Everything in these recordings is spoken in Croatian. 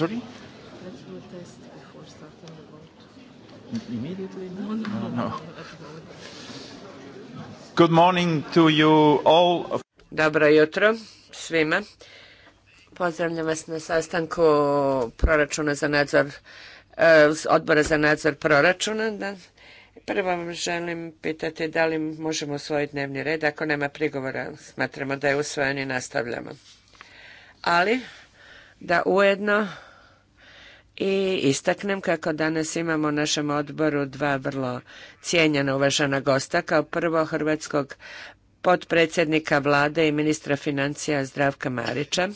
Sorry? Let's Dobro jutro svima. Pozdravljam vas na sastanku proračuna za nadzor, e, odbora za nadzor proračuna. Prvo vam želim pitati da li možemo usvojiti dnevni red. Ako nema prigovora, smatramo da je usvojen i nastavljamo. Ali da ujedno i istaknem kako danas imamo u našem odboru dva vrlo cijenjena uvažena gosta. Kao prvo hrvatskog potpredsjednika vlade i ministra financija Zdravka Marića,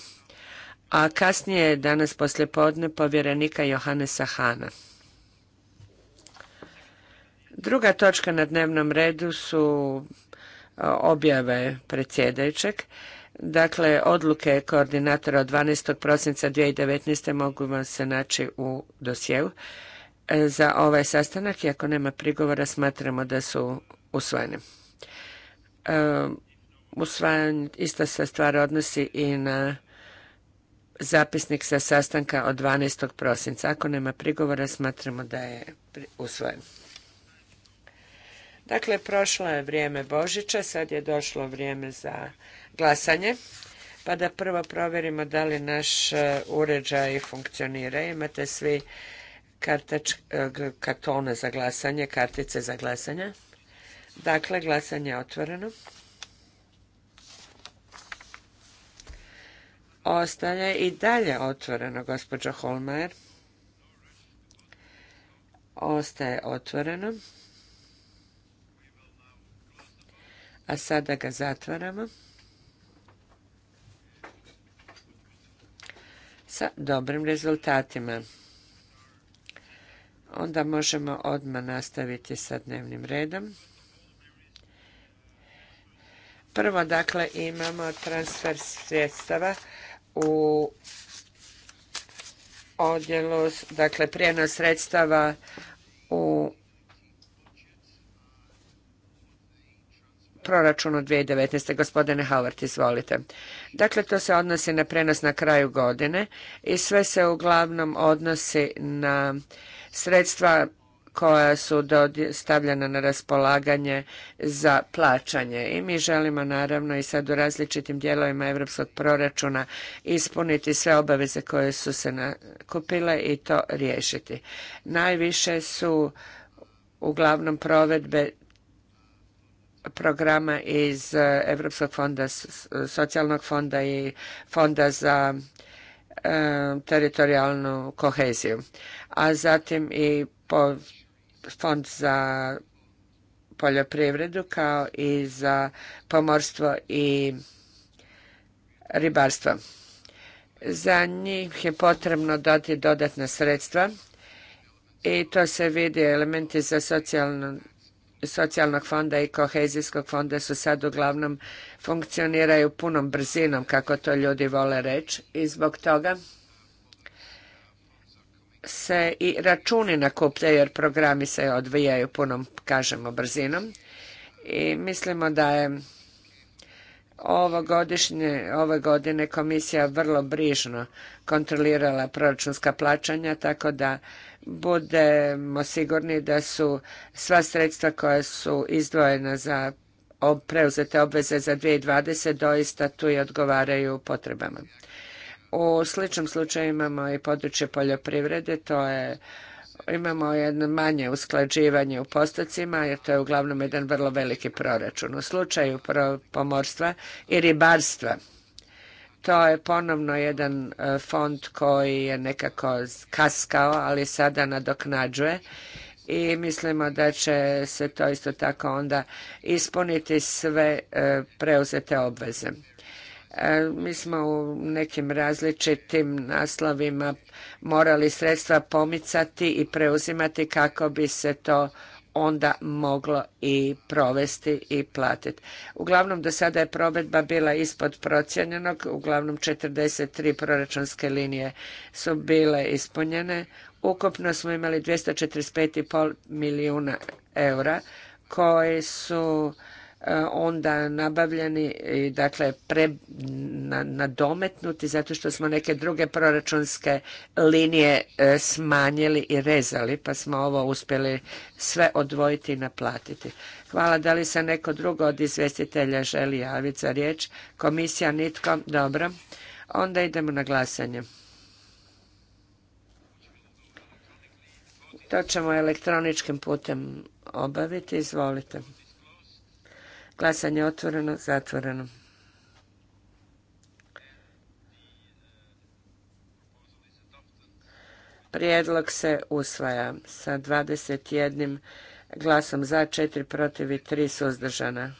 a kasnije danas poslijepodne povjerenika Johanesa Hana. Druga točka na dnevnom redu su e, objave predsjedajućeg Dakle, odluke koordinatora od 12. prosinca 2019. mogu vam se naći u dosjeu e, za ovaj sastanak i ako nema prigovora smatramo da su usvojene. Usvajan, ista se stvar odnosi i na zapisnik sa sastanka od 12. prosinca. Ako nema prigovora smatramo da je usvojen. Dakle, prošlo je vrijeme Božića, sad je došlo vrijeme za glasanje. Pa da prvo provjerimo da li naš e, uređaj funkcionira. Imate svi e, kartone za glasanje, kartice za glasanje. Dakle, glasanje je otvoreno. Ostaje i dalje otvoreno, gospođo Holmajer. Ostaje otvoreno. A sada ga zatvaramo. sa dobrim rezultatima. Onda možemo odmah nastaviti sa dnevnim redom. Prvo, dakle, imamo transfer sredstava u odjelu, dakle, prijenos sredstava u proračunu 2019. Gospodine Howard, izvolite. Dakle, to se odnosi na prenos na kraju godine i sve se uglavnom odnosi na sredstva koja su stavljena na raspolaganje za plaćanje. I mi želimo naravno i sad u različitim dijelovima evropskog proračuna ispuniti sve obaveze koje su se nakupile i to riješiti. Najviše su uglavnom provedbe programa iz Europskog fonda, socijalnog fonda i fonda za e, teritorijalnu koheziju. A zatim i fond za poljoprivredu kao i za pomorstvo i ribarstvo. Za njih je potrebno dati dodatna sredstva i to se vidi elementi za socijalnu socijalnog fonda i kohezijskog fonda su sad uglavnom funkcioniraju punom brzinom, kako to ljudi vole reći, i zbog toga se i računi nakupljaju jer programi se odvijaju punom, kažemo, brzinom i mislimo da je ove godine komisija vrlo brižno kontrolirala proračunska plaćanja tako da budemo sigurni da su sva sredstva koja su izdvojena za preuzete obveze za 2020 doista tu i odgovaraju potrebama. U sličnom slučaju imamo i područje poljoprivrede, to je imamo jedno manje usklađivanje u postocima jer to je uglavnom jedan vrlo veliki proračun. U slučaju pomorstva i ribarstva to je ponovno jedan e, fond koji je nekako kaskao, ali sada nadoknađuje i mislimo da će se to isto tako onda ispuniti sve e, preuzete obveze. E, mi smo u nekim različitim naslovima morali sredstva pomicati i preuzimati kako bi se to onda moglo i provesti i platiti. Uglavnom, do sada je provedba bila ispod procijenjenog, uglavnom 43 proračunske linije su bile ispunjene. Ukupno smo imali 245,5 milijuna eura koje su onda nabavljeni dakle pre, nadometnuti zato što smo neke druge proračunske linije e, smanjili i rezali pa smo ovo uspjeli sve odvojiti i naplatiti. Hvala. Da li se neko drugo od izvjestitelja želi javiti za riječ? Komisija nitko? Dobro. Onda idemo na glasanje. To ćemo elektroničkim putem obaviti. Izvolite. Glasanje otvoreno, zatvoreno. Prijedlog se usvaja sa 21 glasom za, 4 protiv i 3 suzdržana.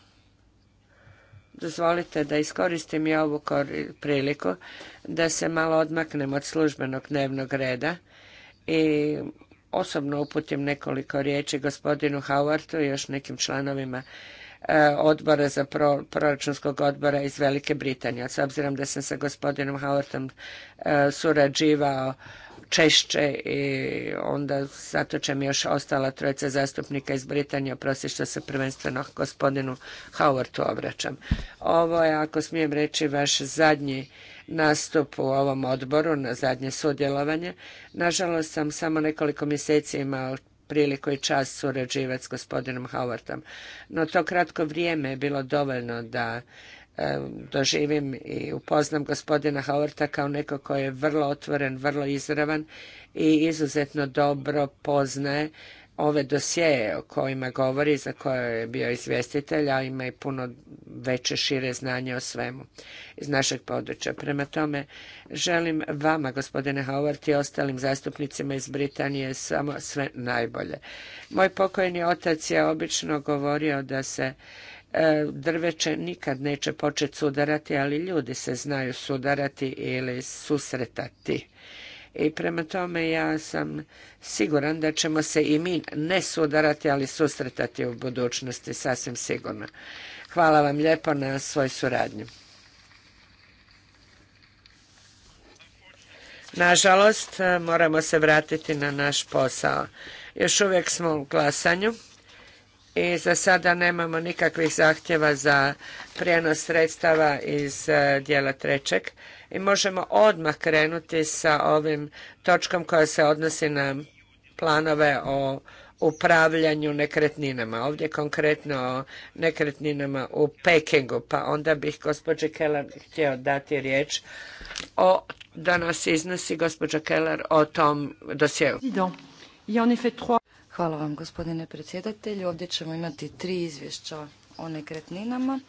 Dozvolite da iskoristim i ovu priliku da se malo odmaknem od službenog dnevnog reda i osobno uputim nekoliko riječi gospodinu Howartu i još nekim članovima E, odbora za proračunskog odbora iz Velike Britanije. S obzirom da sam sa gospodinom Howartom e, surađivao češće i onda zato će mi još ostala trojica zastupnika iz Britanije, oprosti što se prvenstveno gospodinu Howardu obraćam. Ovo je, ako smijem reći, vaš zadnji nastup u ovom odboru, na zadnje sudjelovanje. Nažalost sam samo nekoliko mjeseci imao priliku i čast surađivati s gospodinom Howardom. No to kratko vrijeme je bilo dovoljno da e, doživim i upoznam gospodina Howarda kao neko koji je vrlo otvoren, vrlo izravan i izuzetno dobro poznaje ove dosjeje o kojima govori, za koje je bio izvjestitelj, a ima i puno veće, šire znanje o svemu iz našeg područja. Prema tome, želim vama, gospodine Howard, i ostalim zastupnicima iz Britanije samo sve najbolje. Moj pokojni otac je obično govorio da se e, drveće nikad neće početi sudarati, ali ljudi se znaju sudarati ili susretati i prema tome ja sam siguran da ćemo se i mi ne sudarati, ali susretati u budućnosti sasvim sigurno. Hvala vam lijepo na svoj suradnju. Nažalost, moramo se vratiti na naš posao. Još uvijek smo u glasanju i za sada nemamo nikakvih zahtjeva za prijenos sredstava iz eh, dijela trećeg i možemo odmah krenuti sa ovim točkom koja se odnosi na planove o upravljanju nekretninama. Ovdje konkretno o nekretninama u Pekingu, pa onda bih gospođi Keller htio dati riječ o, da nas iznosi gospođa Keller o tom dosjevu. Hvala vam gospodine predsjedatelju. Ovdje ćemo imati tri izvješća o nekretninama.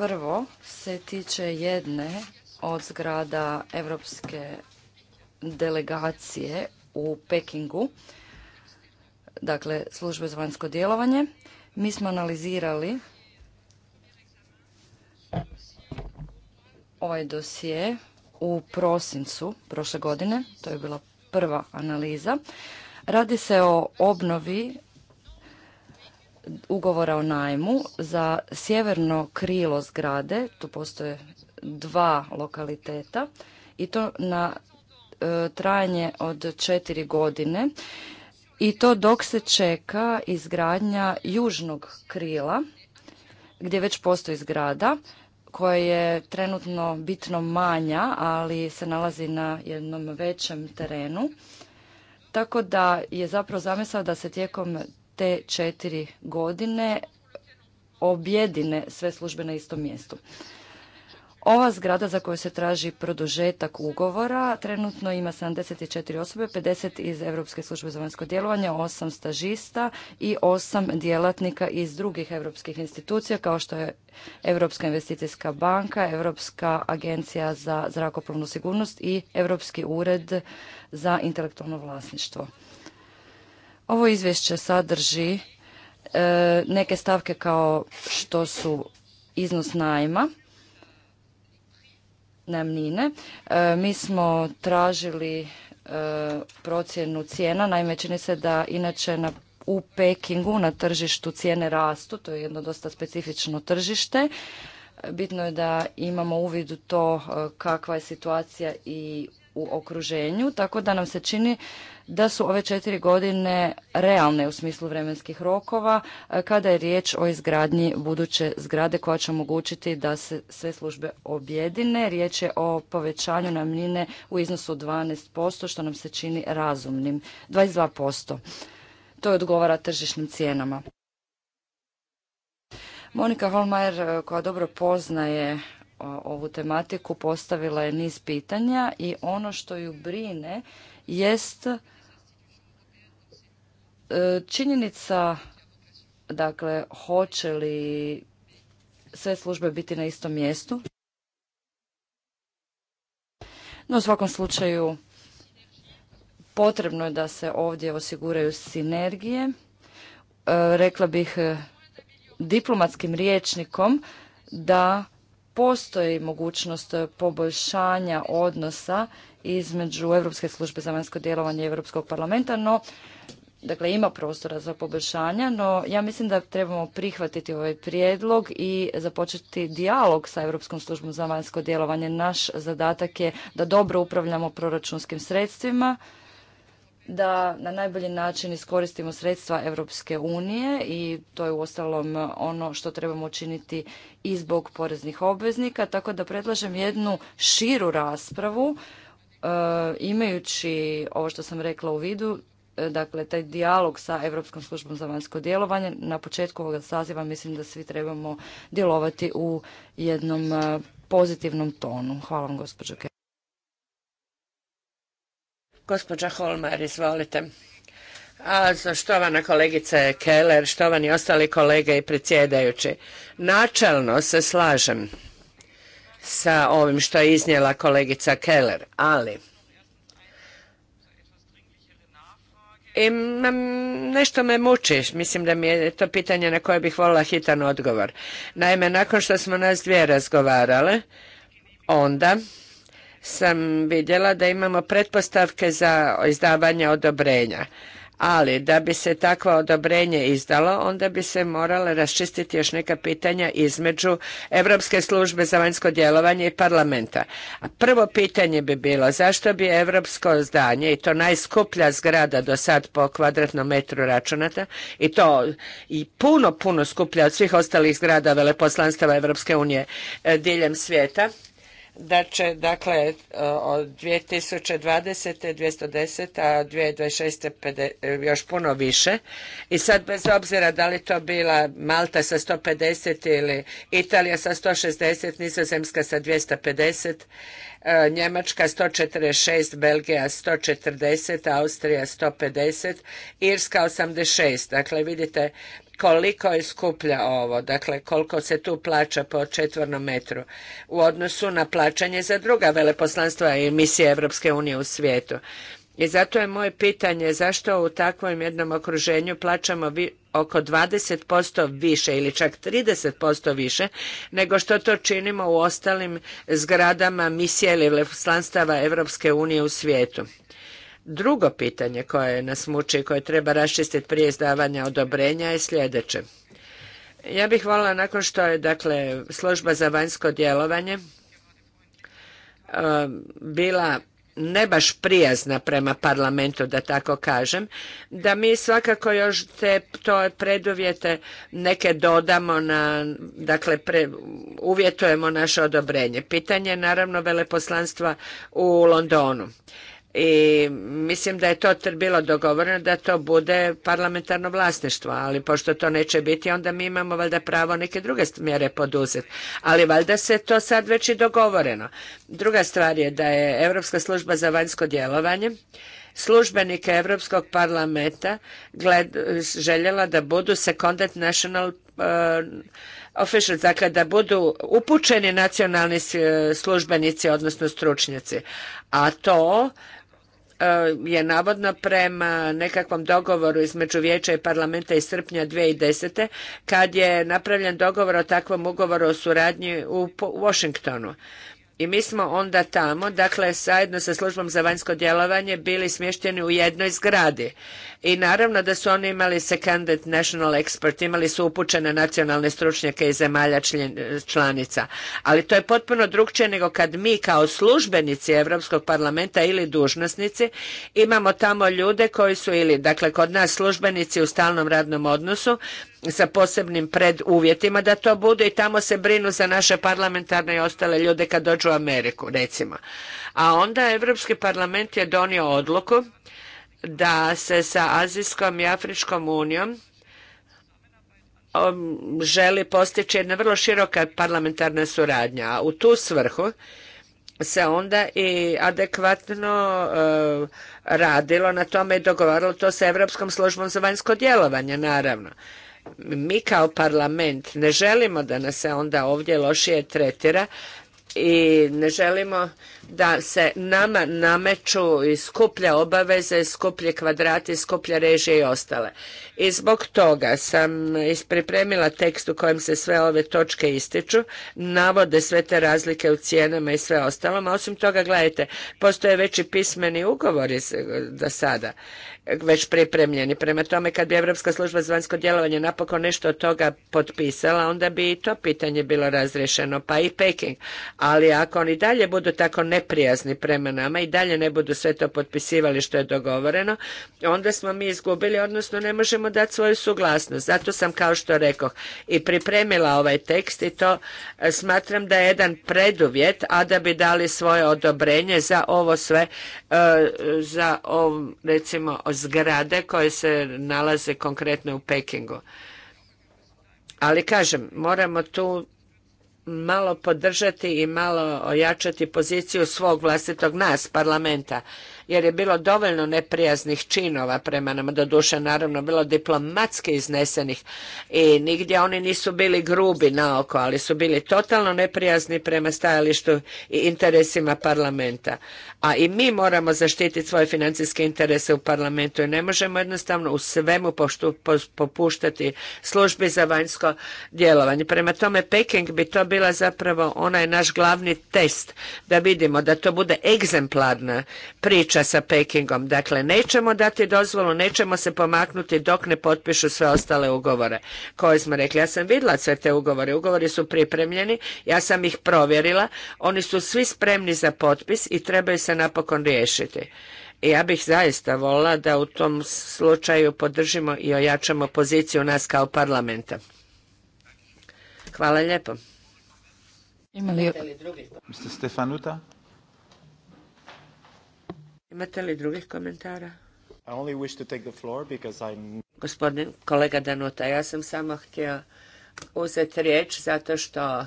Prvo se tiče jedne od zgrada Europske delegacije u Pekingu, dakle službe za vanjsko djelovanje. Mi smo analizirali ovaj dosije u prosincu prošle godine, to je bila prva analiza. Radi se o obnovi ugovora o najmu za sjeverno krilo zgrade, tu postoje dva lokaliteta i to na e, trajanje od četiri godine i to dok se čeka izgradnja južnog krila gdje već postoji zgrada koja je trenutno bitno manja, ali se nalazi na jednom većem terenu. Tako da je zapravo zamisao da se tijekom te četiri godine objedine sve službe na istom mjestu. Ova zgrada za koju se traži produžetak ugovora trenutno ima 74 osobe, 50 iz Europske službe za vanjsko djelovanje, 8 stažista i 8 djelatnika iz drugih europskih institucija kao što je Europska investicijska banka, Europska agencija za zrakoplovnu sigurnost i Europski ured za intelektualno vlasništvo. Ovo izvješće sadrži e, neke stavke kao što su iznos najma, najamnine. E, mi smo tražili e, procjenu cijena, naime čini se da inače na u Pekingu na tržištu cijene rastu, to je jedno dosta specifično tržište. Bitno je da imamo uvid u to e, kakva je situacija i u okruženju, tako da nam se čini da su ove četiri godine realne u smislu vremenskih rokova e, kada je riječ o izgradnji buduće zgrade koja će omogućiti da se sve službe objedine. Riječ je o povećanju namnine u iznosu 12%, što nam se čini razumnim, 22%. To je odgovara tržišnim cijenama. Monika Holmajer, e, koja dobro poznaje ovu tematiku postavila je niz pitanja i ono što ju brine jest e, činjenica dakle hoće li sve službe biti na istom mjestu. No u svakom slučaju potrebno je da se ovdje osiguraju sinergije. E, rekla bih e, diplomatskim riječnikom da postoji mogućnost poboljšanja odnosa između Europske službe za vanjsko djelovanje i Europskog parlamenta, no dakle ima prostora za poboljšanja, no ja mislim da trebamo prihvatiti ovaj prijedlog i započeti dijalog sa Europskom službom za vanjsko djelovanje. Naš zadatak je da dobro upravljamo proračunskim sredstvima da na najbolji način iskoristimo sredstva Europske unije i to je uostalom ono što trebamo učiniti i zbog poreznih obveznika, tako da predlažem jednu širu raspravu e, imajući ovo što sam rekla u vidu, e, dakle taj dijalog sa Europskom službom za vanjsko djelovanje. Na početku ovoga saziva mislim da svi trebamo djelovati u jednom e, pozitivnom tonu. Hvala vam gospođo Gospođa Holmar, izvolite. A štovana kolegice Keller, štovani ostali kolege i predsjedajući, načelno se slažem sa ovim što je iznijela kolegica Keller, ali nešto me muči, mislim da mi je to pitanje na koje bih volila hitan odgovor. Naime, nakon što smo nas dvije razgovarale, onda sam vidjela da imamo pretpostavke za izdavanje odobrenja. Ali da bi se takvo odobrenje izdalo, onda bi se morale raščistiti još neka pitanja između Europske službe za vanjsko djelovanje i parlamenta. A prvo pitanje bi bilo zašto bi europsko zdanje i to najskuplja zgrada do sad po kvadratnom metru računata i to i puno, puno skuplja od svih ostalih zgrada veleposlanstava Evropske unije e, diljem svijeta, da će dakle e, od 2020. 210, a od 2026. E, još puno više. I sad bez obzira da li to bila Malta sa 150 ili Italija sa 160, Nizozemska sa 250, e, Njemačka 146, Belgija 140, Austrija 150, Irska 86. Dakle, vidite koliko je skuplja ovo, dakle koliko se tu plaća po četvornom metru u odnosu na plaćanje za druga veleposlanstva i misije Europske unije u svijetu. I zato je moje pitanje zašto u takvom jednom okruženju plaćamo oko 20% više ili čak 30% više nego što to činimo u ostalim zgradama misije ili veleposlanstava Europske unije u svijetu. Drugo pitanje koje nas muči i koje treba raščistiti prije izdavanja odobrenja je sljedeće. Ja bih voljela nakon što je dakle služba za vanjsko djelovanje e, bila ne baš prijazna prema parlamentu, da tako kažem, da mi svakako još te to preduvjete neke dodamo na, dakle, uvjetujemo naše odobrenje. Pitanje je naravno veleposlanstva u Londonu i mislim da je to bilo dogovoreno da to bude parlamentarno vlasništvo, ali pošto to neće biti onda mi imamo valjda pravo neke druge mjere poduzeti, ali valjda se to sad već i dogovoreno. Druga stvar je da je Europska služba za vanjsko djelovanje službenike Europskog parlamenta željela da budu seconded national uh, dakle da budu upućeni nacionalni službenici, odnosno stručnjaci. A to E, je navodno prema nekakvom dogovoru između Vijeća i parlamenta iz srpnja 2010. kad je napravljen dogovor o takvom ugovoru o suradnji u Washingtonu. I mi smo onda tamo, dakle, zajedno sa službom za vanjsko djelovanje bili smješteni u jednoj zgradi. I naravno da su oni imali seconded national expert, imali su upućene nacionalne stručnjake iz zemalja članica. Ali to je potpuno drugčije nego kad mi kao službenici Europskog parlamenta ili dužnosnici imamo tamo ljude koji su ili, dakle, kod nas službenici u stalnom radnom odnosu, sa posebnim preduvjetima da to bude i tamo se brinu za naše parlamentarne i ostale ljude kad dođu u Ameriku, recimo. A onda Europski parlament je donio odluku da se sa Azijskom i Afričkom unijom um, želi postići jedna vrlo široka parlamentarna suradnja. A u tu svrhu se onda i adekvatno uh, radilo na tome i dogovaralo to sa Europskom službom za vanjsko djelovanje, naravno mi kao parlament ne želimo da nas se onda ovdje lošije tretira i ne želimo da se nama nameću i skuplje obaveze, skuplje kvadrati, skuplje režije i ostale. I zbog toga sam ispripremila tekst u kojem se sve ove točke ističu, navode sve te razlike u cijenama i sve ostalom, a osim toga, gledajte, postoje već i pismeni ugovori do sada već pripremljeni. Prema tome, kad bi Europska služba za vanjsko djelovanje napokon nešto od toga potpisala, onda bi i to pitanje bilo razriješeno, pa i Peking. Ali ako oni dalje budu tako neprijazni prema nama i dalje ne budu sve to potpisivali što je dogovoreno, onda smo mi izgubili, odnosno ne možemo dati svoju suglasnost. Zato sam, kao što rekao, i pripremila ovaj tekst i to e, smatram da je jedan preduvjet, a da bi dali svoje odobrenje za ovo sve, e, za ovo, recimo, zgrade koje se nalaze konkretno u Pekingu. Ali kažem, moramo tu malo podržati i malo ojačati poziciju svog vlastitog nas, parlamenta, jer je bilo dovoljno neprijaznih činova prema nama, doduše naravno bilo diplomatski iznesenih i nigdje oni nisu bili grubi na oko, ali su bili totalno neprijazni prema stajalištu i interesima parlamenta a i mi moramo zaštititi svoje financijske interese u parlamentu i ne možemo jednostavno u svemu popuštati službi za vanjsko djelovanje. Prema tome, Peking bi to bila zapravo onaj naš glavni test da vidimo da to bude egzemplarna priča sa Pekingom. Dakle, nećemo dati dozvolu, nećemo se pomaknuti dok ne potpišu sve ostale ugovore koje smo rekli. Ja sam vidjela sve te ugovore. Ugovori su pripremljeni, ja sam ih provjerila. Oni su svi spremni za potpis i trebaju se se napokon riješiti. I ja bih zaista volila da u tom slučaju podržimo i ojačamo poziciju nas kao parlamenta. Hvala lijepo. li... Imate li drugih komentara? I Gospodin kolega Danuta, ja sam samo htio uzeti riječ zato što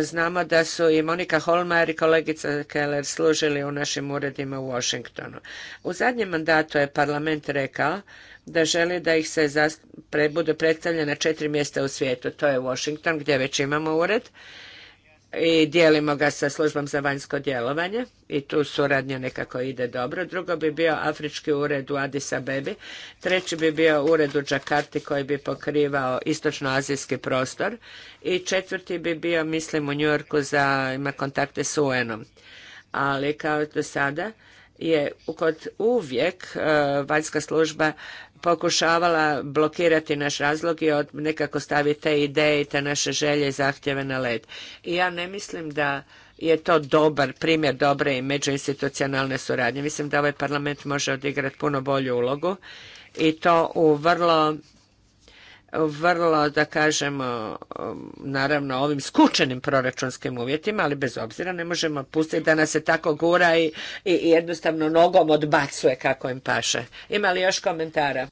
Znamo da su i Monika Holmar i kolegica Keller služili u našim uredima u Washingtonu. U zadnjem mandatu je parlament rekao da želi da ih se bude predstavljena četiri mjesta u svijetu. To je Washington gdje već imamo ured, i dijelimo ga sa službom za vanjsko djelovanje i tu suradnja nekako ide dobro. Drugo bi bio Afrički ured u Addis Abebi. Treći bi bio ured u Džakarti koji bi pokrivao istočnoazijski prostor. I četvrti bi bio, mislim, u njorku za, ima kontakte s UN-om. Ali kao do sada, je kod uvijek e, vanjska služba pokušavala blokirati naš razlog i nekako staviti te ideje i te naše želje i zahtjeve na led. I ja ne mislim da je to dobar primjer dobre i međuinstitucionalne suradnje. Mislim da ovaj parlament može odigrati puno bolju ulogu i to u vrlo vrlo, da kažemo, naravno ovim skučenim proračunskim uvjetima, ali bez obzira ne možemo pustiti da nas se tako gura i, i, jednostavno nogom odbacuje kako im paše. Ima li još komentara?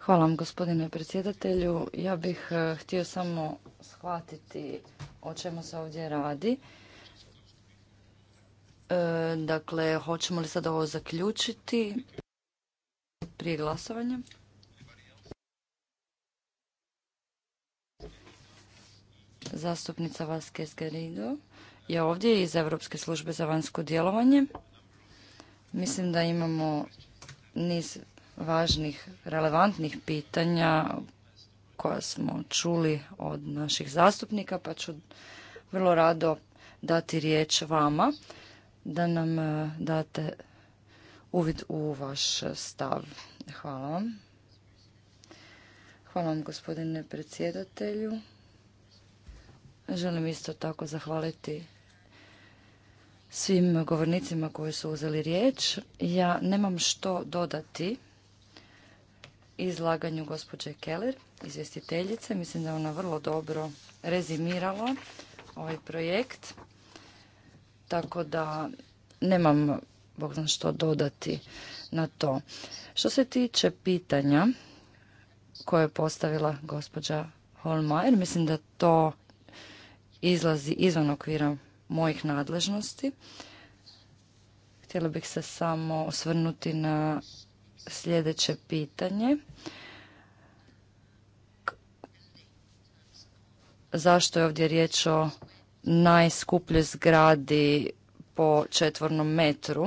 Hvala vam gospodine predsjedatelju. Ja bih e, htio samo shvatiti o čemu se ovdje radi. E, dakle, hoćemo li sad ovo zaključiti prije glasovanja? Zastupnica Vasquez Garrido je ovdje iz Europske službe za vanjsko djelovanje. Mislim da imamo niz važnih, relevantnih pitanja koja smo čuli od naših zastupnika, pa ću vrlo rado dati riječ vama da nam e, date uvid u vaš stav. Hvala vam. Hvala vam gospodine predsjedatelju. Želim isto tako zahvaliti svim govornicima koji su uzeli riječ. Ja nemam što dodati izlaganju gospođe Keller, izvjestiteljice. Mislim da je ona vrlo dobro rezimirala ovaj projekt. Tako da nemam, bog znam što dodati na to. Što se tiče pitanja koje je postavila gospođa Holmajer, mislim da to izlazi izvan okvira mojih nadležnosti. Htjela bih se samo osvrnuti na sljedeće pitanje. Zašto je ovdje riječ o najskupljoj zgradi po četvornom metru?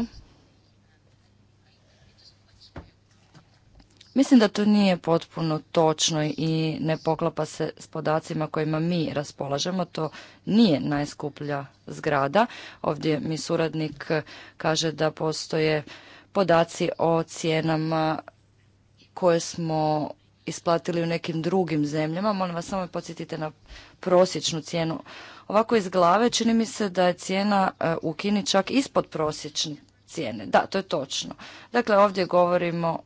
Mislim da to nije potpuno točno i ne poklapa se s podacima kojima mi raspolažemo. To nije najskuplja zgrada. Ovdje mi suradnik kaže da postoje podaci o cijenama koje smo isplatili u nekim drugim zemljama. Molim vas, samo podsjetite na prosječnu cijenu. Ovako iz glave čini mi se da je cijena eh, u Kini čak ispod prosječne cijene. Da, to je točno. Dakle, ovdje govorimo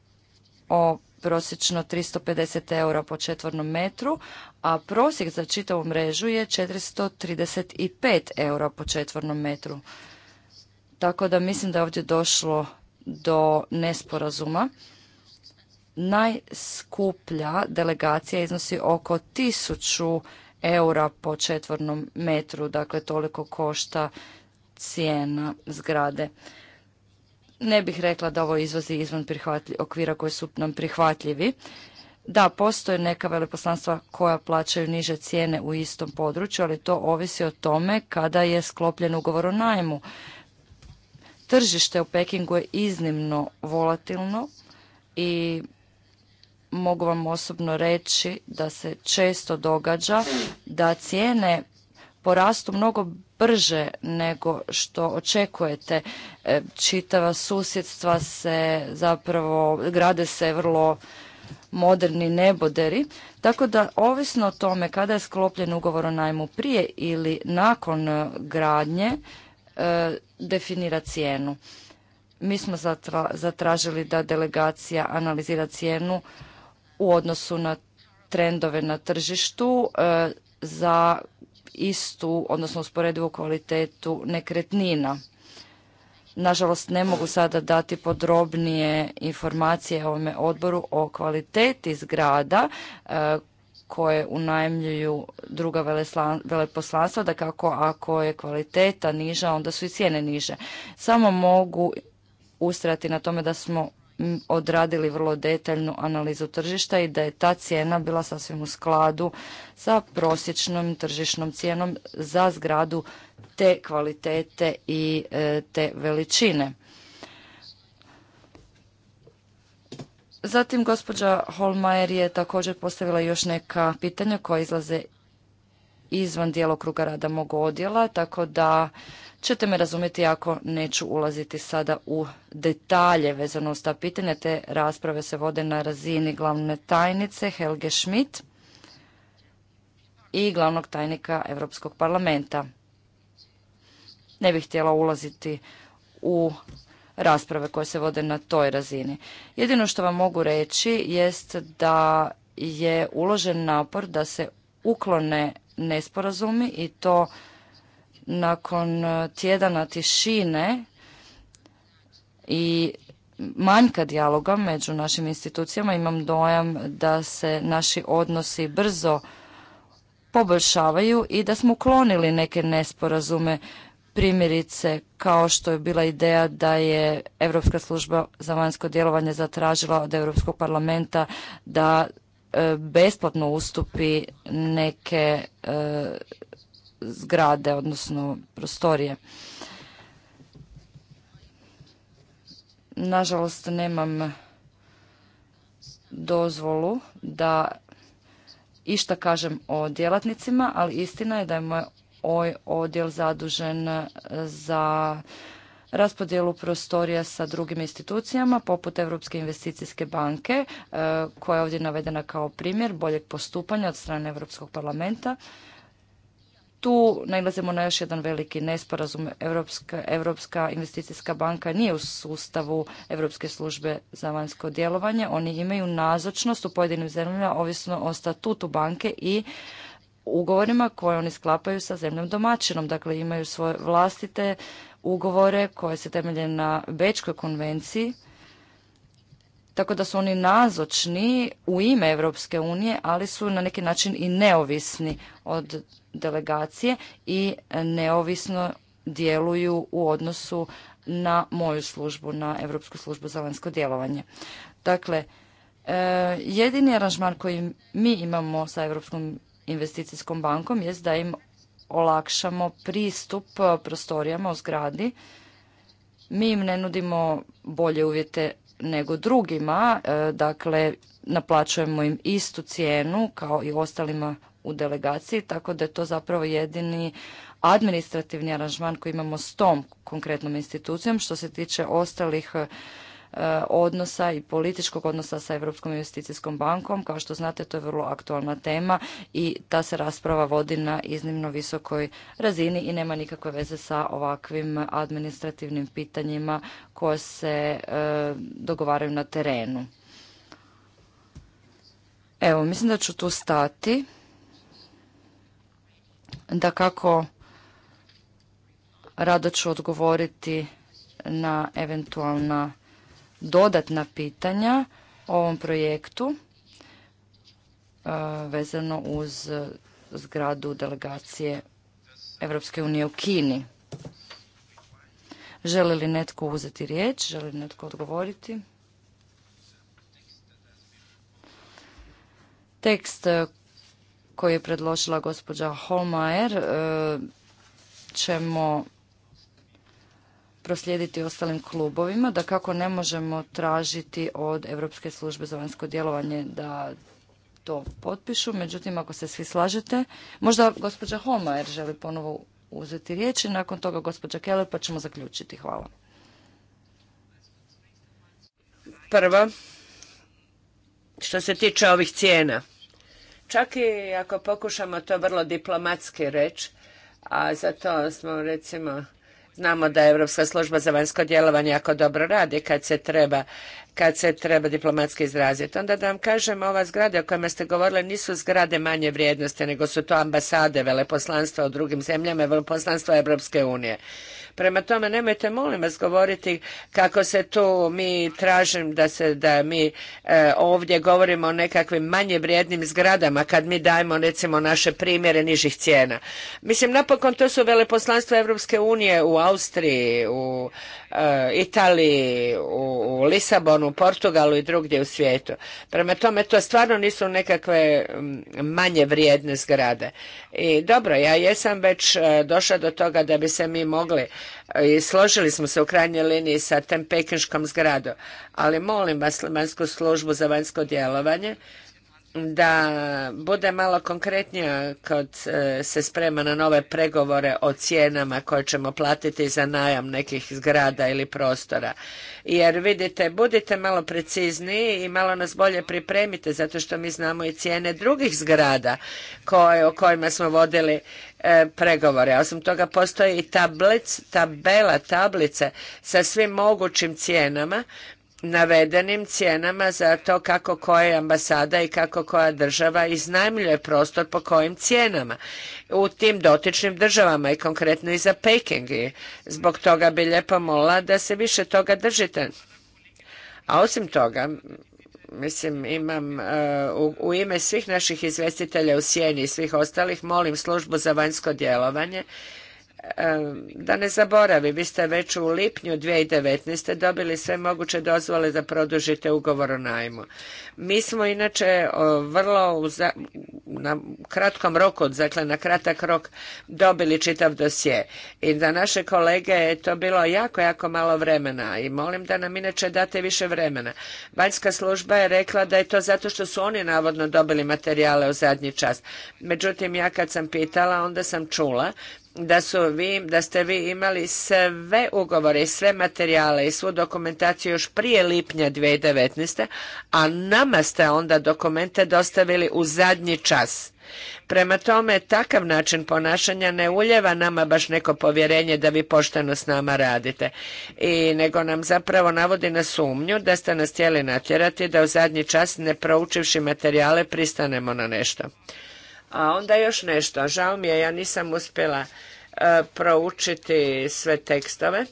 o prosječno 350 eura po četvornom metru, a prosjek za čitavu mrežu je 435 eura po četvornom metru. Tako da mislim da je ovdje došlo do nesporazuma. Najskuplja delegacija iznosi oko 1000 eura po četvornom metru, dakle toliko košta cijena zgrade ne bih rekla da ovo izvozi izvan okvira koji su nam prihvatljivi. Da, postoje neka veleposlanstva koja plaćaju niže cijene u istom području, ali to ovisi o tome kada je sklopljen ugovor o najmu. Tržište u Pekingu je iznimno volatilno i mogu vam osobno reći da se često događa da cijene porastu mnogo brže nego što očekujete. E, čitava susjedstva se zapravo, grade se vrlo moderni neboderi, tako da ovisno o tome kada je sklopljen ugovor o najmu prije ili nakon gradnje, e, definira cijenu. Mi smo zatražili da delegacija analizira cijenu u odnosu na trendove na tržištu e, za istu, odnosno usporedivu kvalitetu nekretnina. Nažalost, ne mogu sada dati podrobnije informacije ovome odboru o kvaliteti zgrada e, koje unajmljuju druga veleposlanstva, da kako ako je kvaliteta niža, onda su i cijene niže. Samo mogu ustrati na tome da smo odradili vrlo detaljnu analizu tržišta i da je ta cijena bila sasvim u skladu sa prosječnom tržišnom cijenom za zgradu te kvalitete i e, te veličine. Zatim gospođa Holmajer je također postavila još neka pitanja koja izlaze izvan djelokruga rada mog odjela, tako da ćete me razumjeti ako neću ulaziti sada u detalje vezano uz ta pitanja. Te rasprave se vode na razini glavne tajnice Helge Schmidt i glavnog tajnika Europskog parlamenta. Ne bih htjela ulaziti u rasprave koje se vode na toj razini. Jedino što vam mogu reći jest da je uložen napor da se uklone nesporazumi i to nakon e, tjedana tišine i manjka dijaloga među našim institucijama imam dojam da se naši odnosi brzo poboljšavaju i da smo uklonili neke nesporazume primjerice kao što je bila ideja da je Europska služba za vanjsko djelovanje zatražila od Europskog parlamenta da e, besplatno ustupi neke e, zgrade, odnosno prostorije. Nažalost, nemam dozvolu da išta kažem o djelatnicima, ali istina je da je moj odjel zadužen za raspodjelu prostorija sa drugim institucijama poput Europske investicijske banke e, koja je ovdje navedena kao primjer boljeg postupanja od strane Europskog parlamenta tu nailazimo na još jedan veliki nesporazum. Europska, investicijska banka nije u sustavu Europske službe za vanjsko djelovanje. Oni imaju nazočnost u pojedinim zemljama ovisno o statutu banke i ugovorima koje oni sklapaju sa zemljom domaćinom. Dakle, imaju svoje vlastite ugovore koje se temelje na Bečkoj konvenciji tako da su oni nazočni u ime Europske unije, ali su na neki način i neovisni od delegacije i neovisno djeluju u odnosu na moju službu, na Europsku službu za vanjsko djelovanje. Dakle, e, jedini aranžman koji mi imamo sa Europskom investicijskom bankom je da im olakšamo pristup prostorijama u zgradi. Mi im ne nudimo bolje uvjete nego drugima, e, dakle naplaćujemo im istu cijenu kao i ostalima u delegaciji, tako da je to zapravo jedini administrativni aranžman koji imamo s tom konkretnom institucijom. Što se tiče ostalih E, odnosa i političkog odnosa sa Europskom investicijskom bankom. Kao što znate, to je vrlo aktualna tema i ta se rasprava vodi na iznimno visokoj razini i nema nikakve veze sa ovakvim administrativnim pitanjima koja se e, dogovaraju na terenu. Evo, mislim da ću tu stati. Da kako rado ću odgovoriti na eventualna dodatna pitanja o ovom projektu e, vezano uz zgradu delegacije Europske unije u Kini. Želi li netko uzeti riječ? Želi li netko odgovoriti? Tekst koji je predložila gospođa Holmajer e, ćemo proslijediti ostalim klubovima, da kako ne možemo tražiti od Europske službe za vanjsko djelovanje da to potpišu. Međutim, ako se svi slažete, možda gospođa Homajer želi ponovo uzeti riječ i nakon toga gospođa Keller pa ćemo zaključiti. Hvala. prva što se tiče ovih cijena, čak i ako pokušamo to vrlo diplomatski reći, a za to smo recimo Znamo da Europska služba za vanjsko djelovanje jako dobro radi kad se treba kad se treba diplomatski izraziti. Onda da vam kažem, ova zgrade o kojima ste govorili nisu zgrade manje vrijednosti, nego su to ambasade, veleposlanstva u drugim zemljama, veleposlanstva Europske unije. Prema tome, nemojte molim vas govoriti kako se tu mi tražim da se da mi e, ovdje govorimo o nekakvim manje vrijednim zgradama kad mi dajemo recimo naše primjere nižih cijena. Mislim napokon to su veleposlanstva Europske unije u Austriji, u e, Italiji, u, u Lisabonu u Portugalu i drugdje u svijetu. Prema tome, to stvarno nisu nekakve manje vrijedne zgrade. I dobro, ja jesam već e, došla do toga da bi se mi mogli e, i složili smo se u krajnjoj liniji sa tem pekinškom zgradom, ali molim vas, vanjsku službu za vanjsko djelovanje, da bude malo konkretnija kad e, se sprema na nove pregovore o cijenama koje ćemo platiti za najam nekih zgrada ili prostora. Jer vidite, budite malo precizniji i malo nas bolje pripremite, zato što mi znamo i cijene drugih zgrada koje, o kojima smo vodili e, pregovore. Osim toga postoji i tablic, tabela, tablice sa svim mogućim cijenama navedenim cijenama za to kako koja ambasada i kako koja država iznajmljuje prostor po kojim cijenama u tim dotičnim državama i konkretno i za Peking. zbog toga bi lijepo molila da se više toga držite. A osim toga, mislim imam e, u, ime svih naših izvjestitelja u sjeni i svih ostalih molim službu za vanjsko djelovanje da ne zaboravi, vi ste već u lipnju 2019. dobili sve moguće dozvole da produžite ugovor o najmu. Mi smo inače vrlo na kratkom roku, dakle na kratak rok dobili čitav dosje i da naše kolege je to bilo jako, jako malo vremena i molim da nam inače date više vremena. Vanjska služba je rekla da je to zato što su oni navodno dobili materijale u zadnji čas. Međutim, ja kad sam pitala, onda sam čula da, su vi, da ste vi imali sve ugovore i sve materijale i svu dokumentaciju još prije lipnja 2019. a nama ste onda dokumente dostavili u zadnji čas. Prema tome, takav način ponašanja ne uljeva nama baš neko povjerenje da vi pošteno s nama radite. I nego nam zapravo navodi na sumnju da ste nas htjeli natjerati da u zadnji čas ne proučivši materijale pristanemo na nešto. A onda još nešto, žao mi je, ja nisam uspjela e, proučiti sve tekstove.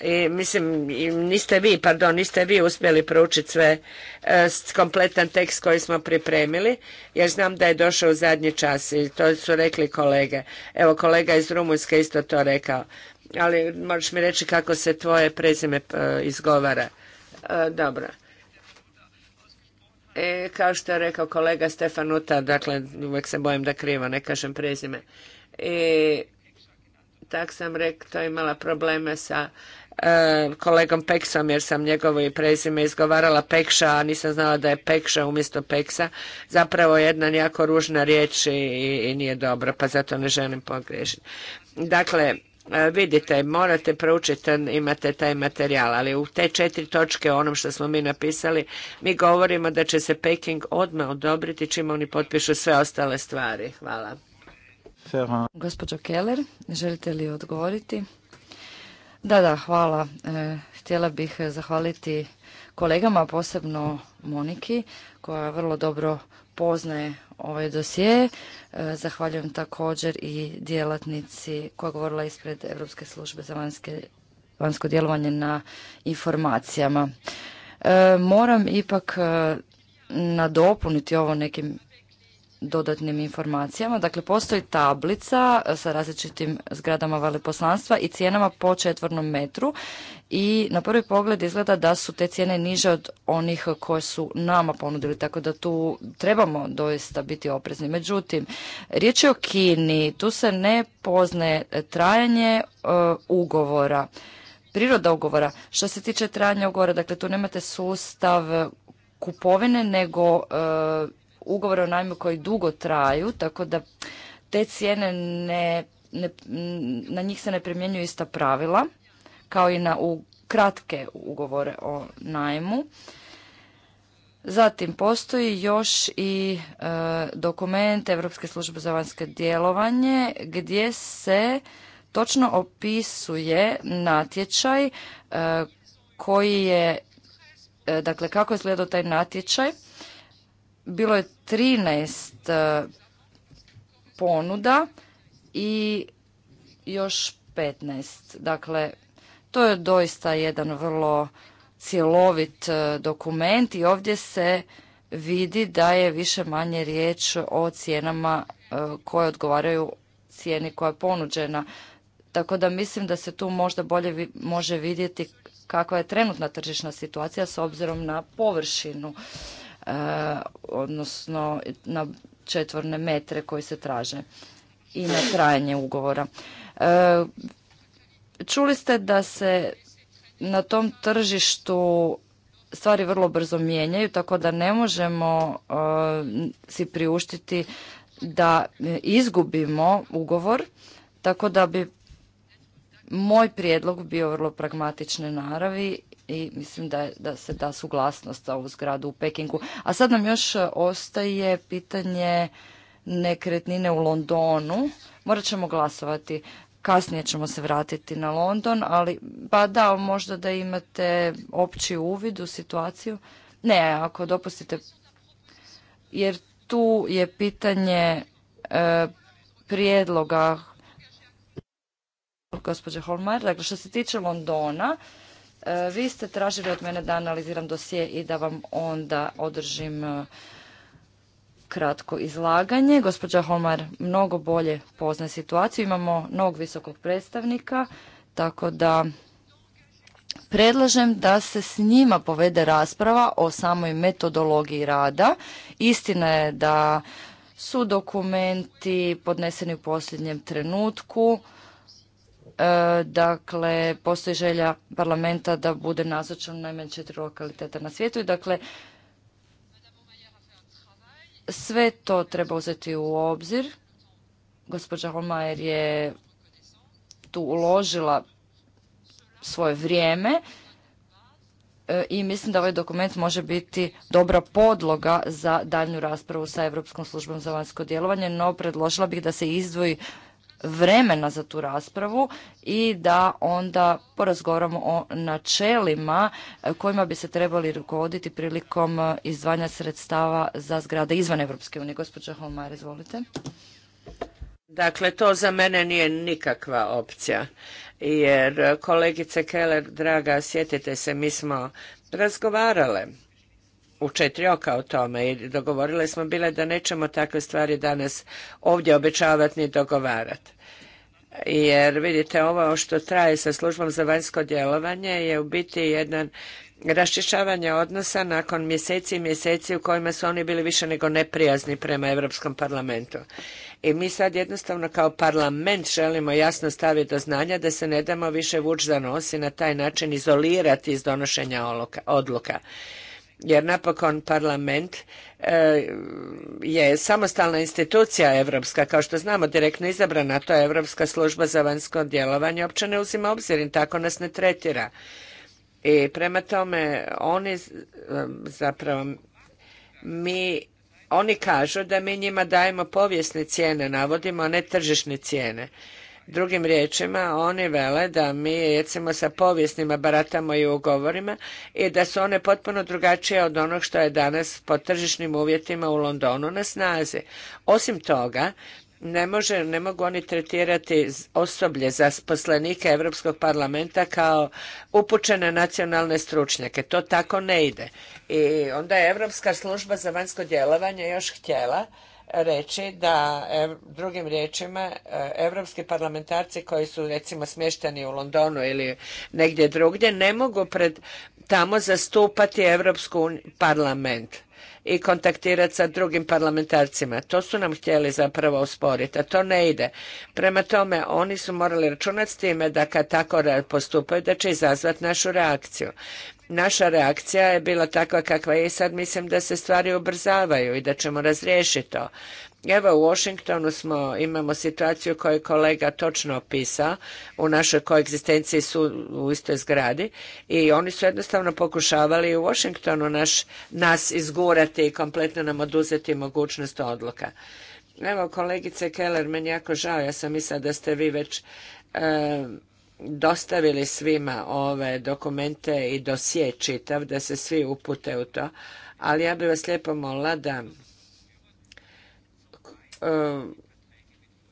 I, mislim, niste vi, pardon, niste vi uspjeli proučiti sve e, kompletan tekst koji smo pripremili, jer znam da je došao u zadnji čas i to su rekli kolege. Evo, kolega iz Rumunjske isto to rekao. Ali možeš mi reći kako se tvoje prezime e, izgovara. dobro. E, kao što je rekao kolega Stefanuta, dakle, uvijek se bojim da krivo ne kažem prezime. E, tak sam rekao, to imala probleme sa e, kolegom Peksom jer sam njegovo prezime izgovarala Pekša, a nisam znala da je Pekša umjesto Peksa. Zapravo jedna jako ružna riječ i, i nije dobro, pa zato ne želim pogriješiti. Dakle, E, vidite, morate proučiti, e, imate taj materijal, ali u te četiri točke, onom što smo mi napisali, mi govorimo da će se Peking odmah odobriti čim oni potpišu sve ostale stvari. Hvala. Gospođo Keller, želite li odgovoriti? Da, da, hvala. E, htjela bih zahvaliti kolegama, posebno Moniki, koja vrlo dobro poznaje ovaj dosije. E, zahvaljujem također i djelatnici koja je govorila ispred Europske službe za vanjsko djelovanje na informacijama. E, moram ipak e, nadopuniti ovo nekim dodatnim informacijama. Dakle, postoji tablica sa različitim zgradama veleposlanstva i cijenama po četvornom metru i na prvi pogled izgleda da su te cijene niže od onih koje su nama ponudili, tako da tu trebamo doista biti oprezni. Međutim, riječ je o Kini, tu se ne poznaje trajanje e, ugovora. Priroda ugovora. Što se tiče trajanja ugovora, dakle tu nemate sustav kupovine, nego e, ugovore o najmu koji dugo traju, tako da te cijene ne, ne, na njih se ne primjenjuju ista pravila kao i na u, kratke ugovore o najmu. Zatim postoji još i e, dokument Europske službe za vanjske djelovanje gdje se točno opisuje natječaj e, koji je, e, dakle kako je slijedao taj natječaj bilo je 13 e, ponuda i još 15. Dakle, to je doista jedan vrlo cjelovit e, dokument i ovdje se vidi da je više manje riječ o cijenama e, koje odgovaraju cijeni koja je ponuđena. Tako da mislim da se tu možda bolje može vidjeti kakva je trenutna tržišna situacija s obzirom na površinu Eh, odnosno na četvorne metre koji se traže i na trajanje ugovora. Eh, čuli ste da se na tom tržištu stvari vrlo brzo mijenjaju, tako da ne možemo eh, si priuštiti da izgubimo ugovor, tako da bi moj prijedlog bio vrlo pragmatične naravi i mislim da, da se da suglasnost za ovu zgradu u Pekingu. A sad nam još e, ostaje pitanje nekretnine u Londonu. Morat ćemo glasovati. Kasnije ćemo se vratiti na London, ali pa da, možda da imate opći uvid u situaciju. Ne, ako dopustite, jer tu je pitanje e, prijedloga gospođe Holmar. Dakle, što se tiče Londona, E, vi ste tražili od mene da analiziram dosije i da vam onda održim e, kratko izlaganje. Gospođa Homar mnogo bolje pozna situaciju. Imamo novog visokog predstavnika, tako da predlažem da se s njima povede rasprava o samoj metodologiji rada. Istina je da su dokumenti podneseni u posljednjem trenutku E, dakle postoji želja parlamenta da bude nazočan najmanje četiri lokaliteta na svijetu i dakle sve to treba uzeti u obzir. Gospođa Holmajer je tu uložila svoje vrijeme e, i mislim da ovaj dokument može biti dobra podloga za daljnju raspravu sa Europskom službom za vanjsko djelovanje, no predložila bih da se izdvoji vremena za tu raspravu i da onda porazgovaramo o načelima eh, kojima bi se trebali rukovoditi prilikom eh, izdvajanja sredstava za zgrade izvan Europske unije. Gospođa Holmar, izvolite. Dakle, to za mene nije nikakva opcija, jer eh, kolegice Keller, draga, sjetite se, mi smo razgovarale u četiri oka o tome i dogovorile smo bile da nećemo takve stvari danas ovdje obećavati ni dogovarati. Jer vidite ovo što traje sa službom za vanjsko djelovanje je u biti jedan raščišćavanje odnosa nakon mjeseci i mjeseci u kojima su oni bili više nego neprijazni prema Europskom parlamentu. I mi sad jednostavno kao parlament želimo jasno staviti do znanja da se ne damo više vuč za nos i na taj način izolirati iz donošenja odluka jer napokon parlament e, je samostalna institucija europska, kao što znamo direktno izabrana, to je Europska služba za vanjsko djelovanje, uopće ne uzima obzir i tako nas ne tretira. I prema tome oni e, zapravo mi oni kažu da mi njima dajemo povijesne cijene, navodimo, a ne tržišne cijene. Drugim riječima, oni vele da mi recimo sa povijesnima baratamo i ugovorima i da su one potpuno drugačije od onog što je danas po tržišnim uvjetima u Londonu na snazi. Osim toga, ne, može, ne mogu oni tretirati osoblje za poslenike Europskog parlamenta kao upućene nacionalne stručnjake. To tako ne ide. I onda je Europska služba za vanjsko djelovanje još htjela reći da drugim riječima europski parlamentarci koji su recimo smješteni u Londonu ili negdje drugdje ne mogu pred tamo zastupati Europsku parlament i kontaktirati sa drugim parlamentarcima. To su nam htjeli zapravo usporiti, a to ne ide. Prema tome, oni su morali računati s time da kad tako postupaju, da će izazvati našu reakciju naša reakcija je bila takva kakva je i sad mislim da se stvari ubrzavaju i da ćemo razriješiti to. Evo u Washingtonu smo, imamo situaciju koju je kolega točno opisao u našoj koegzistenciji su u istoj zgradi i oni su jednostavno pokušavali u Washingtonu naš, nas izgurati i kompletno nam oduzeti mogućnost odluka. Evo kolegice Keller, meni jako žao, ja sam mislila da ste vi već e, dostavili svima ove dokumente i dosje čitav, da se svi upute u to, ali ja bih vas lijepo molila da um,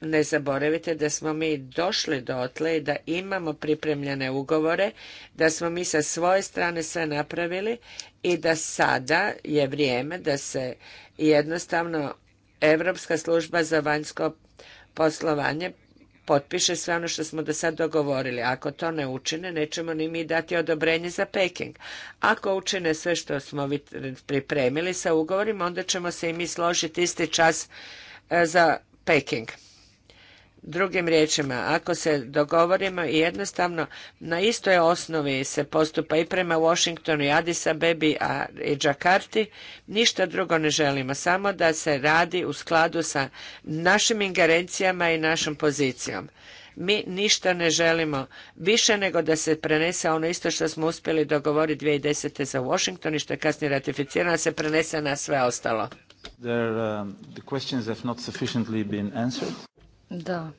ne zaboravite da smo mi došli dotle i da imamo pripremljene ugovore, da smo mi sa svoje strane sve napravili i da sada je vrijeme da se jednostavno Europska služba za vanjsko poslovanje potpiše sve ono što smo do sad dogovorili. Ako to ne učine, nećemo ni mi dati odobrenje za Peking. Ako učine sve što smo pripremili sa ugovorima, onda ćemo se i mi složiti isti čas e, za Peking. Drugim riječima, ako se dogovorimo i jednostavno na istoj osnovi se postupa i prema Washingtonu i Addis Abebi a i Jakarti, ništa drugo ne želimo, samo da se radi u skladu sa našim ingerencijama i našom pozicijom. Mi ništa ne želimo više nego da se prenese ono isto što smo uspjeli dogovoriti 2010. za Washington i što je kasnije ratificirano, da se prenese na sve ostalo. There, um, the da,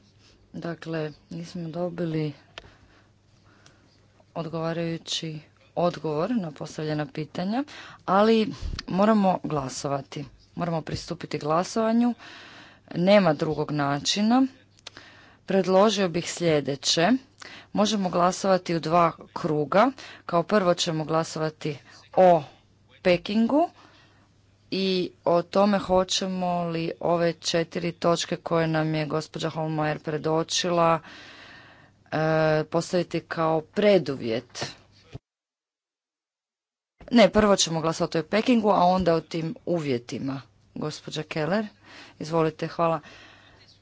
dakle, nismo dobili odgovarajući odgovor na postavljena pitanja, ali moramo glasovati. Moramo pristupiti glasovanju. Nema drugog načina. Predložio bih sljedeće. Možemo glasovati u dva kruga. Kao prvo ćemo glasovati o Pekingu, i o tome hoćemo li ove četiri točke koje nam je gospođa Holmajer predočila e, postaviti kao preduvjet. Ne, prvo ćemo glasovati o Pekingu, a onda o tim uvjetima. Gospođa Keller, izvolite, hvala.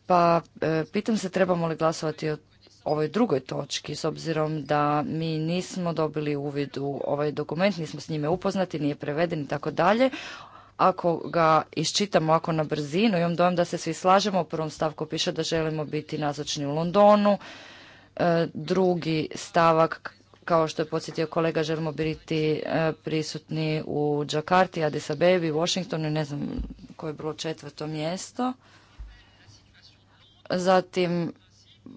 Pa e, pitam se trebamo li glasovati o ovoj drugoj točki, s obzirom da mi nismo dobili uvid u ovaj dokument, nismo s njime upoznati, nije preveden i tako dalje. Ako ga iščitamo, ako na brzinu, imam dojam da se svi slažemo. U prvom stavku piše da želimo biti nazočni u Londonu. E, drugi stavak, kao što je podsjetio kolega, želimo biti e, prisutni u Džakarti, Addis Abebi, Washingtonu, ne znam koje je bilo četvrto mjesto. Zatim,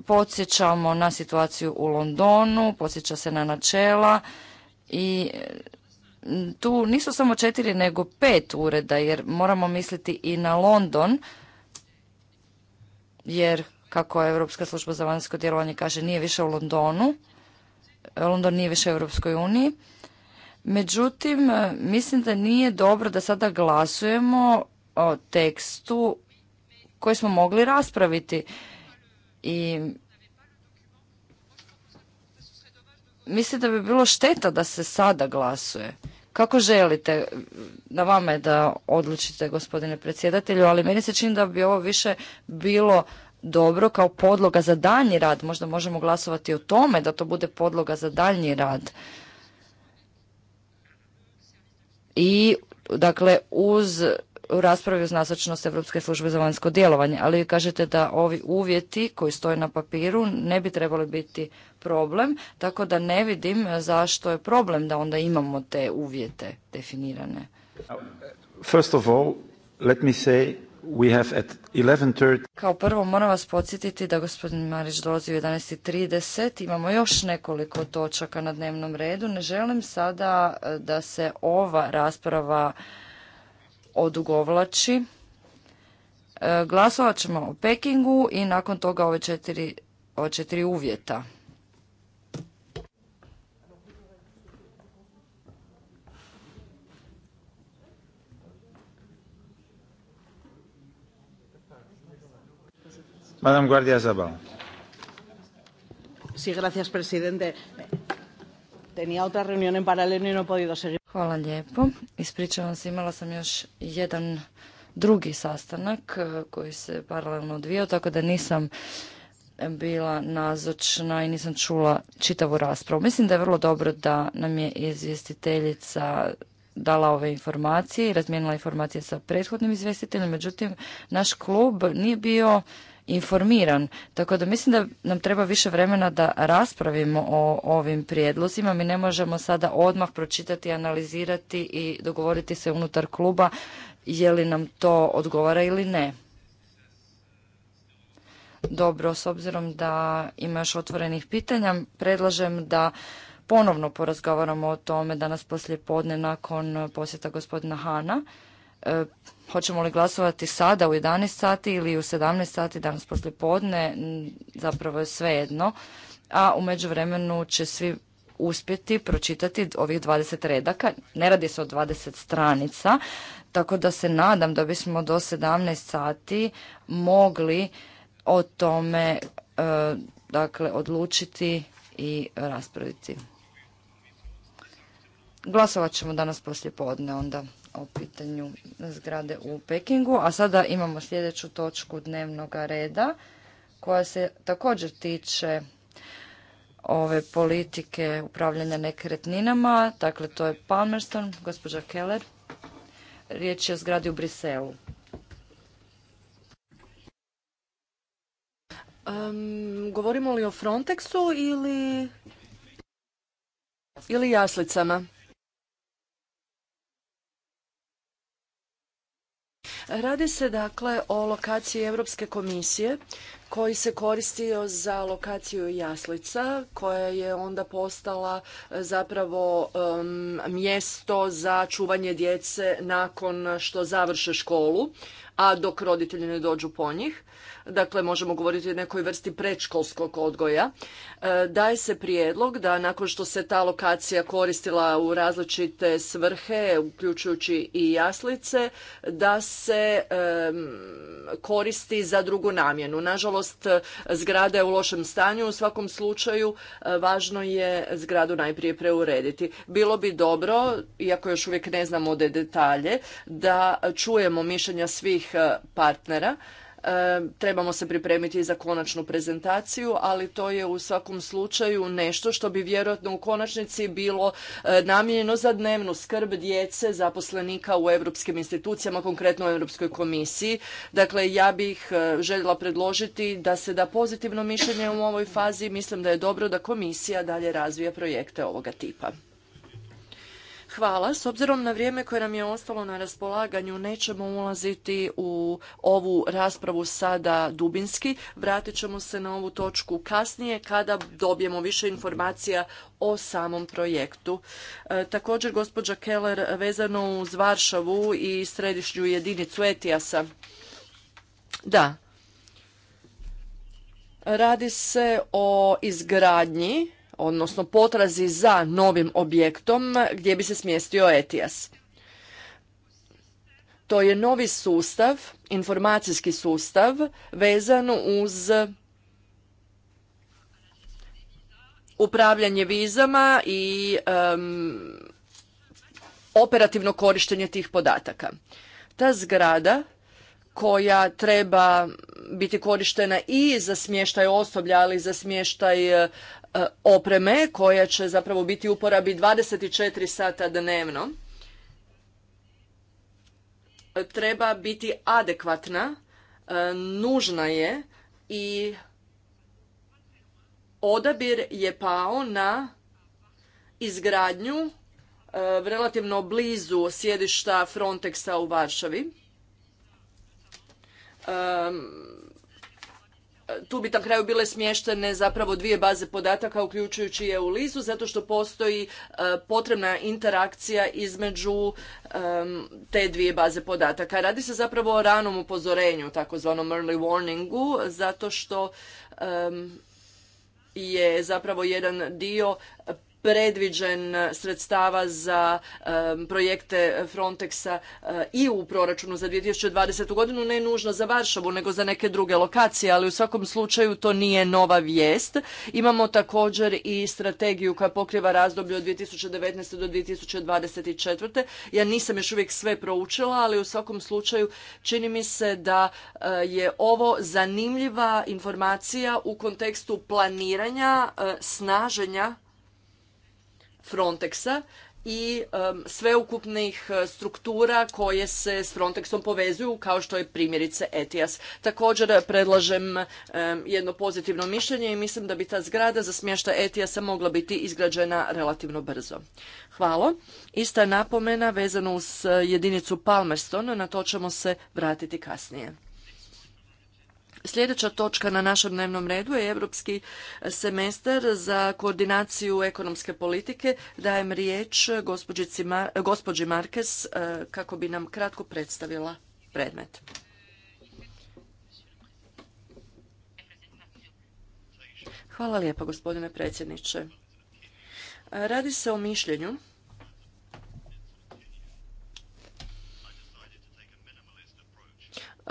podsjećamo na situaciju u Londonu, podsjeća se na načela i tu nisu samo četiri nego pet ureda jer moramo misliti i na London jer kako Europska služba za vanjsko djelovanje kaže nije više u Londonu, London nije više u Europskoj uniji. Međutim, mislim da nije dobro da sada glasujemo o tekstu koji smo mogli raspraviti i mislim da bi bilo šteta da se sada glasuje. Kako želite, na vama je da odlučite gospodine predsjedatelju, ali meni se čini da bi ovo više bilo dobro kao podloga za daljnji rad. Možda možemo glasovati o tome da to bude podloga za daljnji rad. I dakle uz u raspravi uz nazočnost Europske službe za vanjsko djelovanje, ali vi kažete da ovi uvjeti koji stoje na papiru ne bi trebali biti problem, tako da ne vidim zašto je problem da onda imamo te uvjete definirane. First of all, let me say we have at 11.30... Kao prvo moram vas podsjetiti da gospodin Marić dolazi u 11.30. Imamo još nekoliko točaka na dnevnom redu. Ne želim sada eh, da se ova rasprava odugovlači. E, glasovat ćemo o Pekingu i nakon toga ove četiri, ove četiri uvjeta. Madame Guardia Zabal. Sí, gracias, presidente. Tenía otra reunión en paralelo y no he podido seguir. Hvala lijepo. Ispričavam se, imala sam još jedan drugi sastanak e, koji se paralelno odvijao, tako da nisam bila nazočna i nisam čula čitavu raspravu. Mislim da je vrlo dobro da nam je izvjestiteljica dala ove informacije i razmijenila informacije sa prethodnim izvjestiteljima. međutim naš klub nije bio informiran. Tako da mislim da nam treba više vremena da raspravimo o ovim prijedlozima. Mi ne možemo sada odmah pročitati, analizirati i dogovoriti se unutar kluba je li nam to odgovara ili ne. Dobro, s obzirom da ima još otvorenih pitanja, predlažem da ponovno porazgovaramo o tome danas poslije podne nakon posjeta gospodina Hana. E, hoćemo li glasovati sada u 11 sati ili u 17 sati danas poslije podne, zapravo je jedno a u međuvremenu će svi uspjeti pročitati ovih 20 redaka, ne radi se o 20 stranica, tako da se nadam da bismo do 17 sati mogli o tome e, dakle odlučiti i raspraviti. Glasovat ćemo danas poslije podne onda o pitanju zgrade u Pekingu. A sada imamo sljedeću točku dnevnog reda koja se također tiče ove politike upravljanja nekretninama. Dakle, to je Palmerston, gospođa Keller. Riječ je o zgradi u Briselu. govorimo li o Frontexu ili, ili jaslicama? Radi se dakle o lokaciji Europske komisije koji se koristio za lokaciju jaslica koja je onda postala e, zapravo mjesto za čuvanje djece nakon što završe školu, a dok roditelji ne dođu po njih. Dakle, možemo govoriti o nekoj vrsti predškolskog odgoja. E, daje se prijedlog da nakon što se ta lokacija koristila u različite svrhe, uključujući i jaslice, da se koristi za drugu namjenu. Nažalost, nažalost e, zgrada je u lošem stanju, u svakom slučaju e, važno je zgradu najprije preurediti. Bilo bi dobro, iako još uvijek ne znamo detalje, da čujemo mišljenja svih e, partnera trebamo se pripremiti za konačnu prezentaciju, ali to je u svakom slučaju nešto što bi vjerojatno u konačnici bilo e, namijenjeno za dnevnu skrb djece zaposlenika u europskim institucijama, konkretno u Europskoj komisiji. Dakle, ja bih e, željela predložiti da se da pozitivno mišljenje u ovoj fazi. Mislim da je dobro da komisija dalje razvija projekte ovoga tipa. Hvala. S obzirom na vrijeme koje nam je ostalo na raspolaganju, nećemo ulaziti u ovu raspravu sada dubinski. Vratit ćemo se na ovu točku kasnije kada dobijemo više informacija o samom projektu. E, također, gospođa Keller, vezano uz Varšavu i središnju jedinicu Etijasa. Da. Radi se o izgradnji odnosno potrazi za novim objektom gdje bi se smjestio ETIAS. To je novi sustav, informacijski sustav vezan uz upravljanje vizama i operativno korištenje tih podataka. Ta zgrada koja treba biti korištena i za smještaj osoblja, ali i za smještaj e, opreme koja će zapravo biti u uporabi 24 sata dnevno. Treba biti adekvatna, e, nužna je i odabir je pao na izgradnju e, relativno blizu sjedišta Frontexa u Varšavi tu bi na kraju bile smještene zapravo dvije baze podataka uključujući i lizu, zato što postoji e, potrebna interakcija između te dvije baze podataka. Radi se zapravo o ranom upozorenju, takozvanom early warningu, zato što je zapravo jedan dio predviđen sredstava za projekte Frontexa e, i u proračunu za 2020. godinu, ne nužno za Varšavu, nego za neke druge lokacije, ali u svakom slučaju to nije nova vijest. Imamo također i strategiju koja pokriva razdoblje od 2019. do 2024. Ja nisam još uvijek sve proučila, ali u svakom slučaju čini mi se da e, je ovo zanimljiva informacija u kontekstu planiranja, e, snaženja Frontexa i sveukupnih e, struktura koje se s Frontexom povezuju kao što je primjerice ETIAS. Također e, predlažem jedno pozitivno mišljenje i mislim da bi ta zgrada za smještaj ETIAS-a mogla biti izgrađena relativno brzo. Hvala. Ista napomena vezana uz e, jedinicu Palmerston, na to ćemo se vratiti kasnije. Sljedeća točka na našem dnevnom redu je Europski semestar za koordinaciju ekonomske politike. Dajem riječ gospođi Markes e, kako bi nam kratko predstavila predmet. Hvala lijepa gospodine predsjedniče. Radi se o mišljenju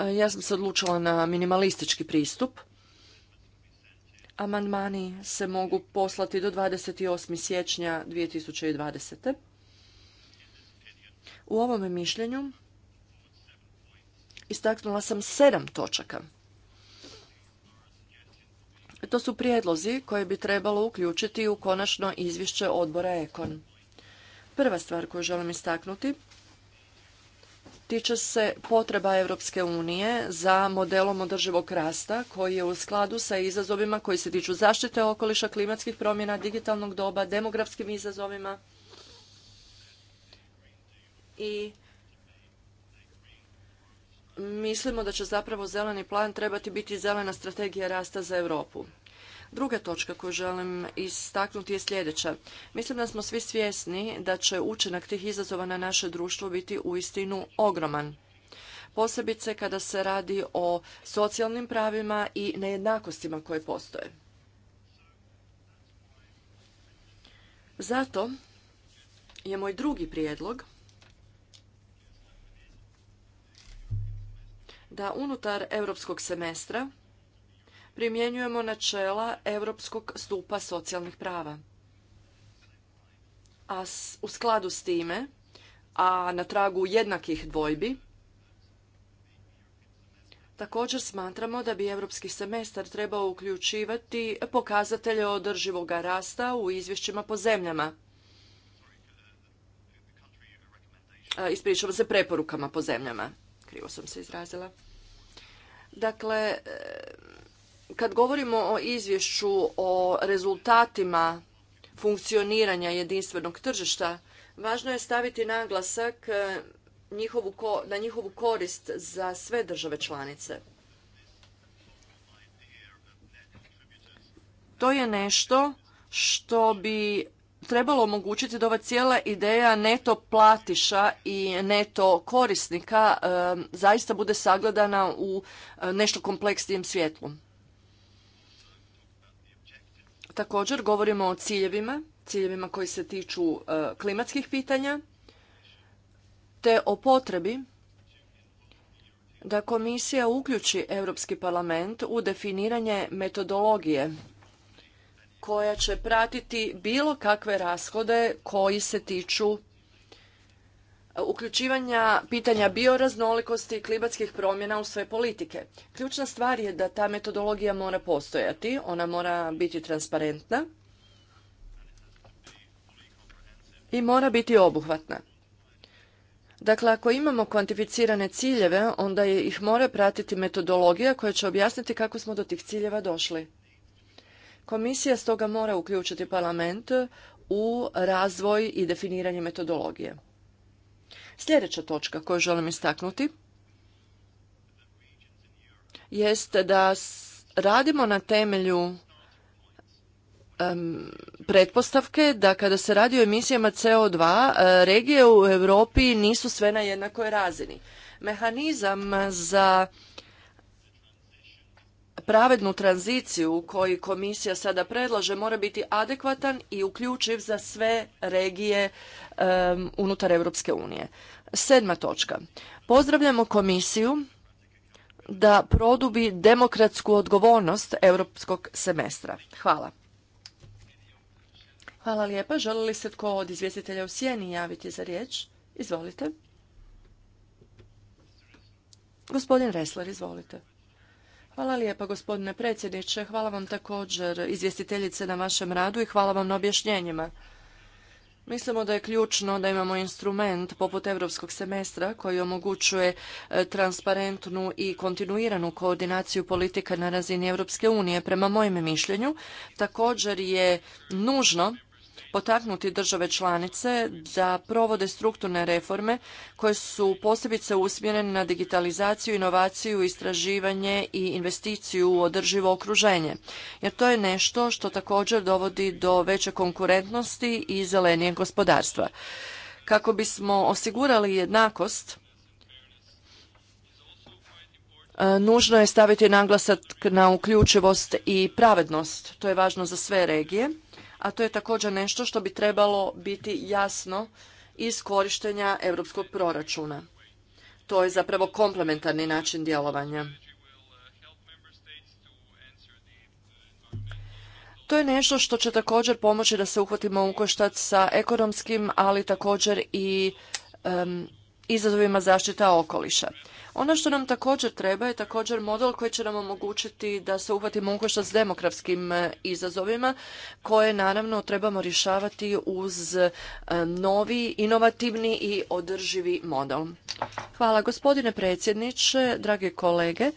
E, ja sam se odlučila na minimalistički pristup. Amandmani se mogu poslati do 28. siječnja 2020. U ovome mišljenju istaknula sam sedam točaka. To su prijedlozi koje bi trebalo uključiti u konačno izvješće odbora Ekon. Prva stvar koju želim istaknuti tiče se potreba Europske unije za modelom održivog rasta koji je u skladu sa izazovima koji se tiču zaštite okoliša, klimatskih promjena, digitalnog doba, demografskim izazovima i mislimo da će zapravo zeleni plan trebati biti zelena strategija rasta za Europu. Druga točka koju želim istaknuti je sljedeća. Mislim da smo svi svjesni da će učinak tih izazova na naše društvo biti uistinu ogroman posebice kada se radi o socijalnim pravima i nejednakostima koje postoje. Zato je moj drugi prijedlog da unutar europskog semestra primjenjujemo načela Europskog stupa socijalnih prava. A u skladu s time, a na tragu jednakih dvojbi, Također smatramo da bi europski semestar trebao uključivati pokazatelje održivoga rasta u izvješćima po zemljama. Ispričavam se preporukama po zemljama. Krivo sam se izrazila. Dakle, kad govorimo o izvješću o rezultatima funkcioniranja jedinstvenog tržišta, važno je staviti naglasak e, na njihovu korist za sve države članice. To je nešto što bi trebalo omogućiti da ova cijela ideja neto platiša i neto korisnika e, zaista bude sagledana u e, nešto kompleksnijem svjetlu. Također govorimo o ciljevima, ciljevima koji se tiču e, klimatskih pitanja, te o potrebi da komisija uključi Europski parlament u definiranje metodologije koja će pratiti bilo kakve rashode koji se tiču uključivanja pitanja bioraznolikosti i klimatskih promjena u sve politike. Ključna stvar je da ta metodologija mora postojati, ona mora biti transparentna i mora biti obuhvatna. Dakle, ako imamo kvantificirane ciljeve, onda ih mora pratiti metodologija koja će objasniti kako smo do tih ciljeva došli. Komisija stoga mora uključiti parlament u razvoj i definiranje metodologije. Sljedeća točka koju želim istaknuti jest da radimo na temelju pretpostavke da kada se radi o emisijama CO2, e, regije u Europi nisu sve na jednakoj razini. Mehanizam za pravednu tranziciju koju komisija sada predlaže mora biti adekvatan i uključiv za sve regije unutar Europske unije. Sedma točka. Pozdravljamo komisiju da produbi demokratsku odgovornost europskog semestra. Hvala. Hvala lijepa. Želi li se tko od izvjestitelja u sjeni javiti za riječ? Izvolite. Gospodin Resler, izvolite. Hvala lijepa gospodine predsjedniče. Hvala vam također izvjestiteljice na vašem radu i hvala vam na objašnjenjima. Mislimo da je ključno da imamo instrument poput europskog semestra koji omogućuje e, transparentnu i kontinuiranu koordinaciju politika na razini Europske unije. Prema mojem mišljenju također je nužno potaknuti države članice da provode strukturne reforme koje su posebice usmjerene na digitalizaciju, inovaciju, istraživanje i investiciju u održivo okruženje. Jer to je nešto što također dovodi do veće konkurentnosti i zelenijeg gospodarstva. Kako bismo osigurali jednakost, e, nužno je staviti naglasak na uključivost i pravednost. To je važno za sve regije a to je također nešto što bi trebalo biti jasno iz korištenja europskog proračuna. To je zapravo komplementarni način djelovanja. To je nešto što će također pomoći da se uhvatimo u koštac sa ekonomskim, ali također i izazovima zaštita okoliša. Ono što nam također treba je također model koji će nam omogućiti da se uhvatimo ukošta s demografskim e, izazovima koje naravno trebamo rješavati uz e, novi, inovativni i održivi model. Hvala gospodine predsjedniče, drage kolege.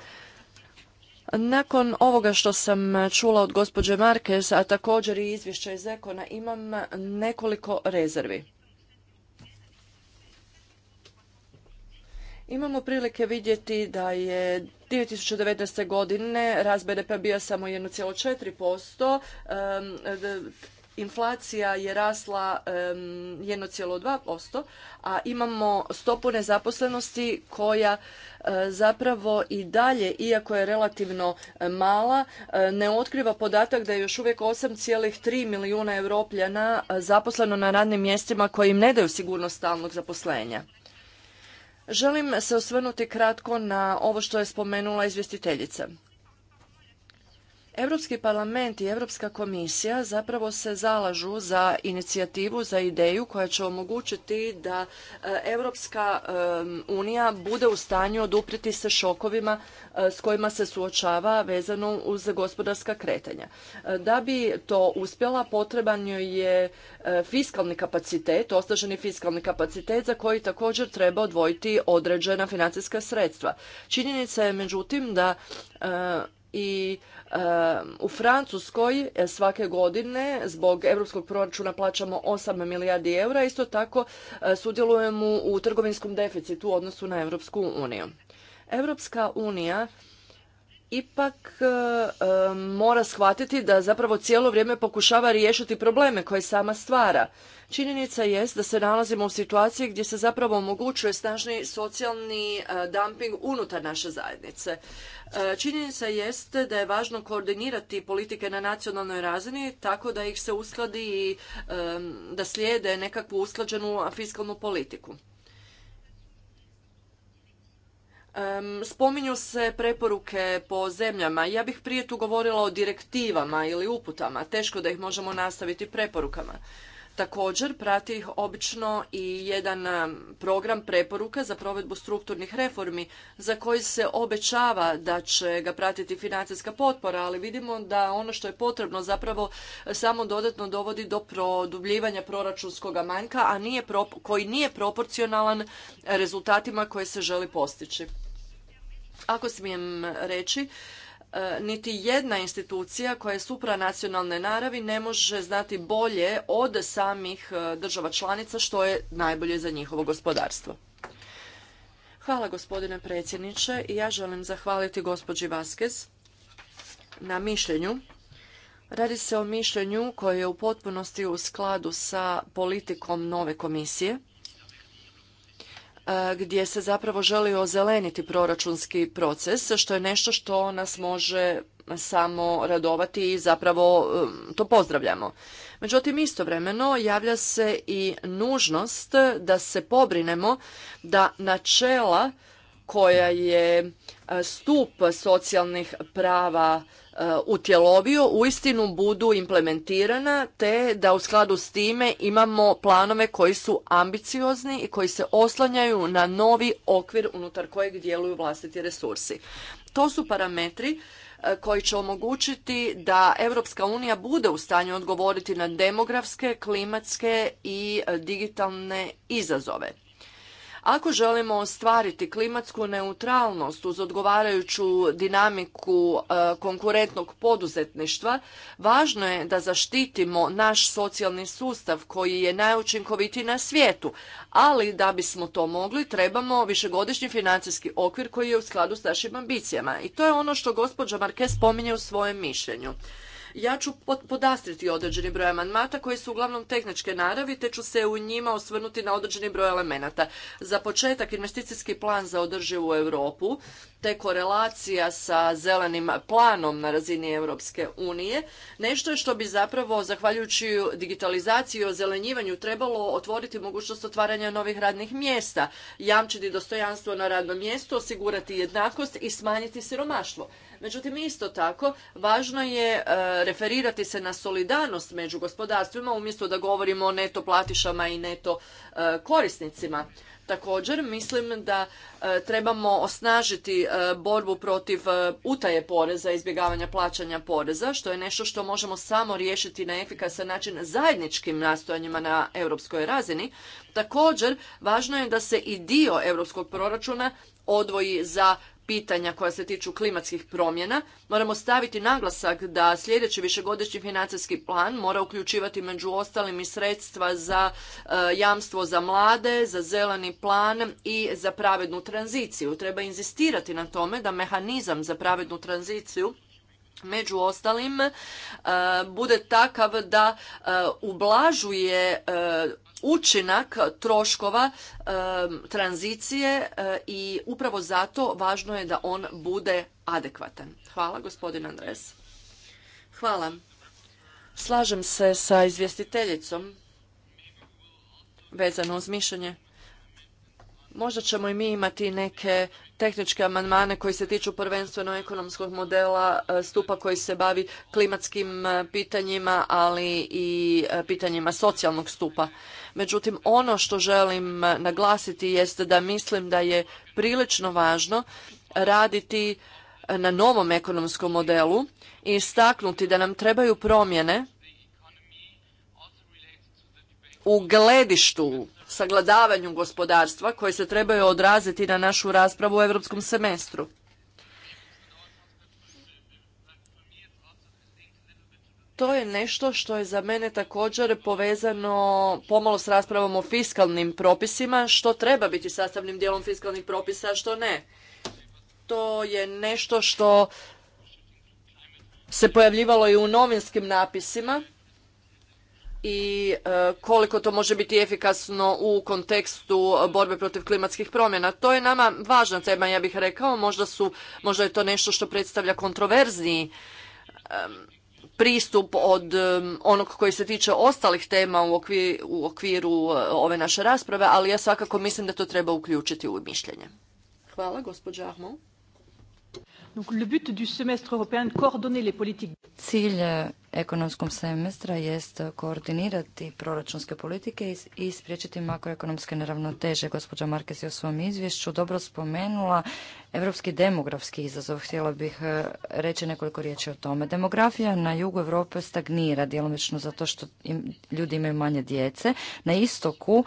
Nakon ovoga što sam čula od gospođe markes, a također i izvješća iz Ekona, imam nekoliko rezervi. Imamo prilike vidjeti da je 2019. godine rast BDP bio samo 1,4%, inflacija je rasla 1,2%, a imamo stopu nezaposlenosti koja e, zapravo i dalje, iako je relativno e, mala, e, ne otkriva podatak da je još uvijek 8,3 milijuna europljana zaposleno na radnim mjestima koji im ne daju sigurnost stalnog zaposlenja. Želim se osvrnuti kratko na ovo što je spomenula izvjestiteljica. Europski parlament i Europska komisija zapravo se zalažu za inicijativu, za ideju koja će omogućiti da Europska unija bude u stanju odupriti se šokovima e, s kojima se suočava vezano uz gospodarska kretanja. E, da bi to uspjela potreban joj je e, fiskalni kapacitet, ostaženi fiskalni kapacitet za koji također treba odvojiti određena financijska sredstva. Činjenica je međutim da i u Francuskoj e, svake godine zbog europskog proračuna plaćamo 8 milijardi eura, isto tako e, sudjelujemo u trgovinskom deficitu u odnosu na Europsku uniju. Europska unija ipak e, e, mora shvatiti da zapravo cijelo vrijeme pokušava riješiti probleme koje sama stvara. Činjenica jest da se nalazimo u situaciji gdje se zapravo omogućuje snažni socijalni e, dumping unutar naše zajednice. činjenica jest da je važno koordinirati politike na nacionalnoj razini tako da ih se uskladi i da slijede nekakvu usklađenu fiskalnu politiku. Spominju se preporuke po zemljama. Ja bih prije tu govorila o direktivama ili uputama. Teško da ih možemo nastaviti preporukama. Također prati ih obično i jedan program preporuka za provedbu strukturnih reformi za koji se obećava da će ga pratiti financijska potpora, ali vidimo da ono što je potrebno zapravo samo dodatno dovodi do produbljivanja proračunskog manjka, a nije, koji nije proporcionalan rezultatima koje se želi postići. Ako smijem reći, e, niti jedna institucija koja je supranacionalne naravi ne može znati bolje od samih e, država članica što je najbolje za njihovo gospodarstvo. Hvala gospodine predsjedniče i ja želim zahvaliti gospođi Vaskez na mišljenju. Radi se o mišljenju koje je u potpunosti u skladu sa politikom nove komisije E, gdje se zapravo želi ozeleniti proračunski proces, što je nešto što nas može samo radovati i zapravo e, to pozdravljamo. Međutim, istovremeno javlja se i nužnost da se pobrinemo da načela koja je e, stup socijalnih prava utjelovio uistinu budu implementirana te da u skladu s time imamo planove koji su ambiciozni i koji se oslanjaju na novi okvir unutar kojeg djeluju vlastiti resursi. To su parametri e, koji će omogućiti da Europska unija bude u stanju odgovoriti na demografske, klimatske i e, digitalne izazove. Ako želimo ostvariti klimatsku neutralnost uz odgovarajuću dinamiku e, konkurentnog poduzetništva, važno je da zaštitimo naš socijalni sustav koji je najučinkovitiji na svijetu, ali da bismo to mogli trebamo višegodišnji financijski okvir koji je u skladu s našim ambicijama. I to je ono što gospođa Marquez spominje u svojem mišljenju. Ja ću podastriti određeni broj amandmata koji su uglavnom tehničke naravi te ću se u njima osvrnuti na određeni broj elemenata. Za početak investicijski plan za održivu Europu te korelacija sa zelenim planom na razini Europske unije, nešto je što bi zapravo, zahvaljujući digitalizaciji i ozelenjivanju, trebalo otvoriti mogućnost otvaranja novih radnih mjesta, jamčiti dostojanstvo na radnom mjestu, osigurati jednakost i smanjiti siromaštvo. Međutim, isto tako, važno je e, referirati se na solidarnost među gospodarstvima umjesto da govorimo o neto platišama i neto e, korisnicima. Također mislim da e, trebamo osnažiti borbu protiv utaje poreza, izbjegavanja plaćanja poreza, što je nešto što možemo samo riješiti na efikasan način zajedničkim nastojanjima na europskoj razini. Također, važno je da se i dio europskog proračuna odvoji za pitanja koja se tiču klimatskih promjena, moramo staviti naglasak da sljedeći višegodišnji financijski plan mora uključivati među ostalim i sredstva za e, jamstvo za mlade, za zeleni plan i za pravednu tranziciju. Treba inzistirati na tome da mehanizam za pravednu tranziciju među ostalim e, bude takav da e, ublažuje učinak troškova tranzicije eh, i upravo zato važno je da on bude adekvatan. Hvala gospodin Andres. Hvala. Slažem se sa izvjestiteljicom vezano uz mišljenje. Možda ćemo i mi imati neke tehničke amandmane koji se tiču prvenstveno ekonomskog modela e, stupa koji se bavi klimatskim e, pitanjima, ali i e, pitanjima socijalnog stupa. Međutim, ono što želim naglasiti jest da mislim da je prilično važno raditi na novom ekonomskom modelu i istaknuti da nam trebaju promjene u gledištu sagledavanju gospodarstva koji se trebaju odraziti na našu raspravu u europskom semestru. To je nešto što je za mene također povezano pomalo s raspravom o fiskalnim propisima, što treba biti sastavnim dijelom fiskalnih propisa, a što ne. To je nešto što se pojavljivalo i u novinskim napisima i e, koliko to može biti efikasno u kontekstu borbe protiv klimatskih promjena. To je nama važna tema, ja bih rekao, možda, su, možda je to nešto što predstavlja kontroverzniji e, pristup od e, onog koji se tiče ostalih tema u okviru, u okviru ove naše rasprave, ali ja svakako mislim da to treba uključiti u mišljenje. Hvala, gospođa Ahmo. Cilj eh, ekonomskog semestra jest koordinirati proračunske politike i spriječiti makroekonomske neravnoteže. Gospođa Markes je u svom izvješću dobro spomenula evropski demografski izazov. Htjela bih eh, reći nekoliko riječi o tome. Demografija na jugu Europe stagnira djelomično zato što ljudi imaju manje djece. Na istoku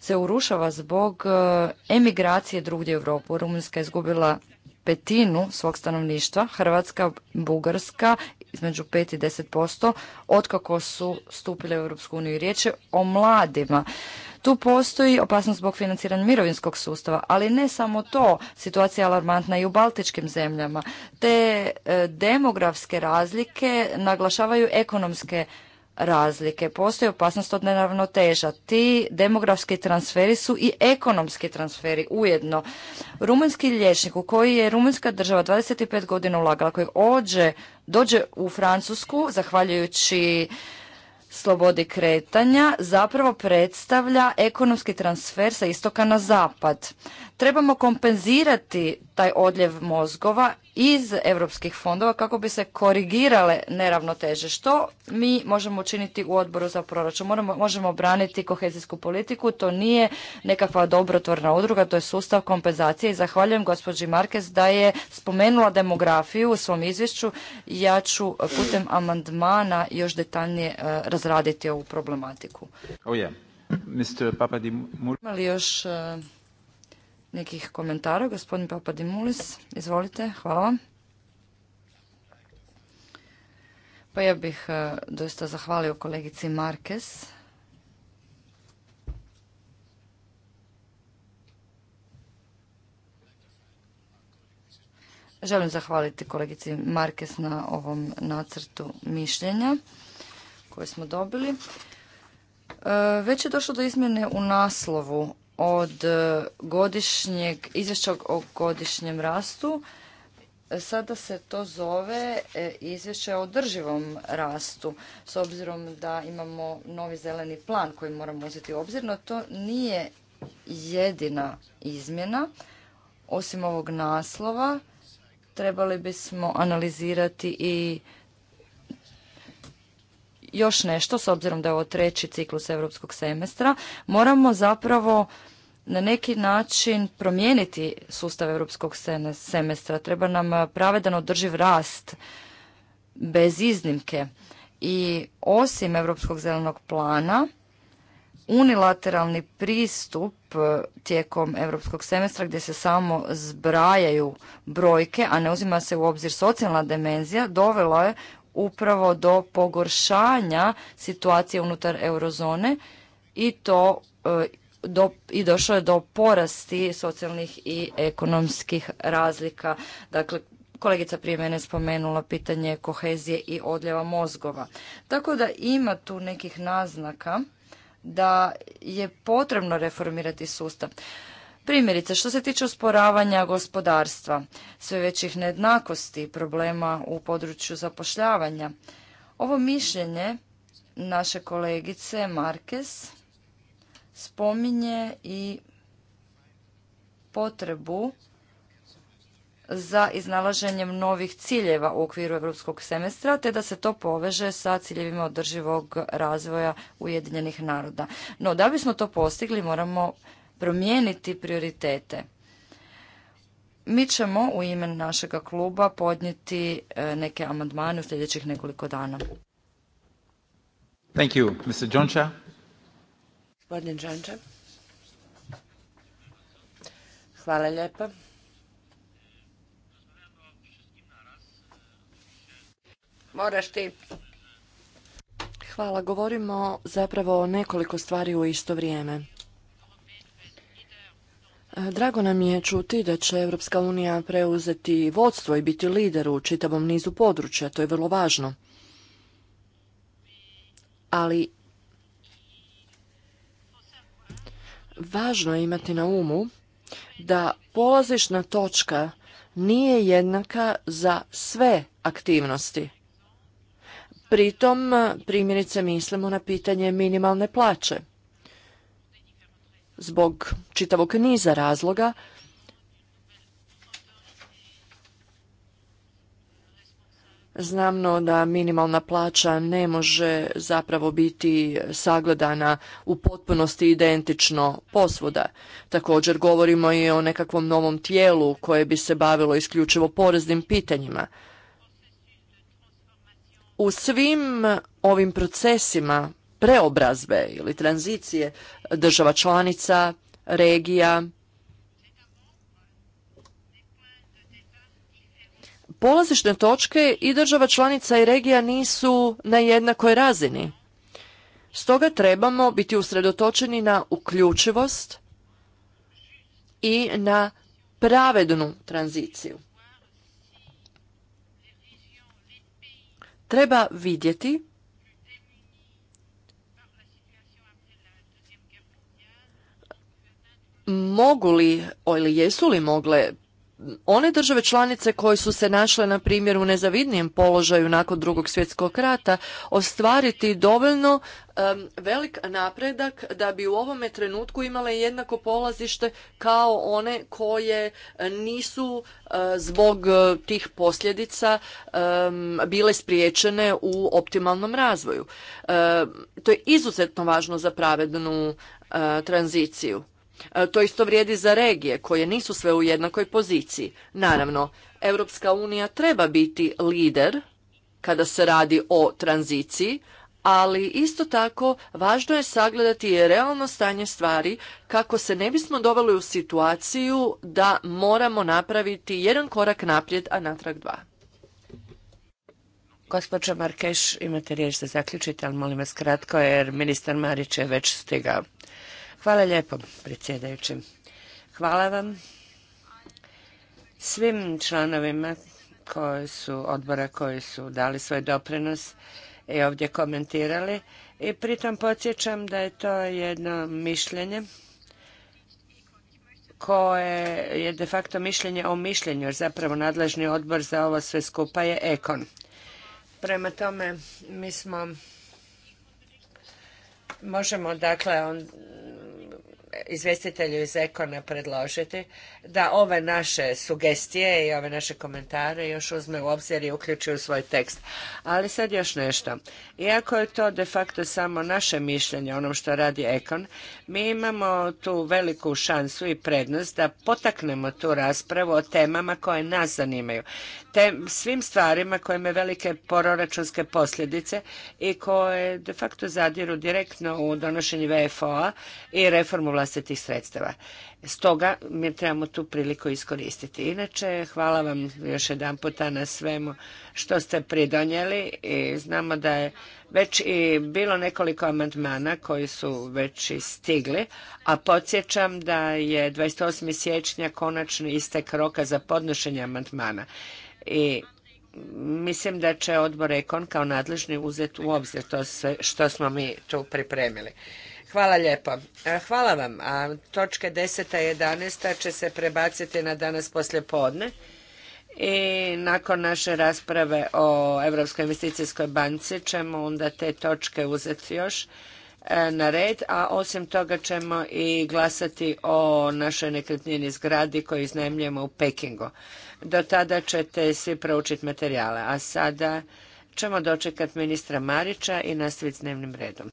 se urušava zbog eh, emigracije drugdje u Europu. Rumunjska je izgubila petinu svog stanovništva, Hrvatska, Bugarska, između 5 i 10%, otkako su stupile u Europsku uniju. Riječ je o mladima. Tu postoji opasnost zbog financiranja mirovinskog sustava, ali ne samo to, situacija je alarmantna i u baltičkim zemljama. Te eh, demografske razlike naglašavaju ekonomske razlike. Postoji opasnost od neravnoteža. Ti demografski transferi su i ekonomski transferi ujedno. Rumunjski liječnik u koji je rumunjska država 25 godina ulagala, koji ođe, dođe u Francusku, zahvaljujući slobodi kretanja, zapravo predstavlja ekonomski transfer sa istoka na zapad trebamo kompenzirati taj odljev mozgova iz europskih fondova kako bi se korigirale neravnoteže. Što mi možemo učiniti u odboru za proračun? Moramo, možemo braniti kohezijsku politiku, to nije nekakva dobrotvorna udruga, to je sustav kompenzacije i zahvaljujem gospođi Markez da je spomenula demografiju u svom izvješću. Ja ću putem amandmana još detaljnije e, razraditi ovu problematiku. Oh Mr. Ima li još e, nekih komentara. Gospodin Papadimulis, izvolite, hvala Pa ja bih e, doista zahvalio kolegici Markes. Želim zahvaliti kolegici Markes na ovom nacrtu mišljenja koje smo dobili. E, već je došlo do izmjene u naslovu od e, godišnjeg izvješća o godišnjem rastu. Sada se to zove e, izvješće o održivom rastu, s obzirom da imamo novi zeleni plan koji moramo uzeti u obzir, no to nije jedina izmjena. Osim ovog naslova, trebali bismo analizirati i još nešto, s obzirom da je ovo treći ciklus europskog semestra, moramo zapravo na neki način promijeniti sustav europskog semestra. Treba nam eh, pravedan održiv rast bez iznimke. I osim europskog zelenog plana, unilateralni pristup eh, tijekom europskog semestra gdje se samo zbrajaju brojke, a ne uzima se u obzir socijalna dimenzija, dovela je upravo do pogoršanja situacije unutar eurozone i to e, i došlo je do porasti socijalnih i ekonomskih razlika. Dakle, kolegica prije mene spomenula pitanje kohezije i odljeva mozgova. Tako da ima tu nekih naznaka da je potrebno reformirati sustav. Primjerice, što se tiče usporavanja gospodarstva, sve većih nejednakosti i problema u području zapošljavanja, ovo mišljenje naše kolegice Markes spominje i potrebu za iznalaženjem novih ciljeva u okviru europskog semestra, te da se to poveže sa ciljevima održivog razvoja Ujedinjenih naroda. No, da bismo to postigli, moramo promijeniti prioritete. Mi ćemo u ime našega kluba podnijeti e, neke amandmane u sljedećih nekoliko dana. Thank you. Mr. Hvala lijepa. ti. Hvala. Govorimo zapravo o nekoliko stvari u isto vrijeme. Drago nam je čuti da će Europska unija preuzeti vodstvo i biti lider u čitavom nizu područja, to je vrlo važno. Ali važno je imati na umu da polazišna točka nije jednaka za sve aktivnosti. Pritom primjerice mislimo na pitanje minimalne plaće zbog čitavog niza razloga Znamno da minimalna plaća ne može zapravo biti sagledana u potpunosti identično posvuda. Također govorimo i o nekakvom novom tijelu koje bi se bavilo isključivo poreznim pitanjima. U svim ovim procesima preobrazbe ili tranzicije država članica, regija. Polazišne točke i država članica i regija nisu na jednakoj razini. Stoga trebamo biti usredotočeni na uključivost i na pravednu tranziciju. Treba vidjeti mogu li ili jesu li mogle one države članice koje su se našle na primjer u nezavidnijem položaju nakon drugog svjetskog rata ostvariti dovoljno velik napredak da bi u ovome trenutku imale jednako polazište kao one koje nisu e, zbog tih posljedica bile spriječene u optimalnom razvoju. E, to je izuzetno važno za pravednu e, tranziciju. E, to isto vrijedi za regije koje nisu sve u jednakoj poziciji. Naravno, Europska unija treba biti lider kada se radi o tranziciji, ali isto tako važno je sagledati je realno stanje stvari kako se ne bismo doveli u situaciju da moramo napraviti jedan korak naprijed, a natrag dva. Gospođa Markeš, imate riječ da zaključite, ali molim vas kratko jer ministar Marić je već stigao. Hvala lijepo, predsjedajući. Hvala vam svim članovima koji su odbora koji su dali svoj doprinos i ovdje komentirali. I pritom podsjećam da je to jedno mišljenje koje je de facto mišljenje o mišljenju, jer zapravo nadležni odbor za ovo sve skupa je Ekon. Prema tome, mi smo možemo dakle on, izvjestitelju iz Ekona predložiti da ove naše sugestije i ove naše komentare još uzme u obzir i uključi u svoj tekst. Ali sad još nešto. Iako je to de facto samo naše mišljenje onom što radi Ekon, mi imamo tu veliku šansu i prednost da potaknemo tu raspravu o temama koje nas zanimaju svim stvarima koje imaju velike proračunske posljedice i koje de facto zadiru direktno u donošenje VFO-a i reformu vlastitih sredstava. Stoga mi trebamo tu priliku iskoristiti. Inače, hvala vam još jedan puta na svemu što ste pridonijeli i znamo da je već i bilo nekoliko amandmana koji su već i stigli, a podsjećam da je 28. siječnja konačni istek roka za podnošenje amandmana i mislim da će odbor Ekon kao nadležni uzeti u obzir to sve što smo mi tu pripremili. Hvala lijepo. E, hvala vam. A točke 10. i 11. će se prebaciti na danas poslje podne. I nakon naše rasprave o Europskoj investicijskoj banci ćemo onda te točke uzeti još e, na red, a osim toga ćemo i glasati o našoj nekretnini zgradi koju iznajemljujemo u Pekingu. Do tada ćete svi proučiti materijale, a sada ćemo dočekati ministra Marića i nastaviti s dnevnim redom.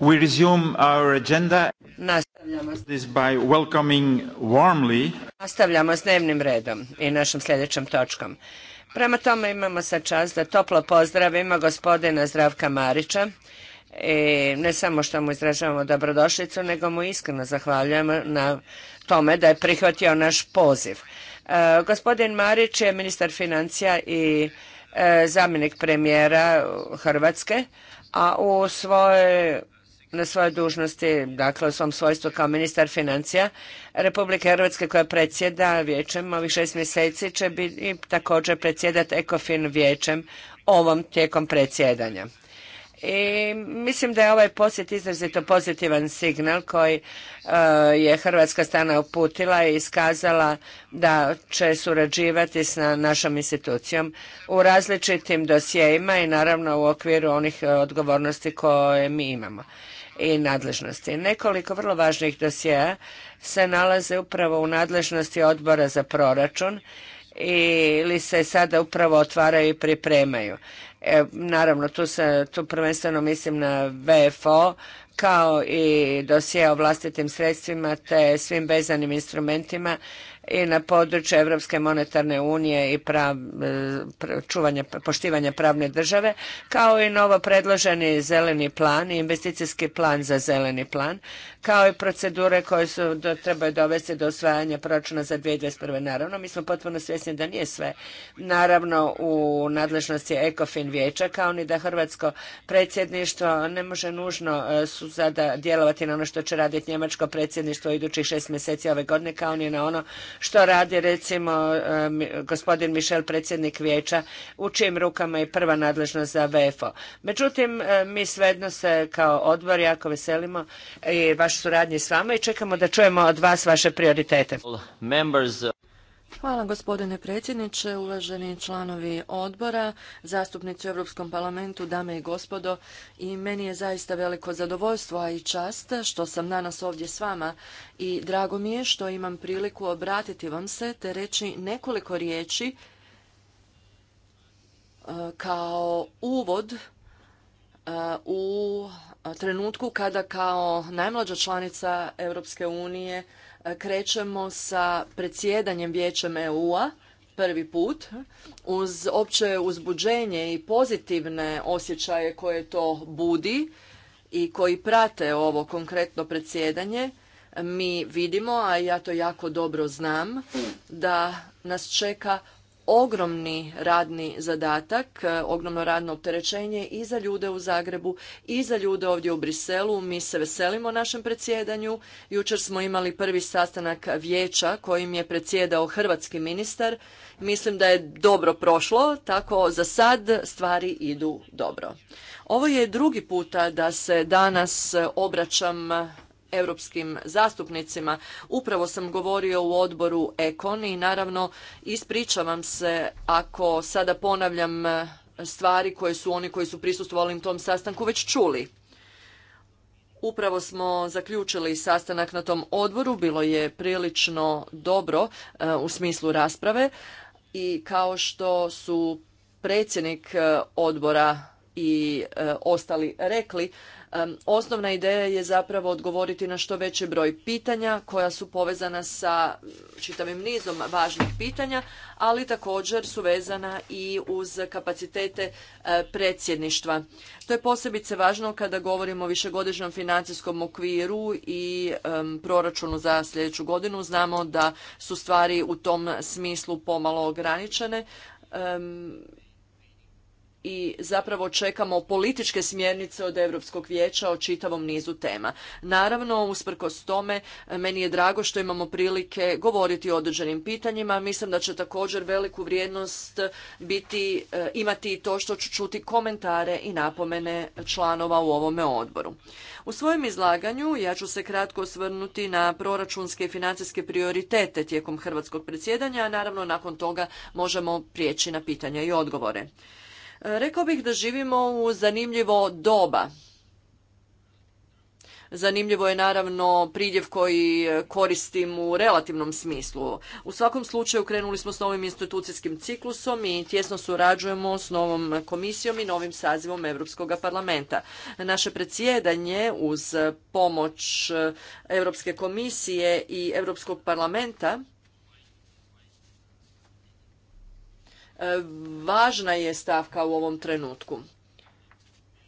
We Nastavljamo s, dnevnim redom i našom sljedećom točkom. Prema tome imamo sad čast da toplo pozdravimo gospodina Zdravka Marića. I ne samo što mu izražavamo dobrodošlicu, nego mu iskreno zahvaljujemo na tome da je prihvatio naš poziv. E, gospodin Marić je ministar financija i e, zamjenik premijera Hrvatske, a u svojoj na svojoj dužnosti, dakle u svom svojstvu kao ministar financija Republike Hrvatske koja predsjeda vijećem ovih šest mjeseci će biti također predsjedat ECOFIN vijećem ovom tijekom predsjedanja. I mislim da je ovaj posjet izrazito pozitivan signal koji e, je Hrvatska stana uputila i iskazala da će surađivati sa našom institucijom u različitim dosjejima i naravno u okviru onih e, odgovornosti koje mi imamo i nadležnosti. Nekoliko vrlo važnih dosjeja se nalaze upravo u nadležnosti odbora za proračun ili se sada upravo otvaraju i pripremaju. E, naravno, tu, se, tu prvenstveno mislim na VFO, kao i dosije o vlastitim sredstvima te svim vezanim instrumentima i na području Europske monetarne unije i e, poštivanja pravne države, kao i novo predloženi zeleni plan i investicijski plan za zeleni plan, kao i procedure koje su trebaju dovesti do osvajanja proračuna za 2021. Naravno, mi smo potpuno svjesni da nije sve naravno u nadležnosti ECOFIN vijeća, kao ni da Hrvatsko predsjedništvo ne može nužno e, sada djelovati na ono što će raditi Njemačko predsjedništvo idućih šest mjeseci ove godine, kao ni na ono što radi recimo eh, gospodin Michel, predsjednik vijeća, u čijim rukama je prva nadležnost za VFO. Međutim, eh, mi svejedno se kao odbor jako veselimo i vaš suradnji s vama i čekamo da čujemo od vas vaše prioritete. Hvala gospodine predsjedniče, uvaženi članovi odbora, zastupnici u Europskom parlamentu, dame i gospodo. I meni je zaista veliko zadovoljstvo, a i čast što sam danas ovdje s vama i drago mi je što imam priliku obratiti vam se te reći nekoliko riječi e, kao uvod e, u trenutku kada kao najmlađa članica Europske unije krećemo sa predsjedanjem Vijećem EU-a prvi put uz opće uzbuđenje i pozitivne osjećaje koje to budi i koji prate ovo konkretno predsjedanje mi vidimo, a ja to jako dobro znam, da nas čeka ogromni radni zadatak, e, ogromno radno opterećenje i za ljude u Zagrebu i za ljude ovdje u Briselu. Mi se veselimo našem predsjedanju. Jučer smo imali prvi sastanak vijeća kojim je predsjedao hrvatski ministar. Mislim da je dobro prošlo, tako za sad stvari idu dobro. Ovo je drugi puta da se danas obraćam europskim zastupnicima. Upravo sam govorio u odboru Ekon i naravno ispričavam se ako sada ponavljam e, stvari koje su oni koji su prisustvovali tom sastanku već čuli. Upravo smo zaključili sastanak na tom odboru, bilo je prilično dobro e, u smislu rasprave i kao što su predsjednik e, odbora i ostali rekli, Osnovna ideja je zapravo odgovoriti na što veći broj pitanja koja su povezana sa mm, čitavim nizom važnih pitanja, ali također su vezana i uz kapacitete e, predsjedništva. To je posebice važno kada govorimo o višegodišnjem financijskom okviru i proračunu za sljedeću godinu. Znamo da su stvari u tom smislu pomalo ograničene i zapravo čekamo političke smjernice od Europskog vijeća o čitavom nizu tema. Naravno, usprkos tome, meni je drago što imamo prilike govoriti o određenim pitanjima. Mislim da će također veliku vrijednost biti, e, imati to što ću čuti komentare i napomene članova u ovome odboru. U svojem izlaganju ja ću se kratko osvrnuti na proračunske i financijske prioritete tijekom hrvatskog predsjedanja, a naravno nakon toga možemo prijeći na pitanja i odgovore. Rekao bih da živimo u zanimljivo doba. Zanimljivo je naravno priljev koji e, koristim u relativnom smislu. U svakom slučaju krenuli smo s novim institucijskim ciklusom i tjesno surađujemo s novom komisijom i novim sazivom Europskog parlamenta. Naše predsjedanje uz pomoć e, Europske komisije i Europskog parlamenta E, važna je stavka u ovom trenutku.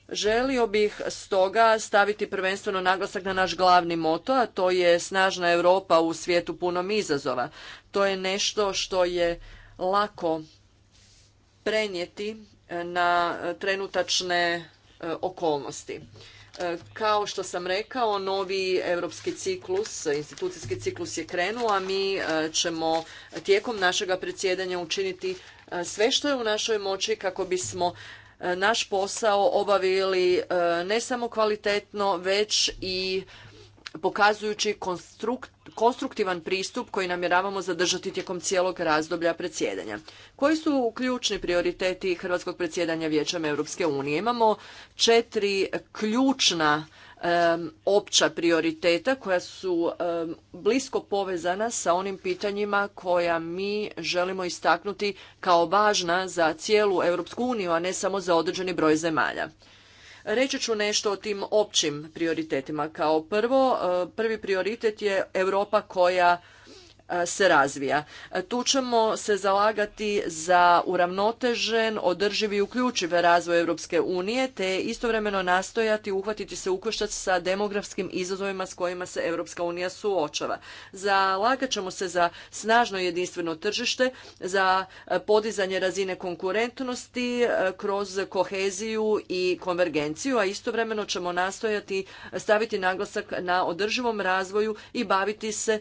Želio bih stoga staviti prvenstveno naglasak na naš glavni moto, a to je snažna Europa u svijetu punom izazova. To je nešto što je lako prenijeti na trenutačne e, okolnosti. E, kao što sam rekao, novi europski ciklus, institucijski ciklus je krenuo, a mi ćemo tijekom našega predsjedanja učiniti E, sve što je u našoj moći kako bismo e, naš posao obavili e, ne samo kvalitetno, već i pokazujući konstruktivan pristup koji namjeravamo zadržati tijekom cijelog razdoblja predsjedanja. Koji su ključni prioriteti hrvatskog predsjedanja Vijećem Europske unije? Imamo četiri ključna opća prioriteta koja su blisko povezana sa onim pitanjima koja mi želimo istaknuti kao važna za cijelu Europsku uniju, a ne samo za određeni broj zemalja. Reći ću nešto o tim općim prioritetima. Kao prvo, prvi prioritet je Europa koja E, se razvija. E, tu ćemo se zalagati za uravnotežen, održivi i uključiv razvoj Europske unije, te istovremeno nastojati uhvatiti se ukoštac sa demografskim izazovima s kojima se Europska unija suočava. Zalagat ćemo se za snažno jedinstveno tržište, za e, podizanje razine konkurentnosti kroz koheziju i konvergenciju, a istovremeno ćemo nastojati staviti naglasak na održivom razvoju i baviti se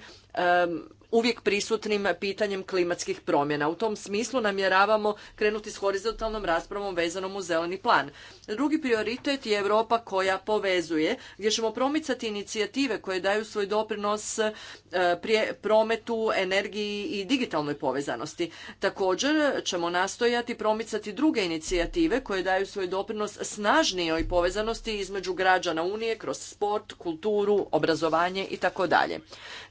uvijek prisutnim pitanjem klimatskih promjena. U tom smislu namjeravamo krenuti s horizontalnom raspravom vezanom u zeleni plan. Drugi prioritet je Europa koja povezuje, gdje ćemo promicati inicijative koje daju svoj doprinos e, prije prometu, energiji i digitalnoj povezanosti. Također ćemo nastojati promicati druge inicijative koje daju svoj doprinos snažnijoj povezanosti između građana Unije kroz sport, kulturu, obrazovanje i tako dalje.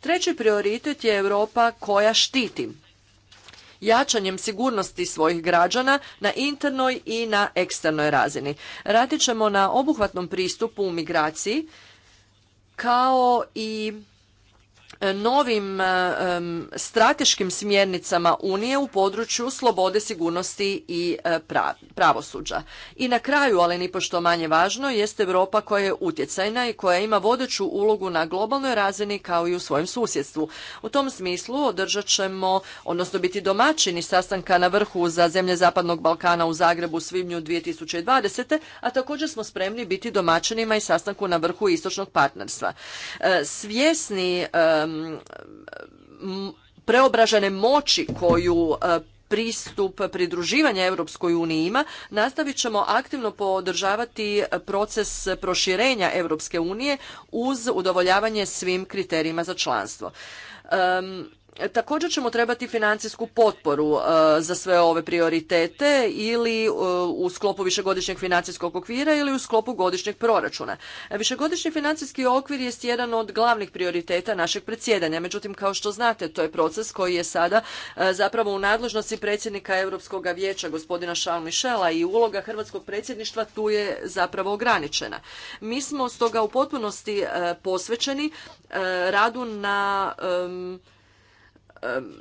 Treći prioritet je Europa koja štiti jačanjem sigurnosti svojih građana na internoj i na eksternoj razini. Radit ćemo na obuhvatnom pristupu u migraciji kao i novim e, strateškim smjernicama Unije u području slobode, sigurnosti i e, pravosuđa. I na kraju, ali nipošto manje važno, jest Europa koja je utjecajna i koja ima vodeću ulogu na globalnoj razini kao i u svojem susjedstvu. U tom smislu održat ćemo, odnosno biti domaćini sastanka na vrhu za zemlje Zapadnog Balkana u Zagrebu u svibnju 2020. a također smo spremni biti domaćinima i sastanku na vrhu istočnog partnerstva. E, svjesni preobražene moći koju e, pristup pridruživanja Europskoj uniji ima, nastavit ćemo aktivno podržavati proces proširenja Europske unije uz udovoljavanje svim kriterijima za članstvo. Također ćemo trebati financijsku potporu e, za sve ove prioritete ili e, u sklopu višegodišnjeg financijskog okvira ili u sklopu godišnjeg proračuna. E, višegodišnji financijski okvir jest jedan od glavnih prioriteta našeg predsjedanja. Međutim, kao što znate, to je proces koji je sada zapravo u nadležnosti predsjednika Europskog vijeća gospodina šal Michela i uloga hrvatskog predsjedništva tu je zapravo ograničena. Mi smo stoga u potpunosti posvećeni radu na um,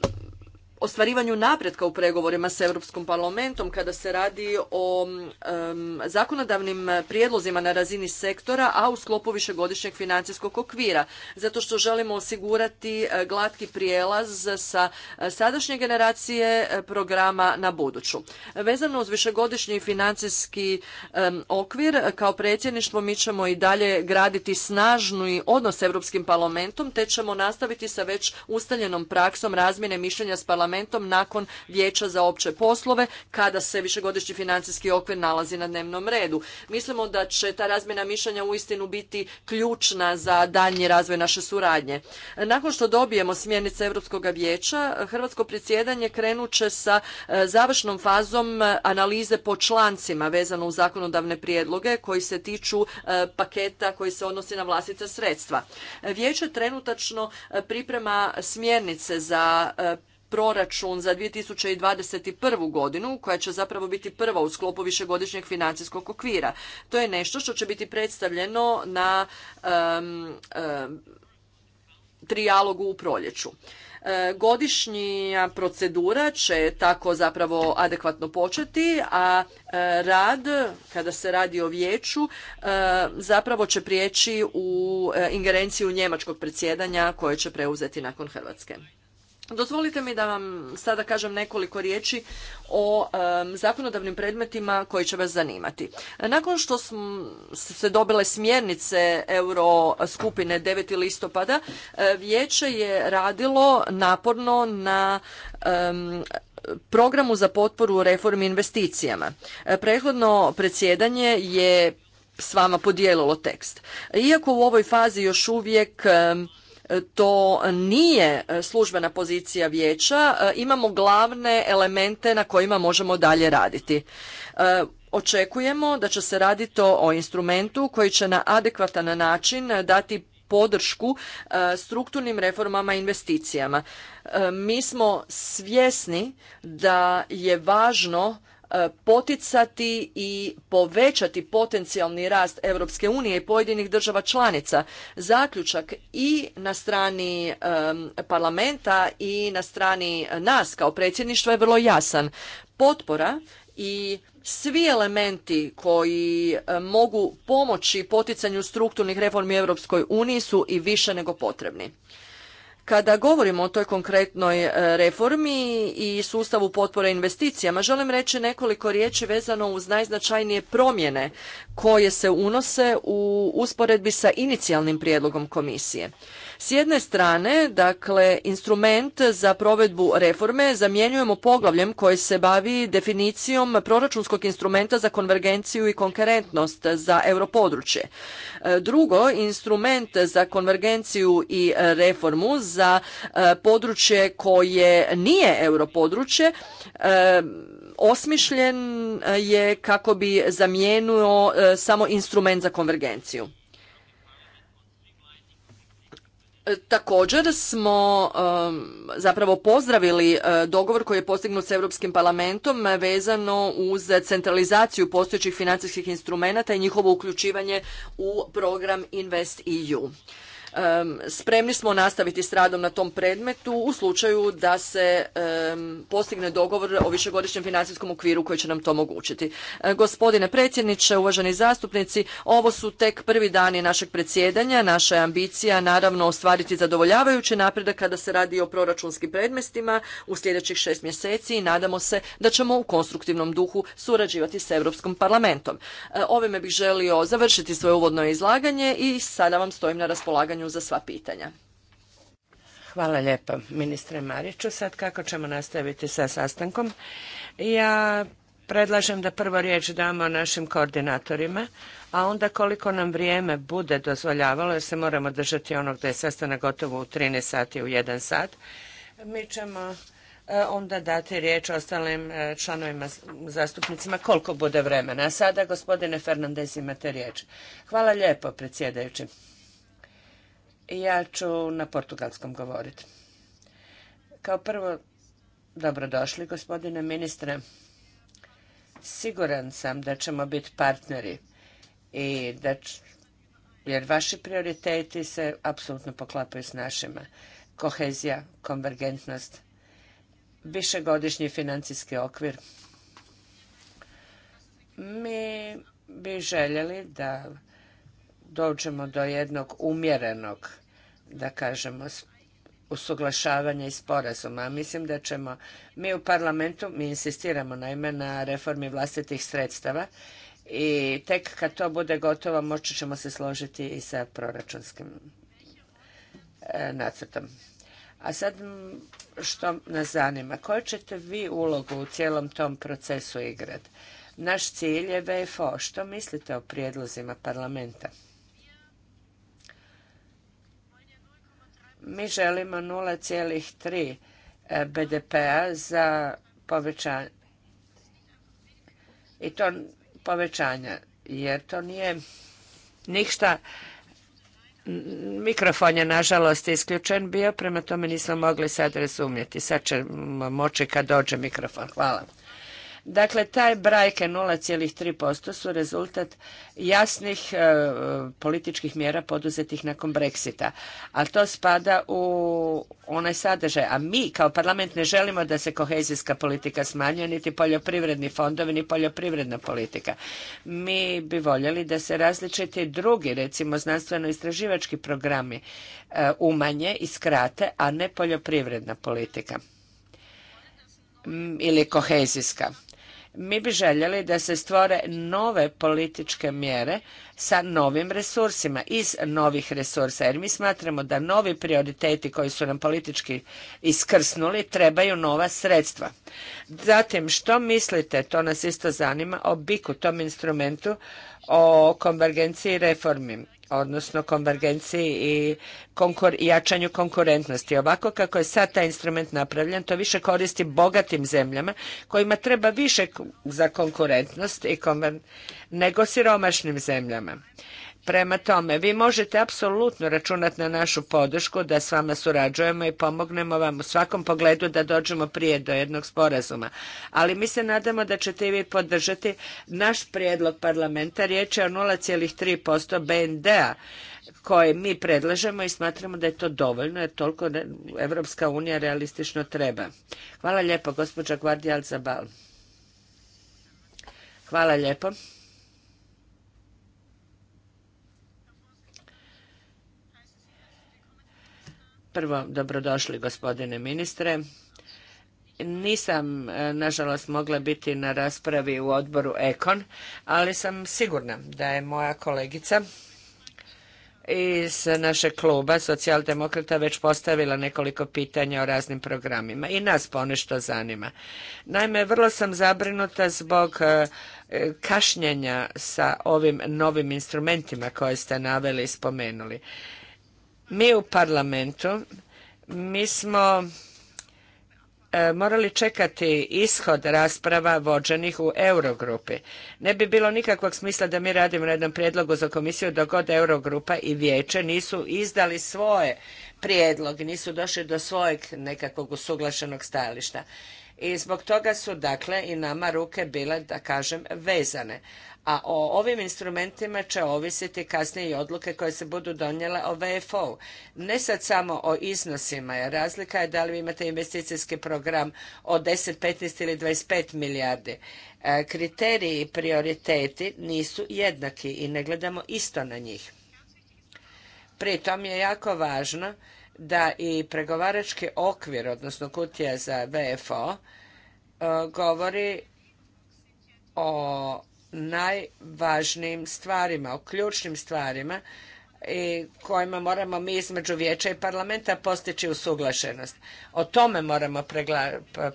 ostvarivanju napretka u pregovorima s Europskom parlamentom kada se radi o mm, zakonodavnim prijedlozima na razini sektora, a u sklopu višegodišnjeg financijskog okvira. Zato što želimo osigurati e, glatki prijelaz sa e, sadašnje generacije e, programa na buduću. Vezano uz višegodišnji financijski okvir, kao predsjedništvo mi ćemo i dalje graditi snažni odnos s Europskim parlamentom, te ćemo nastaviti sa već ustaljenom praksom razmjene mišljenja s parlamentom parlamentom nakon vijeća za opće poslove kada se višegodišnji financijski okvir nalazi na dnevnom redu. Mislimo da će ta razmjena mišljenja uistinu biti ključna za daljnji razvoj naše suradnje. Nakon što dobijemo smjernice Europskog vijeća, Hrvatsko predsjedanje krenut će sa e, završnom fazom e, analize po člancima vezano u zakonodavne prijedloge koji se tiču e, paketa koji se odnosi na vlastita sredstva. Vijeće trenutačno priprema smjernice za proračun za 2021. godinu, koja će zapravo biti prva u sklopu višegodišnjeg financijskog okvira. To je nešto što će biti predstavljeno na um, trijalogu u proljeću. E, godišnja procedura će tako zapravo adekvatno početi, a e, rad, kada se radi o vijeću, e, zapravo će prijeći u ingerenciju njemačkog predsjedanja koje će preuzeti nakon Hrvatske. Dozvolite mi da vam sada kažem nekoliko riječi o zakonodavnim predmetima koji će vas zanimati. Nakon što su se dobile smjernice euro skupine 9. listopada, eh, vijeće je radilo naporno na programu za potporu reformi investicijama. Eh, prethodno predsjedanje je s vama podijelilo tekst. Iako u ovoj fazi još uvijek to nije e, službena pozicija vijeća, e, imamo glavne elemente na kojima možemo dalje raditi. E, očekujemo da će se raditi o instrumentu koji će na adekvatan način dati podršku strukturnim reformama i investicijama. Mi smo svjesni da je važno E, poticati i povećati potencijalni rast Europske unije i pojedinih država članica. Zaključak i na strani e, parlamenta i na strani nas kao predsjedništva je vrlo jasan. Potpora i svi elementi koji e, mogu pomoći poticanju strukturnih reformi Europskoj uniji su i više nego potrebni. Kada govorimo o toj konkretnoj e, reformi i sustavu potpore investicijama, želim reći nekoliko riječi vezano uz najznačajnije promjene koje se unose u usporedbi sa inicijalnim prijedlogom komisije. S jedne strane, dakle, instrument za provedbu reforme zamjenjujemo poglavljem koji se bavi definicijom proračunskog instrumenta za konvergenciju i konkurentnost za europodručje. E, drugo, instrument za konvergenciju i reformu za e, područje koje nije europodručje e, osmišljen je kako bi zamijenio samo instrument za konvergenciju. Također smo um, zapravo pozdravili uh, dogovor koji je postignut s Europskim parlamentom vezano uz centralizaciju postojećih financijskih instrumenata i njihovo uključivanje u program Invest e Spremni smo nastaviti s radom na tom predmetu u slučaju da se postigne dogovor o višegodišnjem financijskom okviru koji će nam to omogućiti. E, gospodine predsjedniče, uvaženi zastupnici, ovo su tek prvi dani našeg predsjedanja. Naša je ambicija naravno ostvariti zadovoljavajući napredak kada se radi o proračunskim predmestima u sljedećih šest mjeseci i nadamo se da ćemo u konstruktivnom duhu surađivati s Europskom parlamentom. E, ovime bih želio završiti svoje uvodno izlaganje i sada vam stojim na raspolaganju raspolaganju za sva pitanja. Hvala lijepo ministre Mariću. Sad kako ćemo nastaviti sa sastankom? Ja predlažem da prvo riječ damo našim koordinatorima, a onda koliko nam vrijeme bude dozvoljavalo, jer se moramo držati onog da je sastanak gotovo u 13 sati u 1 sat, mi ćemo e, onda dati riječ ostalim e, članovima zastupnicima koliko bude vremena. A sada, gospodine Fernandez, imate riječ. Hvala lijepo, predsjedajući. Ja ću na portugalskom govoriti. Kao prvo, dobrodošli gospodine ministre. Siguran sam da ćemo biti partneri i da jer vaši prioriteti se apsolutno poklapaju s našima. Kohezija, konvergentnost, višegodišnji financijski okvir. Mi bi željeli da dođemo do jednog umjerenog, da kažemo, usuglašavanja i sporazuma. mislim da ćemo, mi u parlamentu, mi insistiramo naime na reformi vlastitih sredstava i tek kad to bude gotovo moći ćemo se složiti i sa proračunskim e, nacrtom. A sad što nas zanima, koju ćete vi ulogu u cijelom tom procesu igrati? Naš cilj je VFO. Što mislite o prijedlozima parlamenta? Mi želimo 0,3 e, BDP-a za povećanje. I to povećanja, jer to nije ništa. Mikrofon je nažalost isključen bio, prema tome nismo mogli sad razumjeti. Sad ćemo moći kad dođe mikrofon. Hvala. Dakle, taj brajke 0,3% su rezultat jasnih e, političkih mjera poduzetih nakon Brexita, a to spada u onaj sadržaj. A mi kao parlament ne želimo da se kohezijska politika smanjuje, niti poljoprivredni fondovi, ni poljoprivredna politika. Mi bi voljeli da se različiti drugi, recimo znanstveno-istraživački programi e, umanje i skrate, a ne poljoprivredna politika ili kohezijska. Mi bi željeli da se stvore nove političke mjere sa novim resursima, iz novih resursa, jer mi smatramo da novi prioriteti koji su nam politički iskrsnuli trebaju nova sredstva. Zatim, što mislite, to nas isto zanima, o bik tom instrumentu, o konvergenciji reformi odnosno konvergenciji i jačanju konkurentnosti. Ovako kako je sad taj instrument napravljen, to više koristi bogatim zemljama kojima treba više za konkurentnost i konver nego siromašnim zemljama. Prema tome, vi možete apsolutno računati na našu podršku da s vama surađujemo i pomognemo vam u svakom pogledu da dođemo prije do jednog sporazuma. Ali mi se nadamo da ćete i vi podržati naš prijedlog parlamenta. Riječ je o 0,3% BND-a koje mi predlažemo i smatramo da je to dovoljno jer toliko Evropska unija realistično treba. Hvala lijepo, gospođa Guardial Zabal. Hvala lijepo. Prvo, dobrodošli gospodine ministre. Nisam, e, nažalost, mogla biti na raspravi u odboru Ekon, ali sam sigurna da je moja kolegica iz našeg kluba socijaldemokrata već postavila nekoliko pitanja o raznim programima i nas ponešto zanima. Naime, vrlo sam zabrinuta zbog e, kašnjenja sa ovim novim instrumentima koje ste naveli i spomenuli. Mi u parlamentu, mi smo e, morali čekati ishod rasprava vođenih u Eurogrupi. Ne bi bilo nikakvog smisla da mi radimo na jednom prijedlogu za komisiju dok god Eurogrupa i vijeće nisu izdali svoje prijedlog, nisu došli do svojeg nekakvog usuglašenog stajališta. I zbog toga su dakle i nama ruke bile, da kažem, vezane a o ovim instrumentima će ovisiti kasnije i odluke koje se budu donijele o VFO-u. Ne sad samo o iznosima, jer razlika je da li vi imate investicijski program od 10, 15 ili 25 milijardi. E, kriteriji i prioriteti nisu jednaki i ne gledamo isto na njih. Pri tom je jako važno da i pregovarački okvir, odnosno kutija za VFO, e, govori o najvažnijim stvarima, o ključnim stvarima i kojima moramo mi između vijeća i parlamenta postići usuglašenost. O tome moramo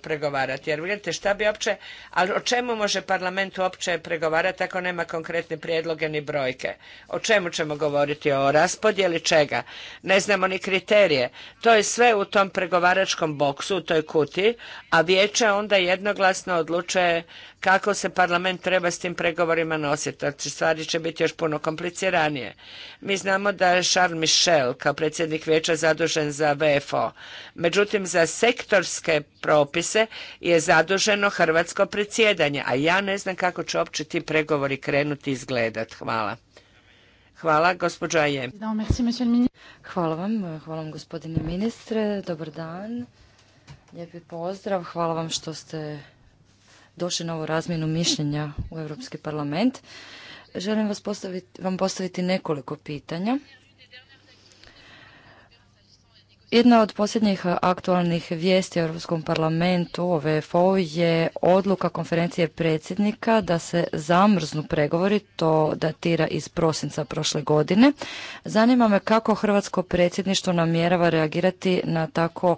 pregovarati. Jer vidite šta bi opće... ali o čemu može parlament uopće pregovarati ako nema konkretne prijedloge ni brojke? O čemu ćemo govoriti? O raspodjeli čega? Ne znamo ni kriterije. To je sve u tom pregovaračkom boksu, u toj kuti, a vijeće onda jednoglasno odlučuje kako se parlament treba s tim pregovorima nositi. stvari će biti još puno kompliciranije. Mi znamo da je Charles Michel kao predsjednik vijeća zadužen za VFO. Međutim, za sektorske propise je zaduženo hrvatsko predsjedanje, a ja ne znam kako će uopće ti pregovori krenuti izgledat. Hvala. Hvala, gospođa Je. Hvala vam, vam gospodine ministre, dobar dan, lijepi pozdrav, hvala vam što ste došli na ovu razmjenu mišljenja u Europski parlament. Želim vas postaviti, vam postaviti nekoliko pitanja. Jedna od posljednjih aktualnih vijesti u Europskom parlamentu o VFO je odluka konferencije predsjednika da se zamrznu pregovori, to datira iz prosinca prošle godine. Zanima me kako hrvatsko predsjedništvo namjerava reagirati na tako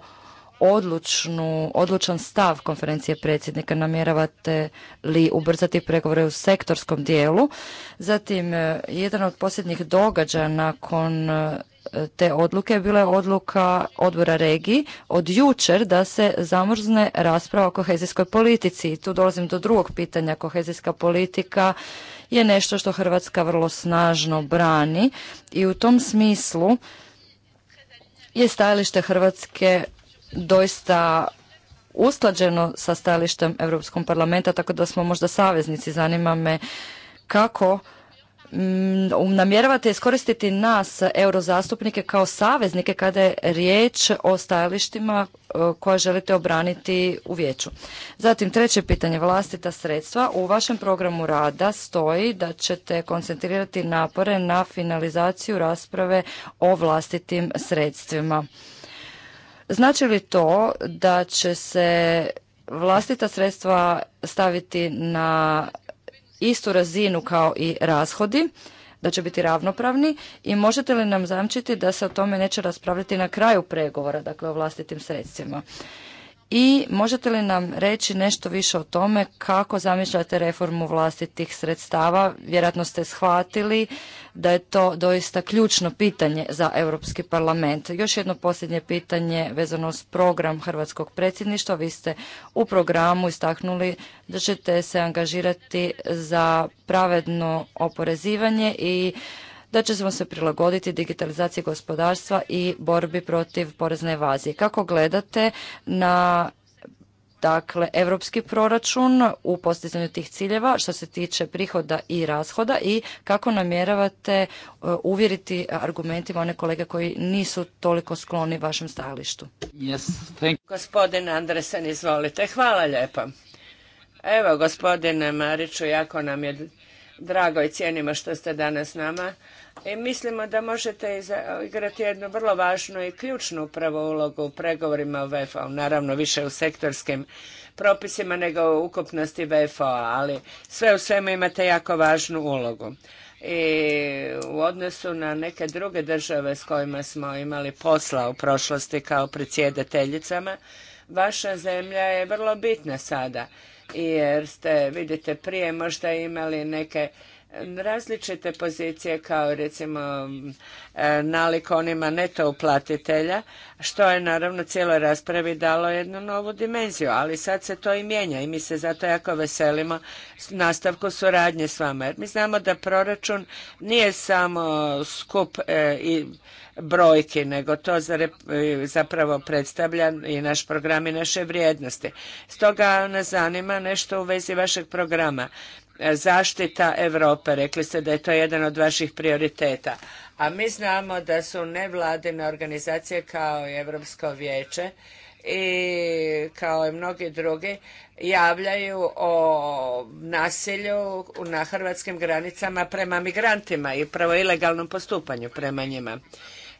odlučnu, odlučan stav konferencije predsjednika? Namjeravate li ubrzati pregovore u sektorskom dijelu? Zatim, e, jedan od posljednjih događaja nakon e, te odluke bila je odluka odbora regiji od jučer da se zamrzne rasprava o kohezijskoj politici. tu dolazim do drugog pitanja. Kohezijska politika je nešto što Hrvatska vrlo snažno brani i u tom smislu je stajalište Hrvatske doista usklađeno sa stajalištem Europskog parlamenta, tako da smo možda saveznici. Zanima me kako mm, namjeravate iskoristiti nas, eurozastupnike, kao saveznike kada je riječ o stajalištima e, koja želite obraniti u vijeću. Zatim, treće pitanje, vlastita sredstva. U vašem programu rada stoji da ćete koncentrirati napore na finalizaciju rasprave o vlastitim sredstvima. Znači li to da će se vlastita sredstva staviti na istu razinu kao i rashodi, da će biti ravnopravni i možete li nam zamčiti da se o tome neće raspravljati na kraju pregovora, dakle o vlastitim sredstvima i možete li nam reći nešto više o tome kako zamišljate reformu vlastitih sredstava? Vjerojatno ste shvatili da je to doista ključno pitanje za Europski parlament. Još jedno posljednje pitanje vezano s program Hrvatskog predsjedništva. Vi ste u programu istaknuli da ćete se angažirati za pravedno oporezivanje i da ćemo se prilagoditi digitalizaciji gospodarstva i borbi protiv porezne evazije. Kako gledate na dakle europski proračun u postizanju tih ciljeva što se tiče prihoda i rashoda i kako namjeravate e, uvjeriti argumentima one kolege koji nisu toliko skloni vašem stajalištu. Yes, thank Gospodin Andresen, izvolite. Hvala lijepo. Evo, gospodine Mariću, jako nam je drago i cijenimo što ste danas nama i e, mislimo da možete igrati jednu vrlo važnu i ključnu upravo ulogu u pregovorima VFO, naravno više u sektorskim propisima nego u ukupnosti VFO, ali sve u svemu imate jako važnu ulogu. I u odnosu na neke druge države s kojima smo imali posla u prošlosti kao predsjedateljicama, vaša zemlja je vrlo bitna sada jer ste, vidite, prije možda imali neke različite pozicije kao recimo e, nalik onima neto uplatitelja, što je naravno cijeloj raspravi dalo jednu novu dimenziju, ali sad se to i mijenja i mi se zato jako veselimo nastavku suradnje s vama, jer mi znamo da proračun nije samo skup e, i brojki, nego to e, zapravo predstavlja i naš program i naše vrijednosti. Stoga nas zanima nešto u vezi vašeg programa zaštita Europe. Rekli ste da je to jedan od vaših prioriteta. A mi znamo da su nevladine organizacije kao i Europsko vijeće i kao i mnogi drugi javljaju o nasilju na hrvatskim granicama prema migrantima i pravo ilegalnom postupanju prema njima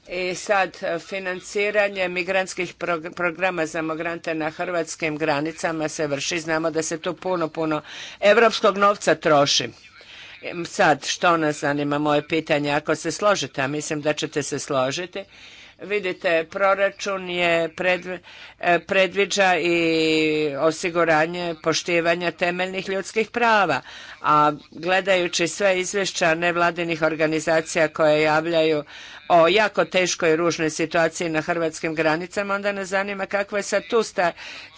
i sad e, financiranje migrantskih programa za migrante na hrvatskim granicama se vrši. Znamo da se tu puno, puno evropskog novca troši. Sad, što nas zanima, moje pitanje, ako se složite, a mislim da ćete se složiti, vidite, proračun je e, predviđa i osiguranje poštivanja temeljnih ljudskih prava, a gledajući sve izvješća nevladinih organizacija koje javljaju o jako teškoj ružnoj situaciji na hrvatskim granicama, onda nas zanima kakva je sad tu sta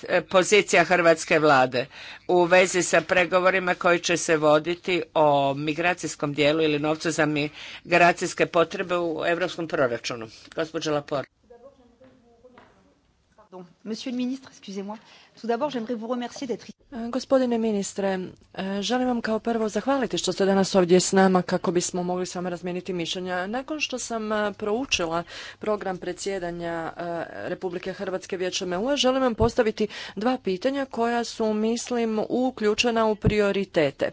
e, pozicija hrvatske vlade u vezi sa pregovorima koji će se voditi o migracijskom dijelu ili novcu za migracijske potrebe u europskom proračunu. Gospođa Lapor. Monsieur le ministre, excusez-moi. E, gospodine ministre, e, želim vam kao prvo zahvaliti što ste danas ovdje s nama kako bismo mogli s vama razmijeniti mišljenja. Nakon što sam e, proučila program predsjedanja Republike Hrvatske vijećem EU, želim vam postaviti dva pitanja koja su, mislim, uključena u prioritete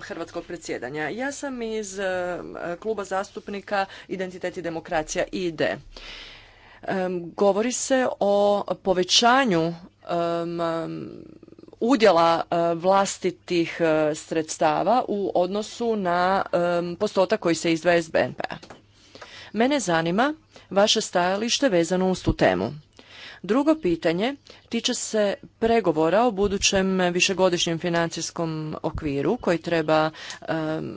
Hrvatskog predsjedanja. Ja sam iz kluba zastupnika identiteti i demokracija IDE govori se o povećanju Um, udjela uh, vlastitih uh, sredstava u odnosu na um, postotak koji se izdvaja iz BNP-a. Mene zanima vaše stajalište vezano uz tu temu. Drugo pitanje tiče se pregovora o budućem višegodišnjem financijskom okviru koji treba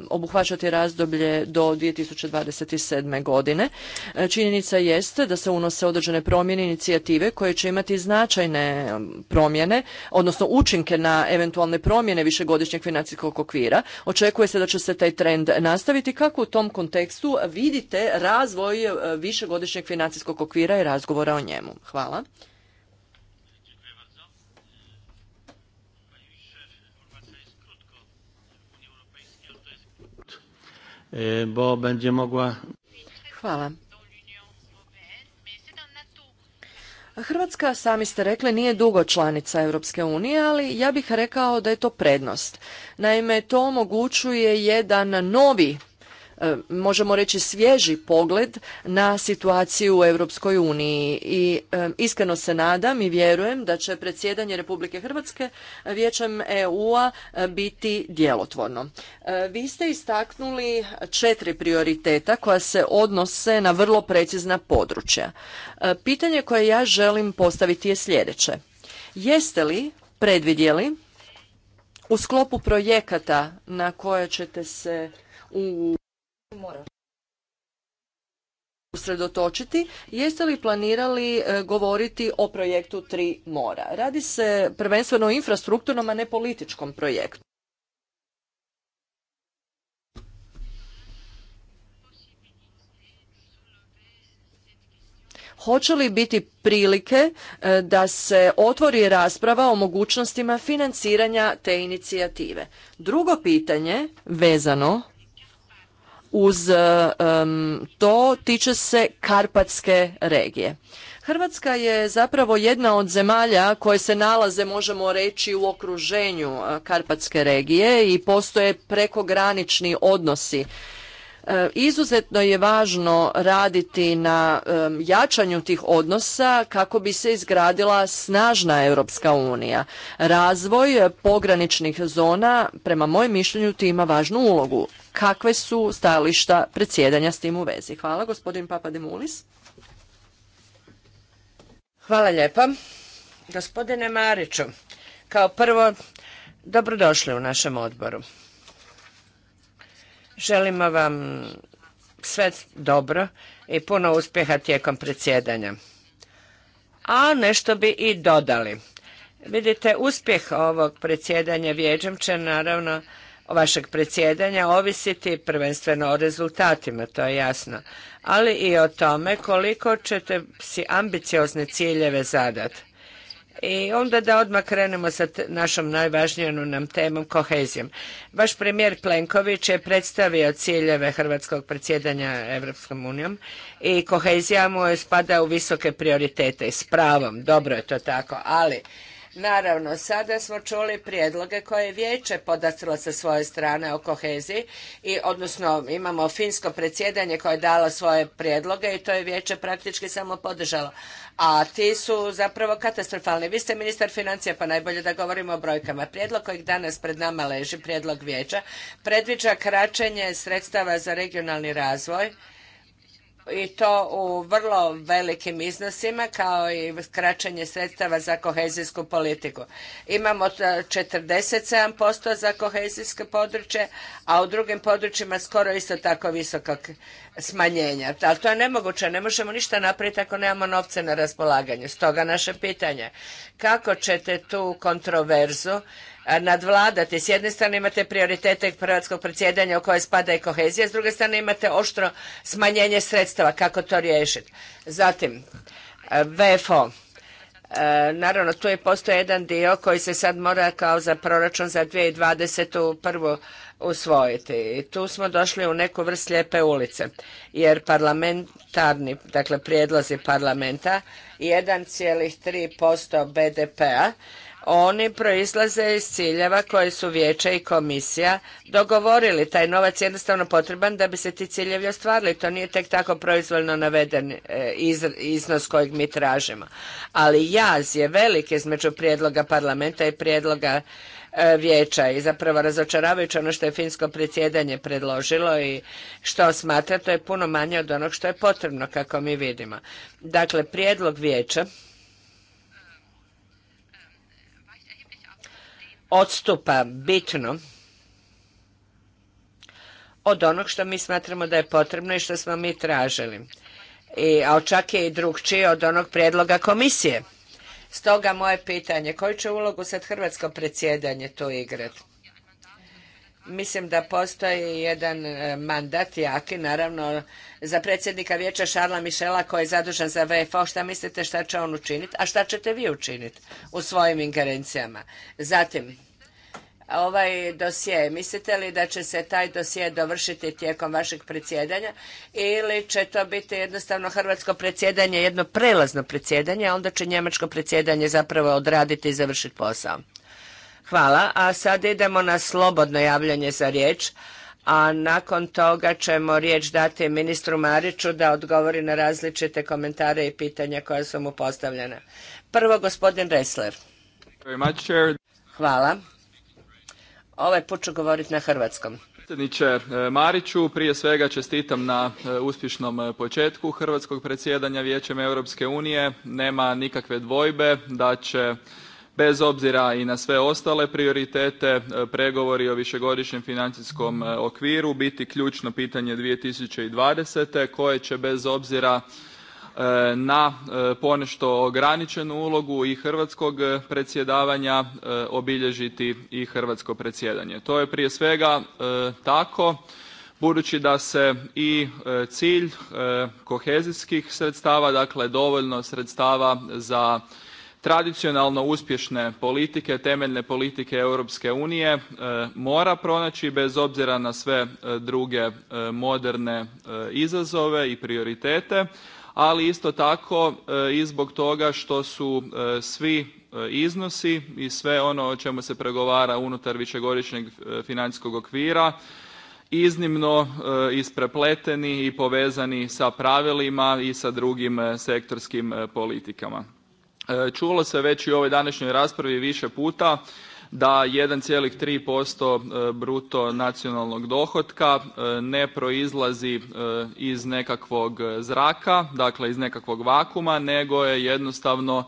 obuhvaćati razdoblje do 2027. godine. E, činjenica jeste da se unose određene promjene inicijative koje će imati značajne promjene, odnosno učinke na eventualne promjene višegodišnjeg financijskog okvira. Očekuje se da će se taj trend nastaviti. Kako u tom kontekstu vidite razvoj e, višegodišnjeg financijskog okvira i razgovora o njemu? Hvala. E, Hvala. Hrvatska, sami ste rekli, nije dugo članica Europske unije, ali ja bih rekao da je to prednost. Naime, to omogućuje jedan novi E, možemo reći svježi pogled na situaciju u Europskoj uniji i e, iskreno se nadam i vjerujem da će predsjedanje Republike Hrvatske vijećem EU-a e, biti djelotvorno. Vi ste istaknuli četiri prioriteta koja se odnose na vrlo precizna područja. Pitanje koje ja želim postaviti je sljedeće. Jeste li predvidjeli u sklopu projekata na koje ćete se u mora usredotočiti. Jeste li planirali e, govoriti o projektu Tri mora? Radi se prvenstveno o infrastrukturnom, a ne političkom projektu. Hoće li biti prilike e, da se otvori rasprava o mogućnostima financiranja te inicijative? Drugo pitanje vezano uz e, to tiče se Karpatske regije. Hrvatska je zapravo jedna od zemalja koje se nalaze, možemo reći, u okruženju e, Karpatske regije i postoje prekogranični odnosi. E, izuzetno je važno raditi na jačanju tih odnosa kako bi se izgradila snažna Europska unija. Razvoj pograničnih zona, prema mojem mišljenju, ti ima važnu ulogu kakve su stajališta predsjedanja s tim u vezi. Hvala, gospodin Papademulis. Hvala lijepa. Gospodine Mariću, kao prvo, dobrodošli u našem odboru. Želimo vam sve dobro i puno uspjeha tijekom predsjedanja. A nešto bi i dodali. Vidite, uspjeh ovog predsjedanja Vijećem će naravno vašeg predsjedanja ovisiti prvenstveno o rezultatima, to je jasno, ali i o tome koliko ćete si ambiciozne ciljeve zadati. I onda da odmah krenemo sa našom najvažnijom nam temom, kohezijom. Vaš premijer Plenković je predstavio ciljeve hrvatskog predsjedanja Evropskom unijom i kohezija mu je spada u visoke prioritete i s pravom, dobro je to tako, ali Naravno, sada smo čuli prijedloge koje je vijeće podastrlo sa svoje strane o koheziji i odnosno imamo finsko predsjedanje koje je dalo svoje prijedloge i to je vijeće praktički samo podržalo. A ti su zapravo katastrofalni. Vi ste ministar financija pa najbolje da govorimo o brojkama. Prijedlog kojeg danas pred nama leži, prijedlog vijeća, predviđa kraćenje sredstava za regionalni razvoj i to u vrlo velikim iznosima kao i skraćanje sredstava za kohezijsku politiku. Imamo 47% za kohezijske područje, a u drugim područjima skoro isto tako visokog smanjenja. Ali to je nemoguće, ne možemo ništa napraviti ako nemamo novce na raspolaganju. Stoga naše pitanje, kako ćete tu kontroverzu nadvladati. S jedne strane imate prioritete hrvatskog predsjedanja u koje spada i kohezija, s druge strane imate oštro smanjenje sredstava, kako to riješiti. Zatim, e, VFO. E, naravno, tu je postoji jedan dio koji se sad mora kao za proračun za 2020. prvo usvojiti. I tu smo došli u neku vrst lijepe ulice, jer parlamentarni, dakle prijedlozi parlamenta, 1,3% BDP-a oni proizlaze iz ciljeva koje su vijeće i komisija dogovorili. Taj novac je jednostavno potreban da bi se ti ciljevi ostvarili. To nije tek tako proizvoljno naveden e, iznos kojeg mi tražimo. Ali jaz je velik između prijedloga parlamenta i prijedloga e, vijeća i zapravo razočaravajuće ono što je finsko predsjedanje predložilo i što smatra to je puno manje od onog što je potrebno kako mi vidimo. Dakle, prijedlog vijeća odstupa bitno od onog što mi smatramo da je potrebno i što smo mi tražili. I, a čak je i drugčije od onog prijedloga komisije. Stoga moje pitanje, koju će ulogu sad hrvatsko predsjedanje tu igrati? Mislim da postoji jedan e, mandat jaki, naravno, za predsjednika vijeća Šarla Mišela koji je zadužen za VFO. Šta mislite šta će on učiniti, a šta ćete vi učiniti u svojim ingerencijama? Zatim, ovaj dosje, mislite li da će se taj dosje dovršiti tijekom vašeg predsjedanja ili će to biti jednostavno hrvatsko predsjedanje, jedno prelazno predsjedanje, a onda će njemačko predsjedanje zapravo odraditi i završiti posao? Hvala, a sad idemo na slobodno javljanje za riječ, a nakon toga ćemo riječ dati ministru Mariću da odgovori na različite komentare i pitanja koja su mu postavljena. Prvo, gospodin Resler. Hvala. Ovaj put ću govoriti na hrvatskom. Predsjedniče e, Mariću, prije svega čestitam na e, uspješnom e, početku hrvatskog predsjedanja Vijećem Europske unije. Nema nikakve dvojbe da će Bez obzira i na sve ostale prioritete, e, pregovori o višegodišnjem financijskom e, okviru biti ključno pitanje 2020. koje će bez obzira e, na ponešto ograničenu ulogu i hrvatskog predsjedavanja obilježiti i hrvatsko predsjedanje. To je prije svega tako budući da se i cilj kohezijskih sredstava, dakle dovoljno sredstava za tradicionalno uspješne politike, temeljne politike Europske unije e, mora pronaći bez obzira na sve e, druge e, moderne izazove i prioritete, ali isto tako i zbog toga što su svi iznosi i sve ono o čemu se pregovara unutar višegodišnjeg financijskog okvira iznimno isprepleteni i povezani sa pravilima i sa drugim sektorskim politikama. E, čulo se već i u ovoj današnjoj raspravi više puta da 1,3% e, bruto nacionalnog dohotka e, ne proizlazi iz nekakvog zraka, dakle iz nekakvog vakuma, nego je jednostavno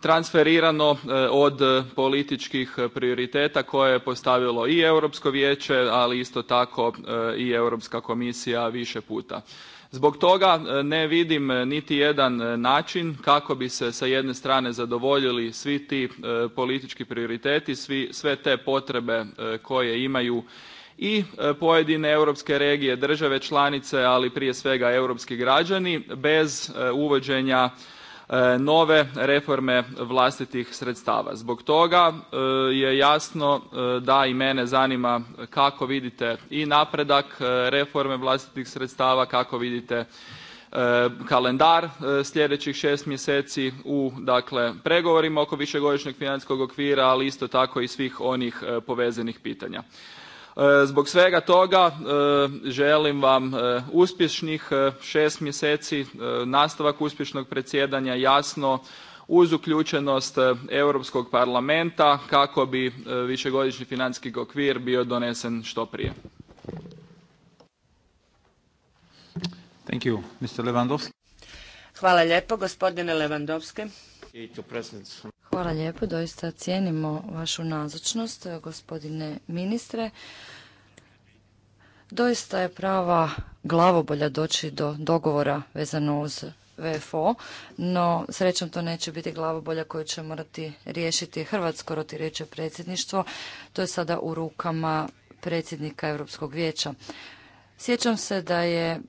transferirano od političkih prioriteta koje je postavilo i Europsko vijeće, ali isto tako i Europska komisija više puta. Zbog toga e, ne vidim e, niti jedan e, način kako bi se sa jedne strane zadovoljili svi ti politički prioriteti, svi, sve te potrebe koje imaju i pojedine europske regije, države članice, ali prije svega europski građani bez uvođenja E, nove reforme vlastitih sredstava. Zbog toga e, je jasno e, da i mene zanima kako vidite i napredak reforme vlastitih sredstava, kako vidite kalendar sljedećih šest mjeseci u dakle pregovorima oko višegodišnjeg financijskog okvira, ali isto tako i svih onih povezanih pitanja. E, zbog svega toga e, želim vam e, uspješnih šest mjeseci, nastavak uspješnog predsjedanja jasno uz uključenost Europskog parlamenta kako bi višegodišnji financijski okvir bio donesen što prije. Hvala lijepo gospodine Lewandowski. Hvala lijepo, doista cijenimo vašu nazočnost, gospodine ministre. Doista je prava glavobolja doći do dogovora vezano uz VFO, no srećom to neće biti glavobolja koju će morati riješiti Hrvatsko rotireće predsjedništvo. To je sada u rukama predsjednika Europskog vijeća. Sjećam se da je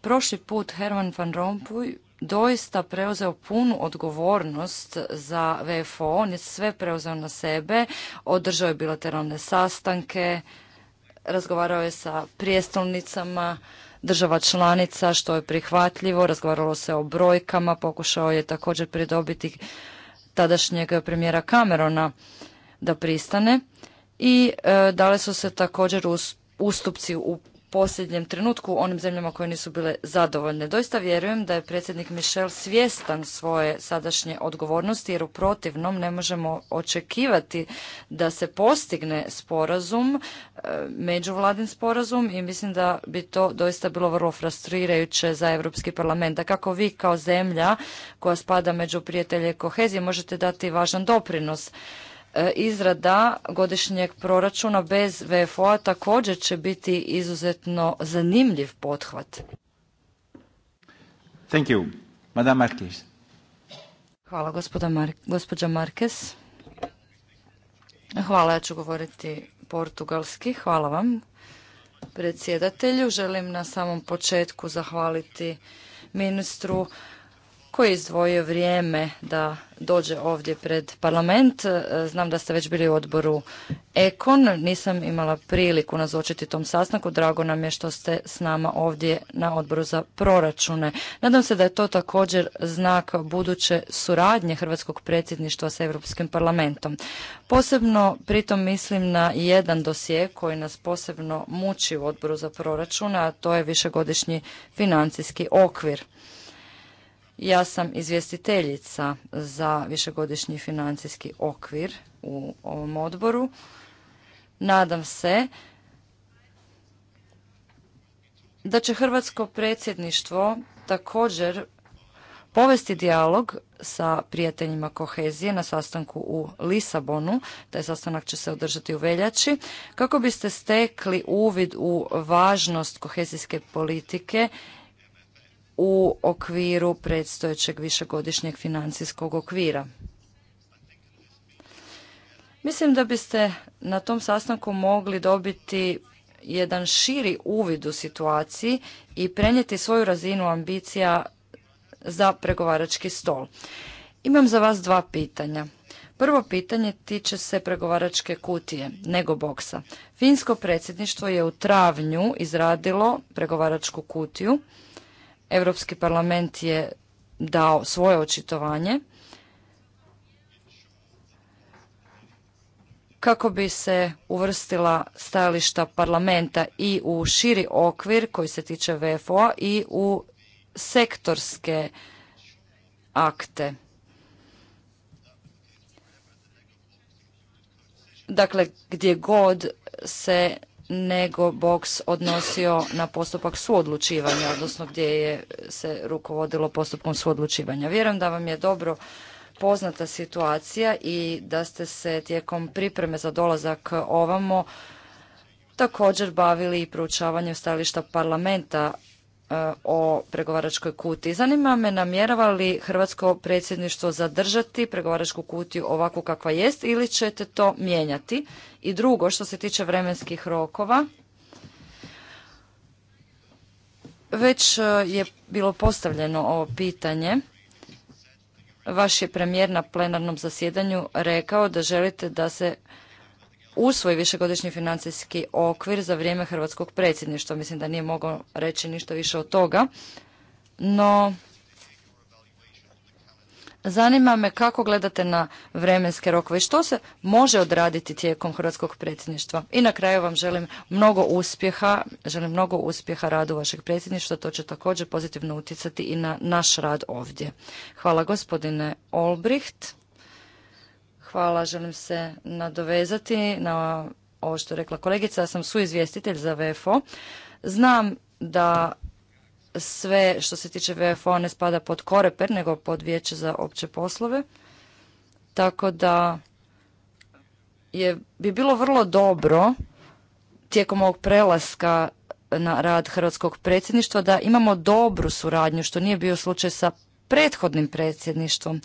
prošli put Herman van Rompuy doista preuzeo punu odgovornost za VFO. On je sve preuzeo na sebe, održao je bilateralne sastanke, razgovarao je sa prijestolnicama država članica, što je prihvatljivo, razgovaralo se o brojkama, pokušao je također pridobiti tadašnjeg premijera Camerona da pristane i e, dale su se također ustupci u posljednjem trenutku onim zemljama koje nisu bile zadovoljne. Doista vjerujem da je predsjednik Michel svjestan svoje sadašnje odgovornosti jer u protivnom ne možemo očekivati da se postigne sporazum, e, međuvladin sporazum i mislim da bi to doista bilo vrlo frustrirajuće za Europski parlament. Da kako vi kao zemlja koja spada među prijatelje kohezije možete dati važan doprinos E, izrada godišnjeg proračuna bez VFO-a također će biti izuzetno zanimljiv pothvat. Thank you. Madame Marquez. Hvala gospoda Mar gospođa Hvala, ja ću govoriti portugalski. Hvala vam predsjedatelju. Želim na samom početku zahvaliti ministru koji je izdvojio vrijeme da dođe ovdje pred parlament. E, znam da ste već bili u odboru Ekon, nisam imala priliku nazočiti tom sastanku, drago nam je što ste s nama ovdje na odboru za proračune. Nadam se da je to također znak buduće suradnje Hrvatskog predsjedništva s Europskim parlamentom. Posebno pritom mislim na jedan dosije koji nas posebno muči u odboru za proračune, a to je višegodišnji financijski okvir. Ja sam izvjestiteljica za višegodišnji financijski okvir u ovom odboru. Nadam se da će Hrvatsko predsjedništvo također povesti dijalog sa prijateljima kohezije na sastanku u Lisabonu, taj sastanak će se održati u veljači, kako biste stekli uvid u važnost kohezijske politike u okviru predstojećeg višegodišnjeg financijskog okvira. Mislim da biste na tom sastanku mogli dobiti jedan širi uvid u situaciji i prenijeti svoju razinu ambicija za pregovarački stol. Imam za vas dva pitanja. Prvo pitanje tiče se pregovaračke kutije, nego boksa. Finsko predsjedništvo je u travnju izradilo pregovaračku kutiju Europski parlament je dao svoje očitovanje kako bi se uvrstila stajališta parlamenta i u širi okvir koji se tiče VFO-a i u sektorske akte. Dakle, gdje god se nego Boks odnosio na postupak suodlučivanja, odnosno gdje je se rukovodilo postupkom suodlučivanja. Vjerujem da vam je dobro poznata situacija i da ste se tijekom pripreme za dolazak ovamo također bavili i proučavanjem stajališta parlamenta E, o pregovaračkoj kuti. Zanima me namjerava li Hrvatsko predsjedništvo zadržati pregovaračku kutiju ovakvu kakva jest ili ćete to mijenjati? I drugo, što se tiče vremenskih rokova, već e, je bilo postavljeno ovo pitanje. Vaš je premijer na plenarnom zasjedanju rekao da želite da se usvoji višegodišnji financijski okvir za vrijeme hrvatskog predsjedništva. Mislim da nije mogao reći ništa više od toga. No, zanima me kako gledate na vremenske rokove i što se može odraditi tijekom hrvatskog predsjedništva. I na kraju vam želim mnogo uspjeha, želim mnogo uspjeha radu vašeg predsjedništva, to će također pozitivno utjecati i na naš rad ovdje. Hvala gospodine Olbricht. Hvala, želim se nadovezati na ovo što je rekla kolegica. Ja sam suizvjestitelj za VFO. Znam da sve što se tiče VFO ne spada pod koreper, nego pod vijeće za opće poslove. Tako da je, bi bilo vrlo dobro tijekom ovog prelaska na rad Hrvatskog predsjedništva da imamo dobru suradnju, što nije bio slučaj sa prethodnim predsjedništvom.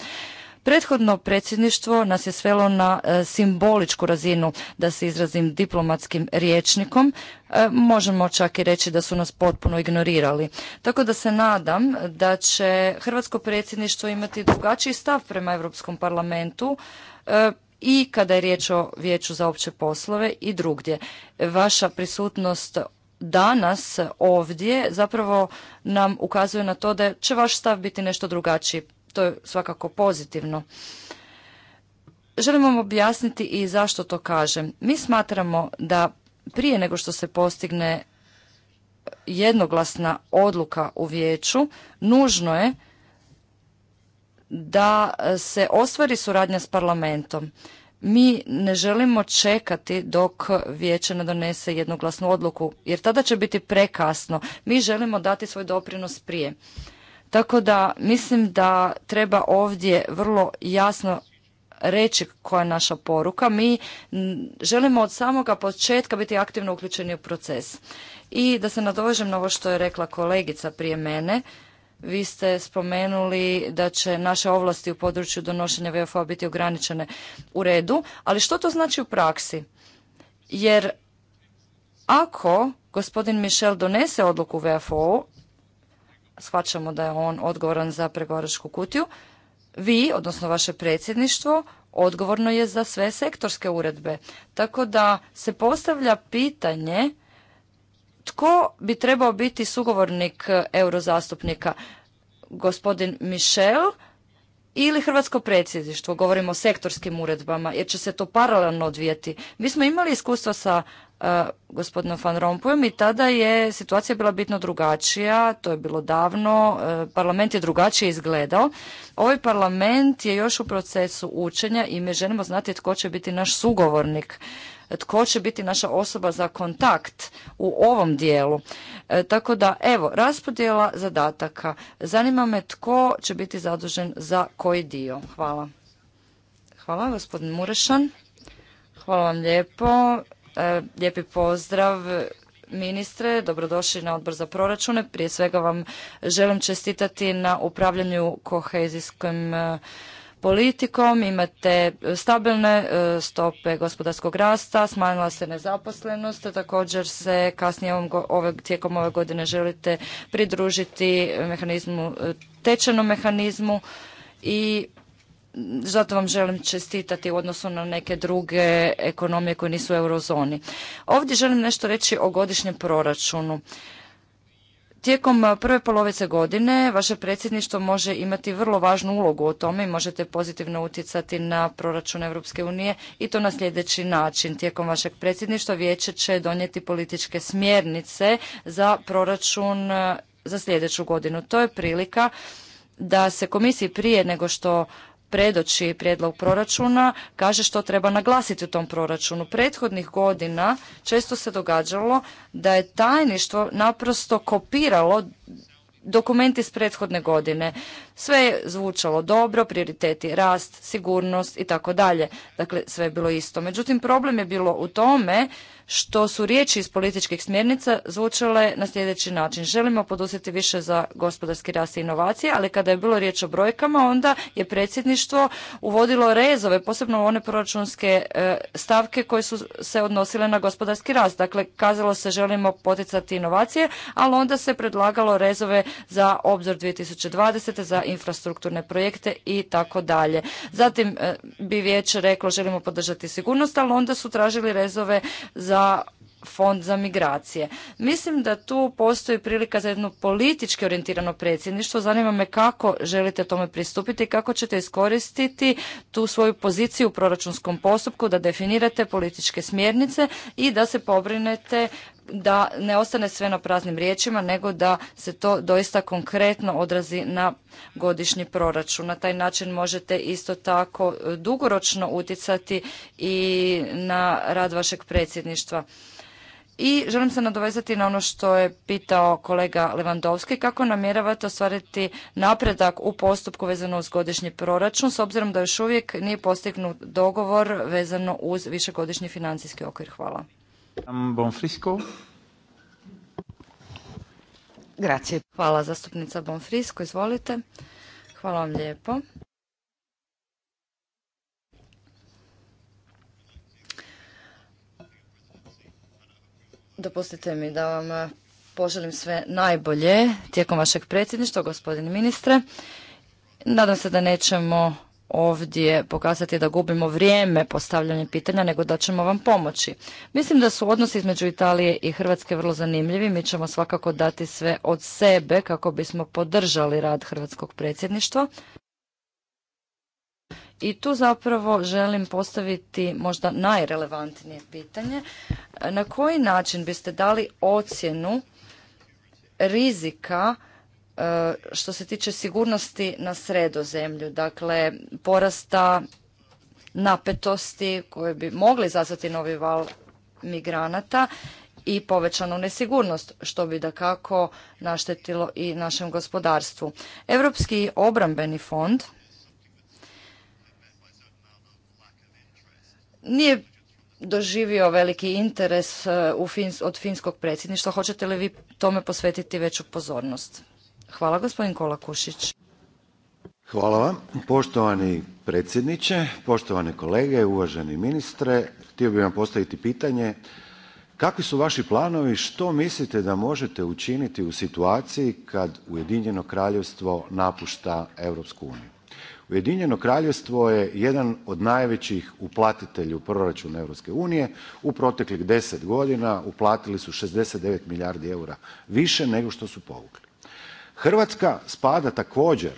Prethodno predsjedništvo nas je svelo na e, simboličku razinu, da se izrazim diplomatskim riječnikom. E, možemo čak i reći da su nas potpuno ignorirali. Tako da se nadam da će Hrvatsko predsjedništvo imati drugačiji stav prema Europskom parlamentu e, i kada je riječ o Vijeću za opće poslove i drugdje. Vaša prisutnost danas ovdje zapravo nam ukazuje na to da će vaš stav biti nešto drugačiji to je svakako pozitivno. Želim vam objasniti i zašto to kažem. Mi smatramo da prije nego što se postigne jednoglasna odluka u vijeću, nužno je da se ostvari suradnja s parlamentom. Mi ne želimo čekati dok vijeće ne donese jednoglasnu odluku, jer tada će biti prekasno. Mi želimo dati svoj doprinos prije. Tako da mislim da treba ovdje vrlo jasno reći koja je naša poruka. Mi želimo od samoga početka biti aktivno uključeni u proces. I da se nadovežem na ovo što je rekla kolegica prije mene, vi ste spomenuli da će naše ovlasti u području donošenja VFO biti ograničene u redu, ali što to znači u praksi? Jer ako gospodin Michel donese odluku VFO shvaćamo da je on odgovoran za pregovaračku kutiju. Vi, odnosno vaše predsjedništvo, odgovorno je za sve sektorske uredbe. Tako da se postavlja pitanje tko bi trebao biti sugovornik eurozastupnika? Gospodin Michel ili Hrvatsko predsjedništvo? Govorimo o sektorskim uredbama jer će se to paralelno odvijeti. Mi smo imali iskustva sa gospodinom Van Rompujem, i tada je situacija bila bitno drugačija, to je bilo davno, e, parlament je drugačije izgledao. Ovaj parlament je još u procesu učenja i mi želimo znati tko će biti naš sugovornik, tko će biti naša osoba za kontakt u ovom dijelu. E, tako da, evo, raspodjela zadataka. Zanima me tko će biti zadužen za koji dio. Hvala. Hvala, gospodin Murešan. Hvala vam lijepo. E, lijepi pozdrav ministre, dobrodošli na odbor za proračune. Prije svega vam želim čestitati na upravljanju kohezijskom e, politikom, imate stabilne e, stope gospodarskog rasta, smanjila se nezaposlenost, također se kasnije tijekom ove godine želite pridružiti mehanizmu, tečajnom mehanizmu i zato vam želim čestitati u odnosu na neke druge ekonomije koje nisu u eurozoni. Ovdje želim nešto reći o godišnjem proračunu. Tijekom prve polovice godine vaše predsjedništvo može imati vrlo važnu ulogu o tome i možete pozitivno utjecati na proračun Europske unije i to na sljedeći način. Tijekom vašeg predsjedništva vijeće će donijeti političke smjernice za proračun eh, za sljedeću godinu. To je prilika da se komisiji prije nego što predoči prijedlog proračuna, kaže što treba naglasiti u tom proračunu. Prethodnih godina često se događalo da je tajništvo naprosto kopiralo dokument iz prethodne godine. Sve je zvučalo dobro, prioriteti rast, sigurnost i tako dalje. Dakle, sve je bilo isto. Međutim, problem je bilo u tome što su riječi iz političkih smjernica zvučale na sljedeći način. Želimo poduzeti više za gospodarski rast i inovacije, ali kada je bilo riječ o brojkama, onda je predsjedništvo uvodilo rezove, posebno u one proračunske e, stavke koje su se odnosile na gospodarski rast. Dakle, kazalo se želimo poticati inovacije, ali onda se predlagalo rezove za obzor 2020. za infrastrukturne projekte i tako dalje. Zatim e, bi vijeće reklo želimo podržati sigurnost, ali onda su tražili rezove za da fond za migracije. Mislim da tu postoji prilika za jedno politički orijentirano predsjedništvo. Zanima me kako želite tome pristupiti i kako ćete iskoristiti tu svoju poziciju u proračunskom postupku da definirate političke smjernice i da se pobrinete da ne ostane sve na praznim riječima, nego da se to doista konkretno odrazi na godišnji proračun. Na taj način možete isto tako e, dugoročno utjecati i na rad vašeg predsjedništva. I želim se nadovezati na ono što je pitao kolega Levandovski, kako namjeravate ostvariti napredak u postupku vezano uz godišnji proračun, s obzirom da još uvijek nije postignut dogovor vezano uz višegodišnji financijski okvir. Hvala. Hvala zastupnica Bonfrisco, izvolite. Hvala vam lijepo. Dopustite mi da vam eh, poželim sve najbolje tijekom vašeg predsjedništva, gospodine ministre. Nadam se da nećemo ovdje pokazati da gubimo vrijeme postavljanje pitanja, nego da ćemo vam pomoći. Mislim da su odnosi između Italije i Hrvatske vrlo zanimljivi. Mi ćemo svakako dati sve od sebe kako bismo podržali rad Hrvatskog predsjedništva i tu zapravo želim postaviti možda najrelevantnije pitanje. Na koji način biste dali ocjenu rizika e, što se tiče sigurnosti na sredozemlju, dakle porasta napetosti koje bi mogli zazvati novi val migranata i povećanu nesigurnost, što bi da kako naštetilo i našem gospodarstvu. Europski obrambeni fond nije doživio veliki interes e, u od finskog predsjedništva. Hoćete li vi tome posvetiti veću pozornost? Hvala gospodin Kolakušić. Hvala vam. Poštovani predsjedniče, poštovane kolege, uvaženi ministre, htio bih vam postaviti pitanje kakvi su vaši planovi, što mislite da možete učiniti u situaciji kad Ujedinjeno kraljevstvo napušta Europsku uniju? Ujedinjeno kraljevstvo je jedan od najvećih uplatitelja u proračun Europske unije. U proteklih deset godina uplatili su 69 milijardi eura više nego što su povukli. Hrvatska spada također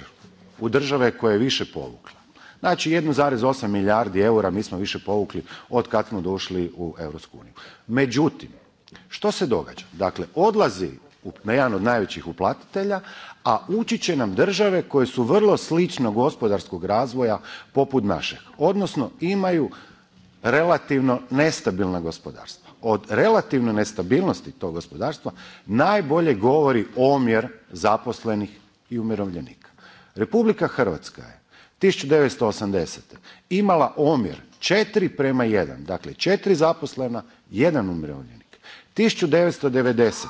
u države koje je više povukla. Znači 1,8 milijardi eura mi smo više povukli od kad smo došli u Europsku uniju. Međutim, što se događa? Dakle, odlazi na jedan od najvećih uplatitelja, a ući će nam države koje su vrlo slično gospodarskog razvoja poput našeg, odnosno imaju relativno nestabilna gospodarstva. Od relativno nestabilnosti tog gospodarstva najbolje govori omjer zaposlenih i umirovljenika. Republika Hrvatska je 1980. imala omjer 4 prema 1, dakle 4 zaposlena, 1 umirovljenik. 1990.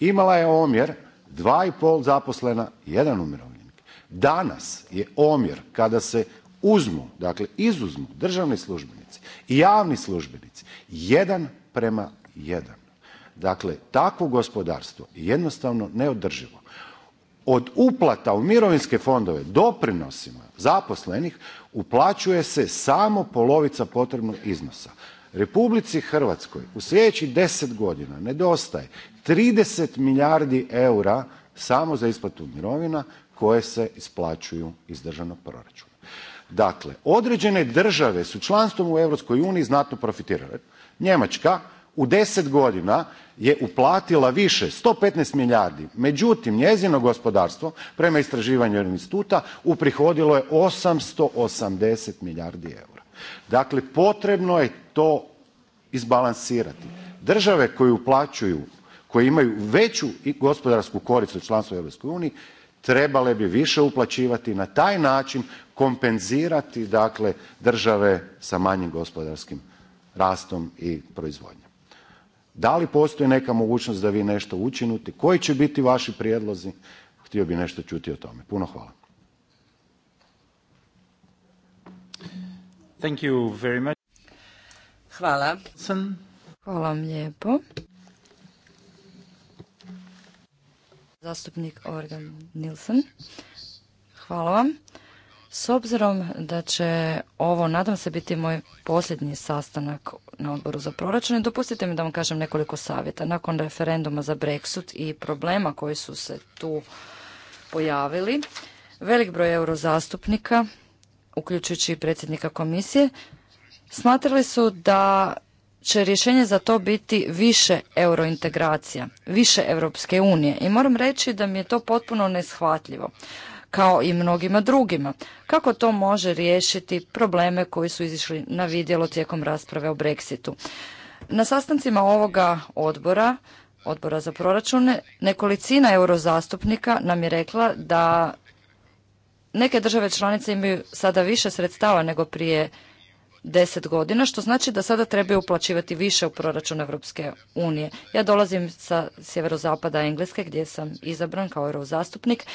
imala je omjer 2,5 zaposlena, jedan umirovljenik. Danas je omjer kada se uzmu, dakle izuzmu državni službenici i javni službenici, jedan prema jedan. Dakle, takvo gospodarstvo je jednostavno neodrživo. Od uplata u mirovinske fondove doprinosima zaposlenih uplaćuje se samo polovica potrebnog iznosa. Republici Hrvatskoj u sljedećih deset godina nedostaje 30 milijardi eura samo za isplatu mirovina koje se isplaćuju iz državnog proračuna. Dakle, određene države su članstvom u Europskoj uniji znatno profitirale. Njemačka u deset godina je uplatila više 115 milijardi, međutim njezino gospodarstvo prema istraživanju instituta uprihodilo je 880 milijardi eura. Dakle, potrebno je to izbalansirati. Države koje uplaćuju, koje imaju veću gospodarsku korist od članstva u Europskoj trebale bi više uplaćivati i na taj način kompenzirati dakle države sa manjim gospodarskim rastom i proizvodnjom. Da li postoji neka mogućnost da vi nešto učinite, koji će biti vaši prijedlozi, htio bi nešto čuti o tome. Puno hvala. Thank Hvala. vam lijepo. Zastupnik Organ Nilsen. Hvala vam. S obzirom da će ovo, nadam se, biti moj posljednji sastanak na odboru za proračun, dopustite mi da vam kažem nekoliko savjeta. Nakon referenduma za Brexit i problema koji su se tu pojavili, velik broj eurozastupnika, uključujući i predsjednika komisije, Smatrali su da će rješenje za to biti više eurointegracija, više Europske unije. I moram reći da mi je to potpuno neshvatljivo, kao i mnogima drugima. Kako to može riješiti probleme koji su izišli na vidjelo tijekom rasprave o Brexitu? Na sastancima ovoga odbora, odbora za proračune, nekolicina eurozastupnika nam je rekla da neke države članice imaju sada više sredstava nego prije deset godina, što znači da sada trebaju uplaćivati više u proračun Europske unije. Ja dolazim sa sjeverozapada Engleske gdje sam izabran kao eurozastupnik.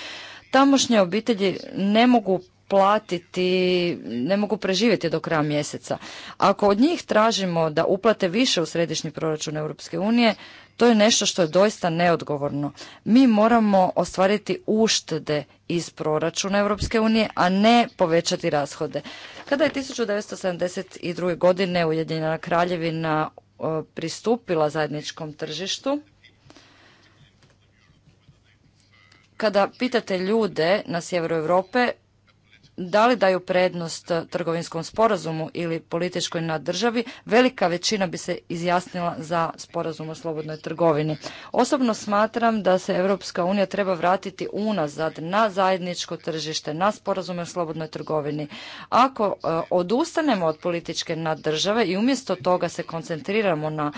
Tamošnje obitelji ne mogu platiti, ne mogu preživjeti do kraja mjeseca. Ako od njih tražimo da uplate više u središnji proračun Europske unije, to je nešto što je doista neodgovorno. Mi moramo ostvariti uštede iz proračuna Europske unije, a ne povećati rashode. Kada je 1972. godine Ujedinjena kraljevina e, pristupila zajedničkom tržištu, kada pitate ljude na sjeveru Europe da li daju prednost trgovinskom sporazumu ili političkoj nadržavi, velika većina bi se izjasnila za sporazum o slobodnoj trgovini. Osobno smatram da se Europska unija treba vratiti unazad na zajedničko tržište, na sporazume o slobodnoj trgovini. Ako e, odustanemo od političke nadržave i umjesto toga se koncentriramo na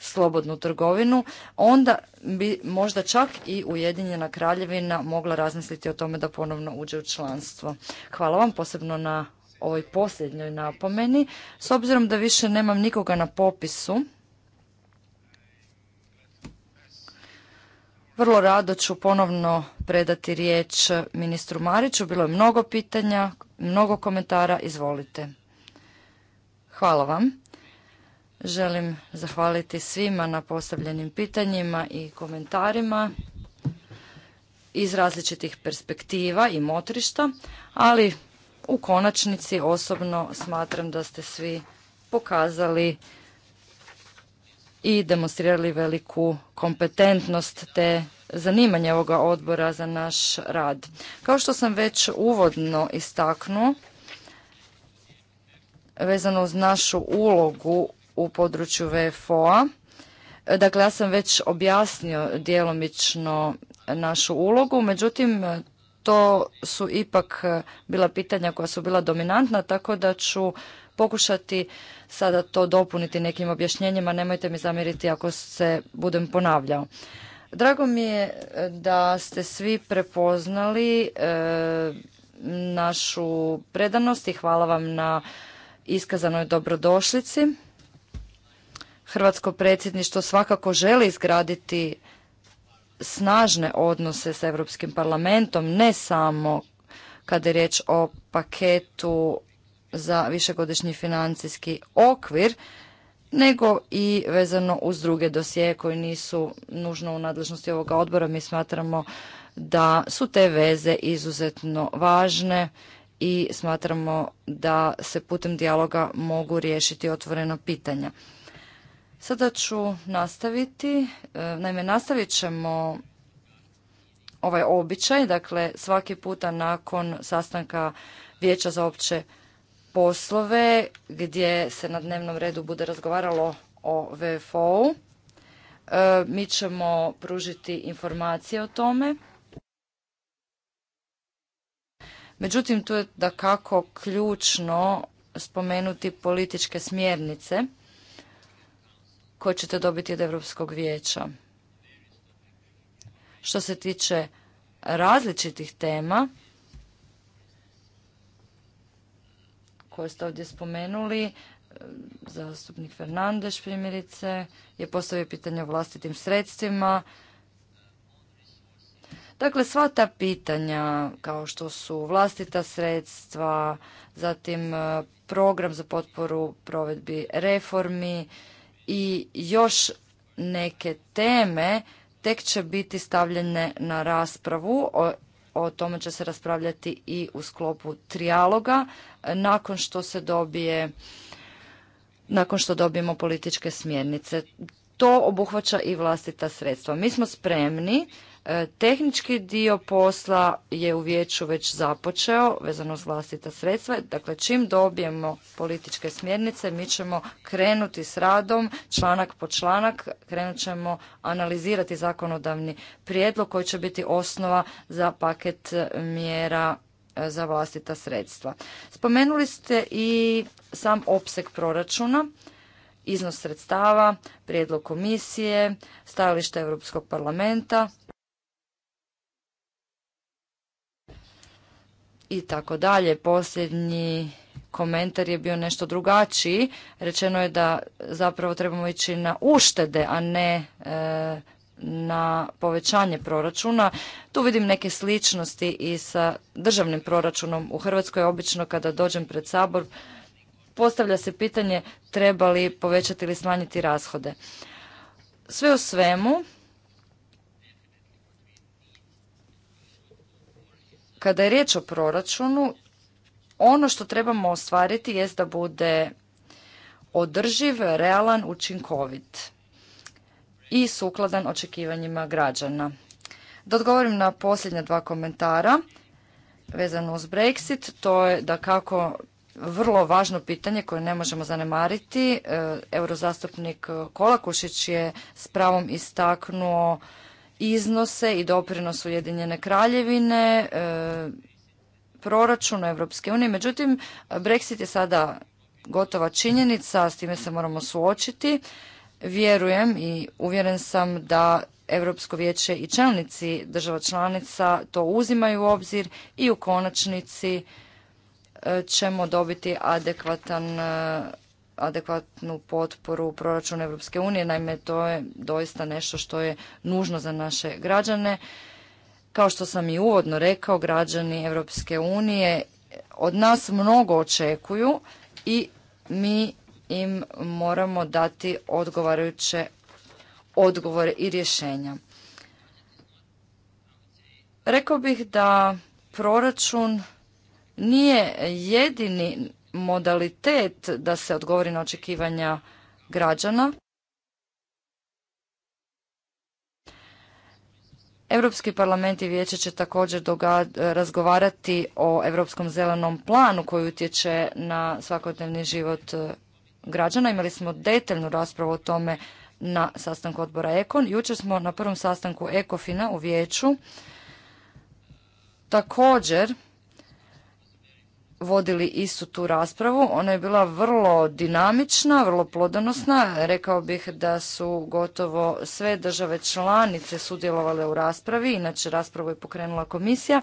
slobodnu trgovinu, onda bi možda čak i Ujedinjena kraljevina mogla razmisliti o tome da ponovno uđe u članstvo. Hvala vam posebno na ovoj posljednjoj napomeni. S obzirom da više nemam nikoga na popisu, Vrlo rado ću ponovno predati riječ ministru Mariću. Bilo je mnogo pitanja, mnogo komentara. Izvolite. Hvala vam. Želim zahvaliti svima na postavljenim pitanjima i komentarima iz različitih perspektiva i motrišta, ali u konačnici osobno smatram da ste svi pokazali i demonstrirali veliku kompetentnost te zanimanje ovoga odbora za naš rad. Kao što sam već uvodno istaknuo, vezano uz našu ulogu u području VFO-a. E, dakle, ja sam već objasnio djelomično našu ulogu, međutim, e, to su ipak e, bila pitanja koja su bila dominantna, tako da ću pokušati sada to dopuniti nekim objašnjenjima, nemojte mi zamjeriti ako se budem ponavljao. Drago mi je da ste svi prepoznali našu predanost i hvala vam na iskazanoj dobrodošlici. Hrvatsko predsjedništvo svakako želi izgraditi snažne odnose s Europskim parlamentom, ne samo kada je riječ o paketu za višegodišnji financijski okvir, nego i vezano uz druge dosije koji nisu nužno u nadležnosti ovoga odbora. Mi smatramo da su te veze izuzetno važne i smatramo da se putem dijaloga mogu riješiti otvorena pitanja. Sada ću nastaviti, e, naime nastavit ćemo ovaj običaj, dakle svaki puta nakon sastanka Vijeća za opće poslove gdje se na dnevnom redu bude razgovaralo o VFO-u. E, mi ćemo pružiti informacije o tome. Međutim, tu je da kako ključno spomenuti političke smjernice koje ćete dobiti od Europskog vijeća. Što se tiče različitih tema koje ste ovdje spomenuli, e, zastupnik Fernandeš primjerice je postavio pitanje o vlastitim sredstvima. Dakle, sva ta pitanja kao što su vlastita sredstva, zatim e, program za potporu provedbi reformi, i još neke teme tek će biti stavljene na raspravu. O, o tome će se raspravljati i u sklopu trijaloga nakon što se dobije nakon što dobijemo političke smjernice. To obuhvaća i vlastita sredstva. Mi smo spremni E, tehnički dio posla je u vijeću već započeo vezano s vlastita sredstva. Dakle, čim dobijemo političke smjernice, mi ćemo krenuti s radom članak po članak, krenut ćemo analizirati zakonodavni prijedlog koji će biti osnova za paket mjera e, za vlastita sredstva. Spomenuli ste i sam opseg proračuna iznos sredstava, prijedlog komisije, stajalište Europskog parlamenta. i tako dalje. Posljednji komentar je bio nešto drugačiji. Rečeno je da zapravo trebamo ići na uštede, a ne e, na povećanje proračuna. Tu vidim neke sličnosti i sa državnim proračunom. U Hrvatskoj obično kada dođem pred sabor postavlja se pitanje treba li povećati ili smanjiti rashode. Sve u svemu, Kada je riječ o proračunu, ono što trebamo ostvariti jest da bude održiv, realan, učinkovit i sukladan očekivanjima građana. Da odgovorim na posljednja dva komentara vezano uz Brexit, to je da kako vrlo važno pitanje koje ne možemo zanemariti. E, eurozastupnik Kolakušić je s pravom istaknuo iznose i doprinos Ujedinjene kraljevine e, proračunu Europske unije. Međutim, Brexit je sada gotova činjenica, s time se moramo suočiti. Vjerujem i uvjeren sam da Europsko vijeće i čelnici država članica to uzimaju u obzir i u konačnici e, ćemo dobiti adekvatan e, adekvatnu potporu u proračunu Europske unije. Naime, to je doista nešto što je nužno za naše građane. Kao što sam i uvodno rekao, građani Europske unije od nas mnogo očekuju i mi im moramo dati odgovarajuće odgovore i rješenja. Rekao bih da proračun nije jedini modalitet da se odgovori na očekivanja građana. Europski parlament i vijeće će također razgovarati o Europskom zelenom planu koji utječe na svakodnevni život e, građana. Imali smo detaljnu raspravu o tome na sastanku odbora Ekon. Jučer smo na prvom sastanku Ekofina u vijeću također vodili istu tu raspravu. Ona je bila vrlo dinamična, vrlo plodonosna. Rekao bih da su gotovo sve države članice sudjelovale u raspravi, inače raspravu je pokrenula komisija.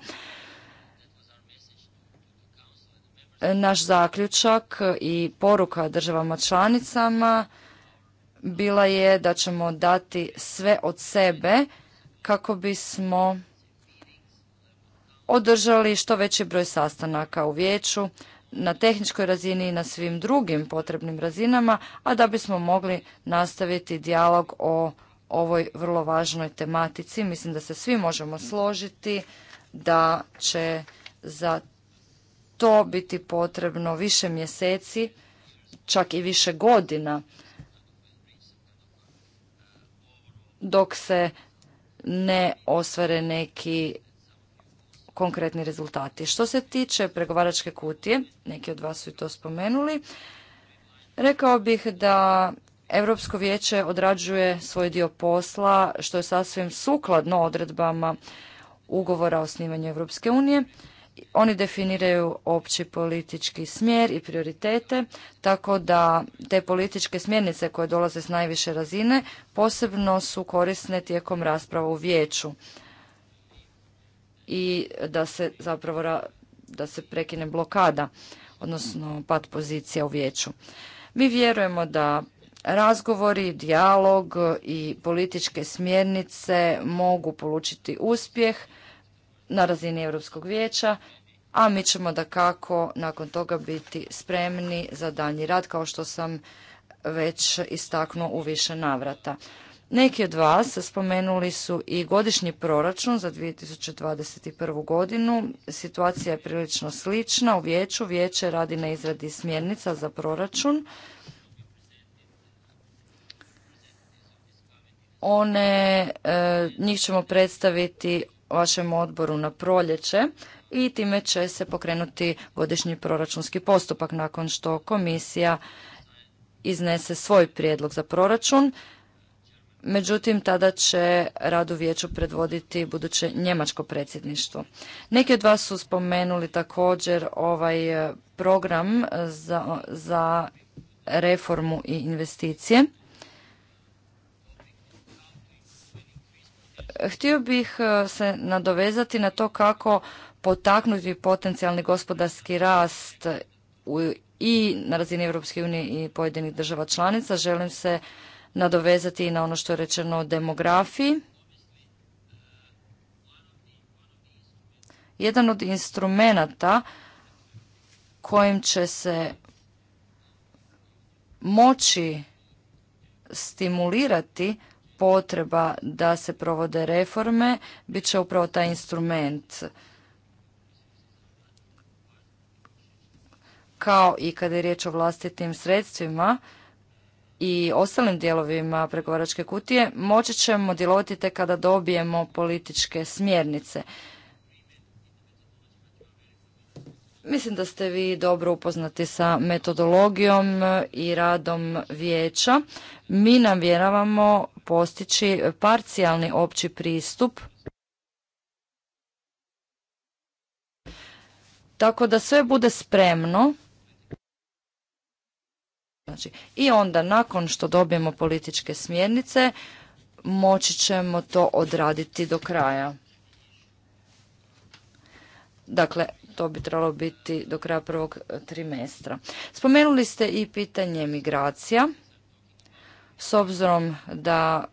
Naš zaključak i poruka državama članicama bila je da ćemo dati sve od sebe kako bismo održali što veći broj sastanaka u vijeću, na tehničkoj razini i na svim drugim potrebnim razinama, a da bismo mogli nastaviti dijalog o ovoj vrlo važnoj tematici. Mislim da se svi možemo složiti da će za to biti potrebno više mjeseci, čak i više godina, dok se ne ostvare neki konkretni rezultati. Što se tiče pregovaračke kutije, neki od vas su i to spomenuli, rekao bih da Europsko vijeće odrađuje svoj dio posla što je sasvim sukladno odredbama ugovora o snimanju Europske unije. Oni definiraju opći politički smjer i prioritete, tako da te političke smjernice koje dolaze s najviše razine posebno su korisne tijekom rasprava u vijeću i da se zapravo da se prekine blokada, odnosno pad pozicija u vijeću. Mi vjerujemo da razgovori, dijalog i političke smjernice mogu polučiti uspjeh na razini Europskog vijeća, a mi ćemo da kako nakon toga biti spremni za daljnji rad kao što sam već istaknuo u više navrata. Neki od vas spomenuli su i godišnji proračun za 2021. godinu. Situacija je prilično slična u vijeću. Vijeće radi na izradi smjernica za proračun. One, e, njih ćemo predstaviti vašem odboru na proljeće i time će se pokrenuti godišnji proračunski postupak nakon što komisija iznese svoj prijedlog za proračun međutim tada će radu vijeću predvoditi buduće njemačko predsjedništvo. Neki od vas su spomenuli također ovaj e, program za, za reformu i investicije. Htio bih e, se nadovezati na to kako potaknuti potencijalni gospodarski rast u, i na razini Europske unije i pojedinih država članica. Želim se nadovezati i na ono što je rečeno o demografiji. Jedan od instrumenata kojim će se moći stimulirati potreba da se provode reforme bit će upravo taj instrument. Kao i kada je riječ o vlastitim sredstvima, i ostalim dijelovima pregovaračke kutije moći ćemo djelovati tek kada dobijemo političke smjernice. Mislim da ste vi dobro upoznati sa metodologijom i radom vijeća. Mi namjeravamo postići parcijalni opći pristup tako da sve bude spremno Znači, i onda nakon što dobijemo političke smjernice, moći ćemo to odraditi do kraja. Dakle, to bi trebalo biti do kraja prvog e, trimestra. Spomenuli ste i pitanje migracija. S obzirom da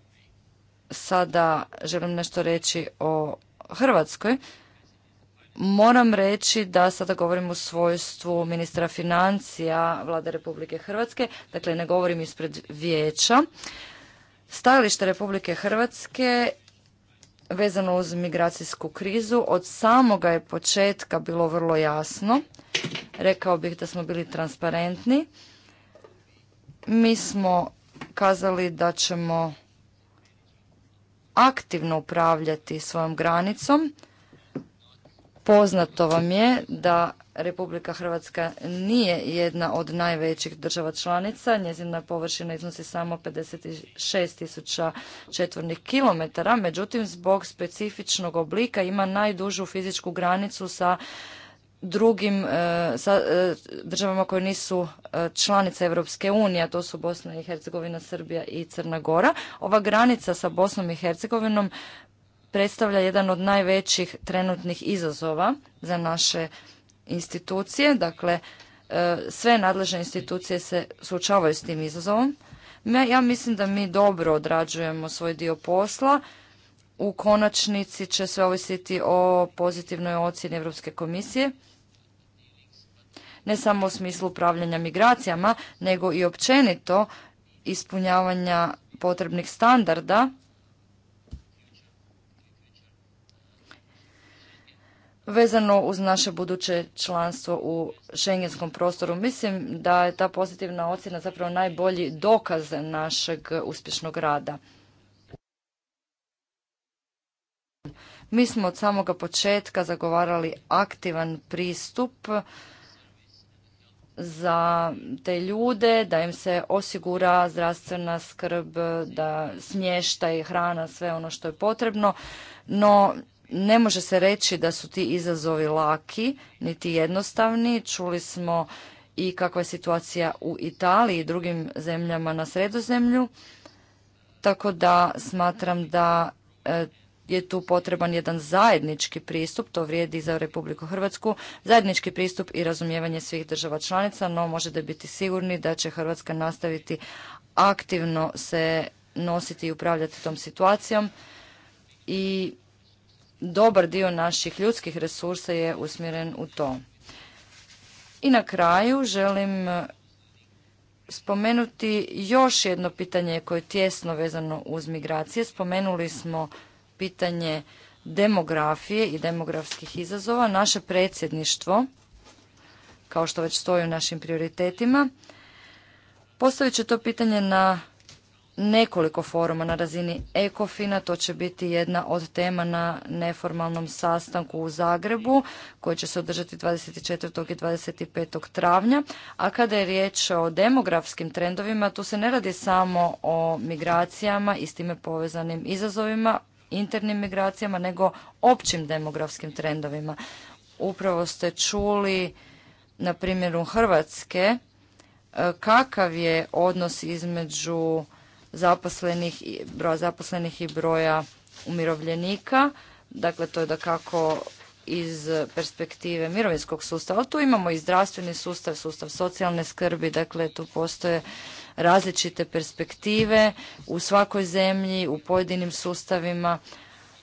sada želim nešto reći o Hrvatskoj, Moram reći da sada govorim u svojstvu ministra financija Vlade Republike Hrvatske, dakle ne govorim ispred vijeća. Stajalište Republike Hrvatske vezano uz migracijsku krizu od samoga je početka bilo vrlo jasno. Rekao bih da smo bili transparentni. Mi smo kazali da ćemo aktivno upravljati svojom granicom Poznato vam je da Republika Hrvatska nije jedna od najvećih država članica. Njezina površina iznosi samo 56 tisuća četvornih kilometara. Međutim, zbog specifičnog oblika ima najdužu fizičku granicu sa drugim e, sa e, državama koje nisu e, članice Europske unije, a to su Bosna i Hercegovina, Srbija i Crna Gora. Ova granica sa Bosnom i Hercegovinom predstavlja jedan od najvećih trenutnih izazova za naše institucije. Dakle, e, sve nadležne institucije se suočavaju s tim izazovom. Ja mislim da mi dobro odrađujemo svoj dio posla. U konačnici će sve ovisiti o pozitivnoj ocjeni Europske komisije. Ne samo u smislu upravljanja migracijama, nego i općenito ispunjavanja potrebnih standarda vezano uz naše buduće članstvo u šengenskom prostoru. Mislim da je ta pozitivna ocjena zapravo najbolji dokaz našeg uspješnog rada. Mi smo od samoga početka zagovarali aktivan pristup za te ljude, da im se osigura zdravstvena skrb, da smještaj, hrana, sve ono što je potrebno. No, ne može se reći da su ti izazovi laki, niti jednostavni. Čuli smo i kakva je situacija u Italiji i drugim zemljama na sredozemlju. Tako da smatram da e, je tu potreban jedan zajednički pristup, to vrijedi za Republiku Hrvatsku, zajednički pristup i razumijevanje svih država članica, no možete biti sigurni da će Hrvatska nastaviti aktivno se nositi i upravljati tom situacijom i dobar dio naših ljudskih resursa je usmjeren u to. I na kraju želim spomenuti još jedno pitanje koje je tjesno vezano uz migracije. Spomenuli smo pitanje demografije i demografskih izazova. Naše predsjedništvo, kao što već stoji u našim prioritetima, postavit će to pitanje na nekoliko foruma na razini Ekofina. To će biti jedna od tema na neformalnom sastanku u Zagrebu koji će se održati 24. i 25. travnja. A kada je riječ o demografskim trendovima, tu se ne radi samo o migracijama i s time povezanim izazovima, internim migracijama, nego općim demografskim trendovima. Upravo ste čuli na primjeru Hrvatske e, kakav je odnos između zaposlenih, broja zaposlenih i broja umirovljenika. Dakle, to je da kako iz perspektive mirovinskog sustava, tu imamo i zdravstveni sustav, sustav socijalne skrbi, dakle tu postoje različite perspektive u svakoj zemlji, u pojedinim sustavima.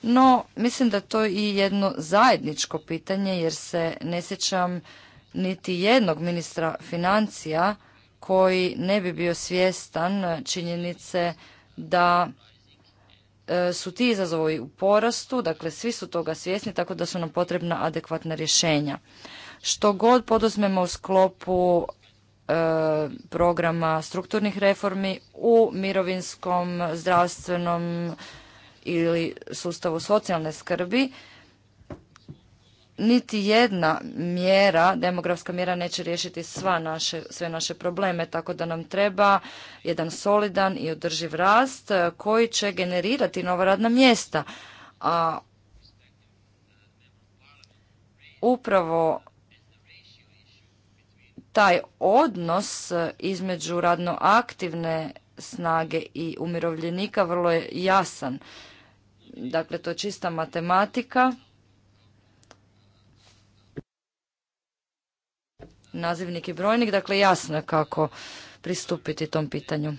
No, mislim da to je i jedno zajedničko pitanje jer se ne sjećam niti jednog ministra financija koji ne bi bio svjestan činjenice da e, su ti izazovi u porastu, dakle svi su toga svjesni, tako da su nam potrebna adekvatna rješenja. Što god poduzmemo u sklopu e, programa strukturnih reformi u mirovinskom, zdravstvenom ili sustavu socijalne skrbi, niti jedna mjera, demografska mjera neće riješiti sva naše, sve naše probleme, tako da nam treba jedan solidan i održiv rast e, koji će generirati nova radna mjesta. A upravo taj odnos između radno aktivne snage i umirovljenika vrlo je jasan. Dakle, to je čista matematika nazivnik i brojnik, dakle jasno je kako pristupiti tom pitanju.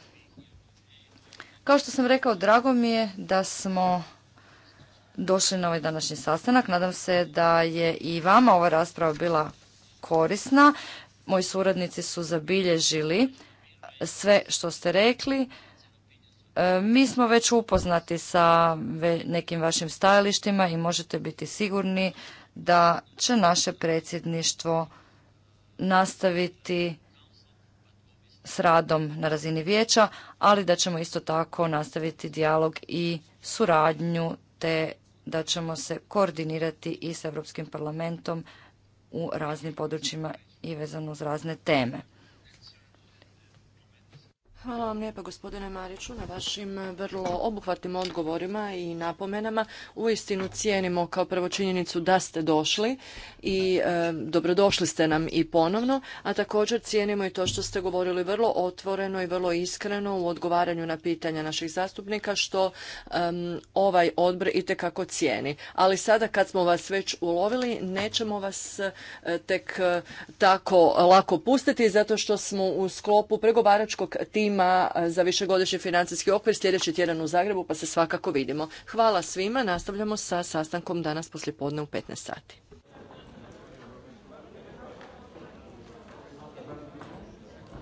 Kao što sam rekao, drago mi je da smo došli na ovaj današnji sastanak. Nadam se da je i vama ova rasprava bila korisna. Moji suradnici su zabilježili sve što ste rekli. E, mi smo već upoznati sa nekim vašim stajalištima i možete biti sigurni da će naše predsjedništvo nastaviti s radom na razini vijeća, ali da ćemo isto tako nastaviti dijalog i suradnju te da ćemo se koordinirati i s Europskim parlamentom u raznim područjima i vezano uz razne teme. Hvala vam lijepa gospodine Mariću na vašim eh, vrlo obuhvatnim odgovorima i napomenama. Uistinu cijenimo kao prvo činjenicu da ste došli i eh, dobrodošli ste nam i ponovno, a također cijenimo i to što ste govorili vrlo otvoreno i vrlo iskreno u odgovaranju na pitanja naših zastupnika što ovaj odbor kako cijeni. Ali sada kad smo vas već ulovili nećemo vas eh, tek tako lako pustiti zato što smo u sklopu pregovaračkog tim svima e, za višegodišnji financijski okvir sljedeći tjedan u Zagrebu, pa se svakako vidimo. Hvala svima, nastavljamo sa sastankom danas poslijepodne u 15 sati.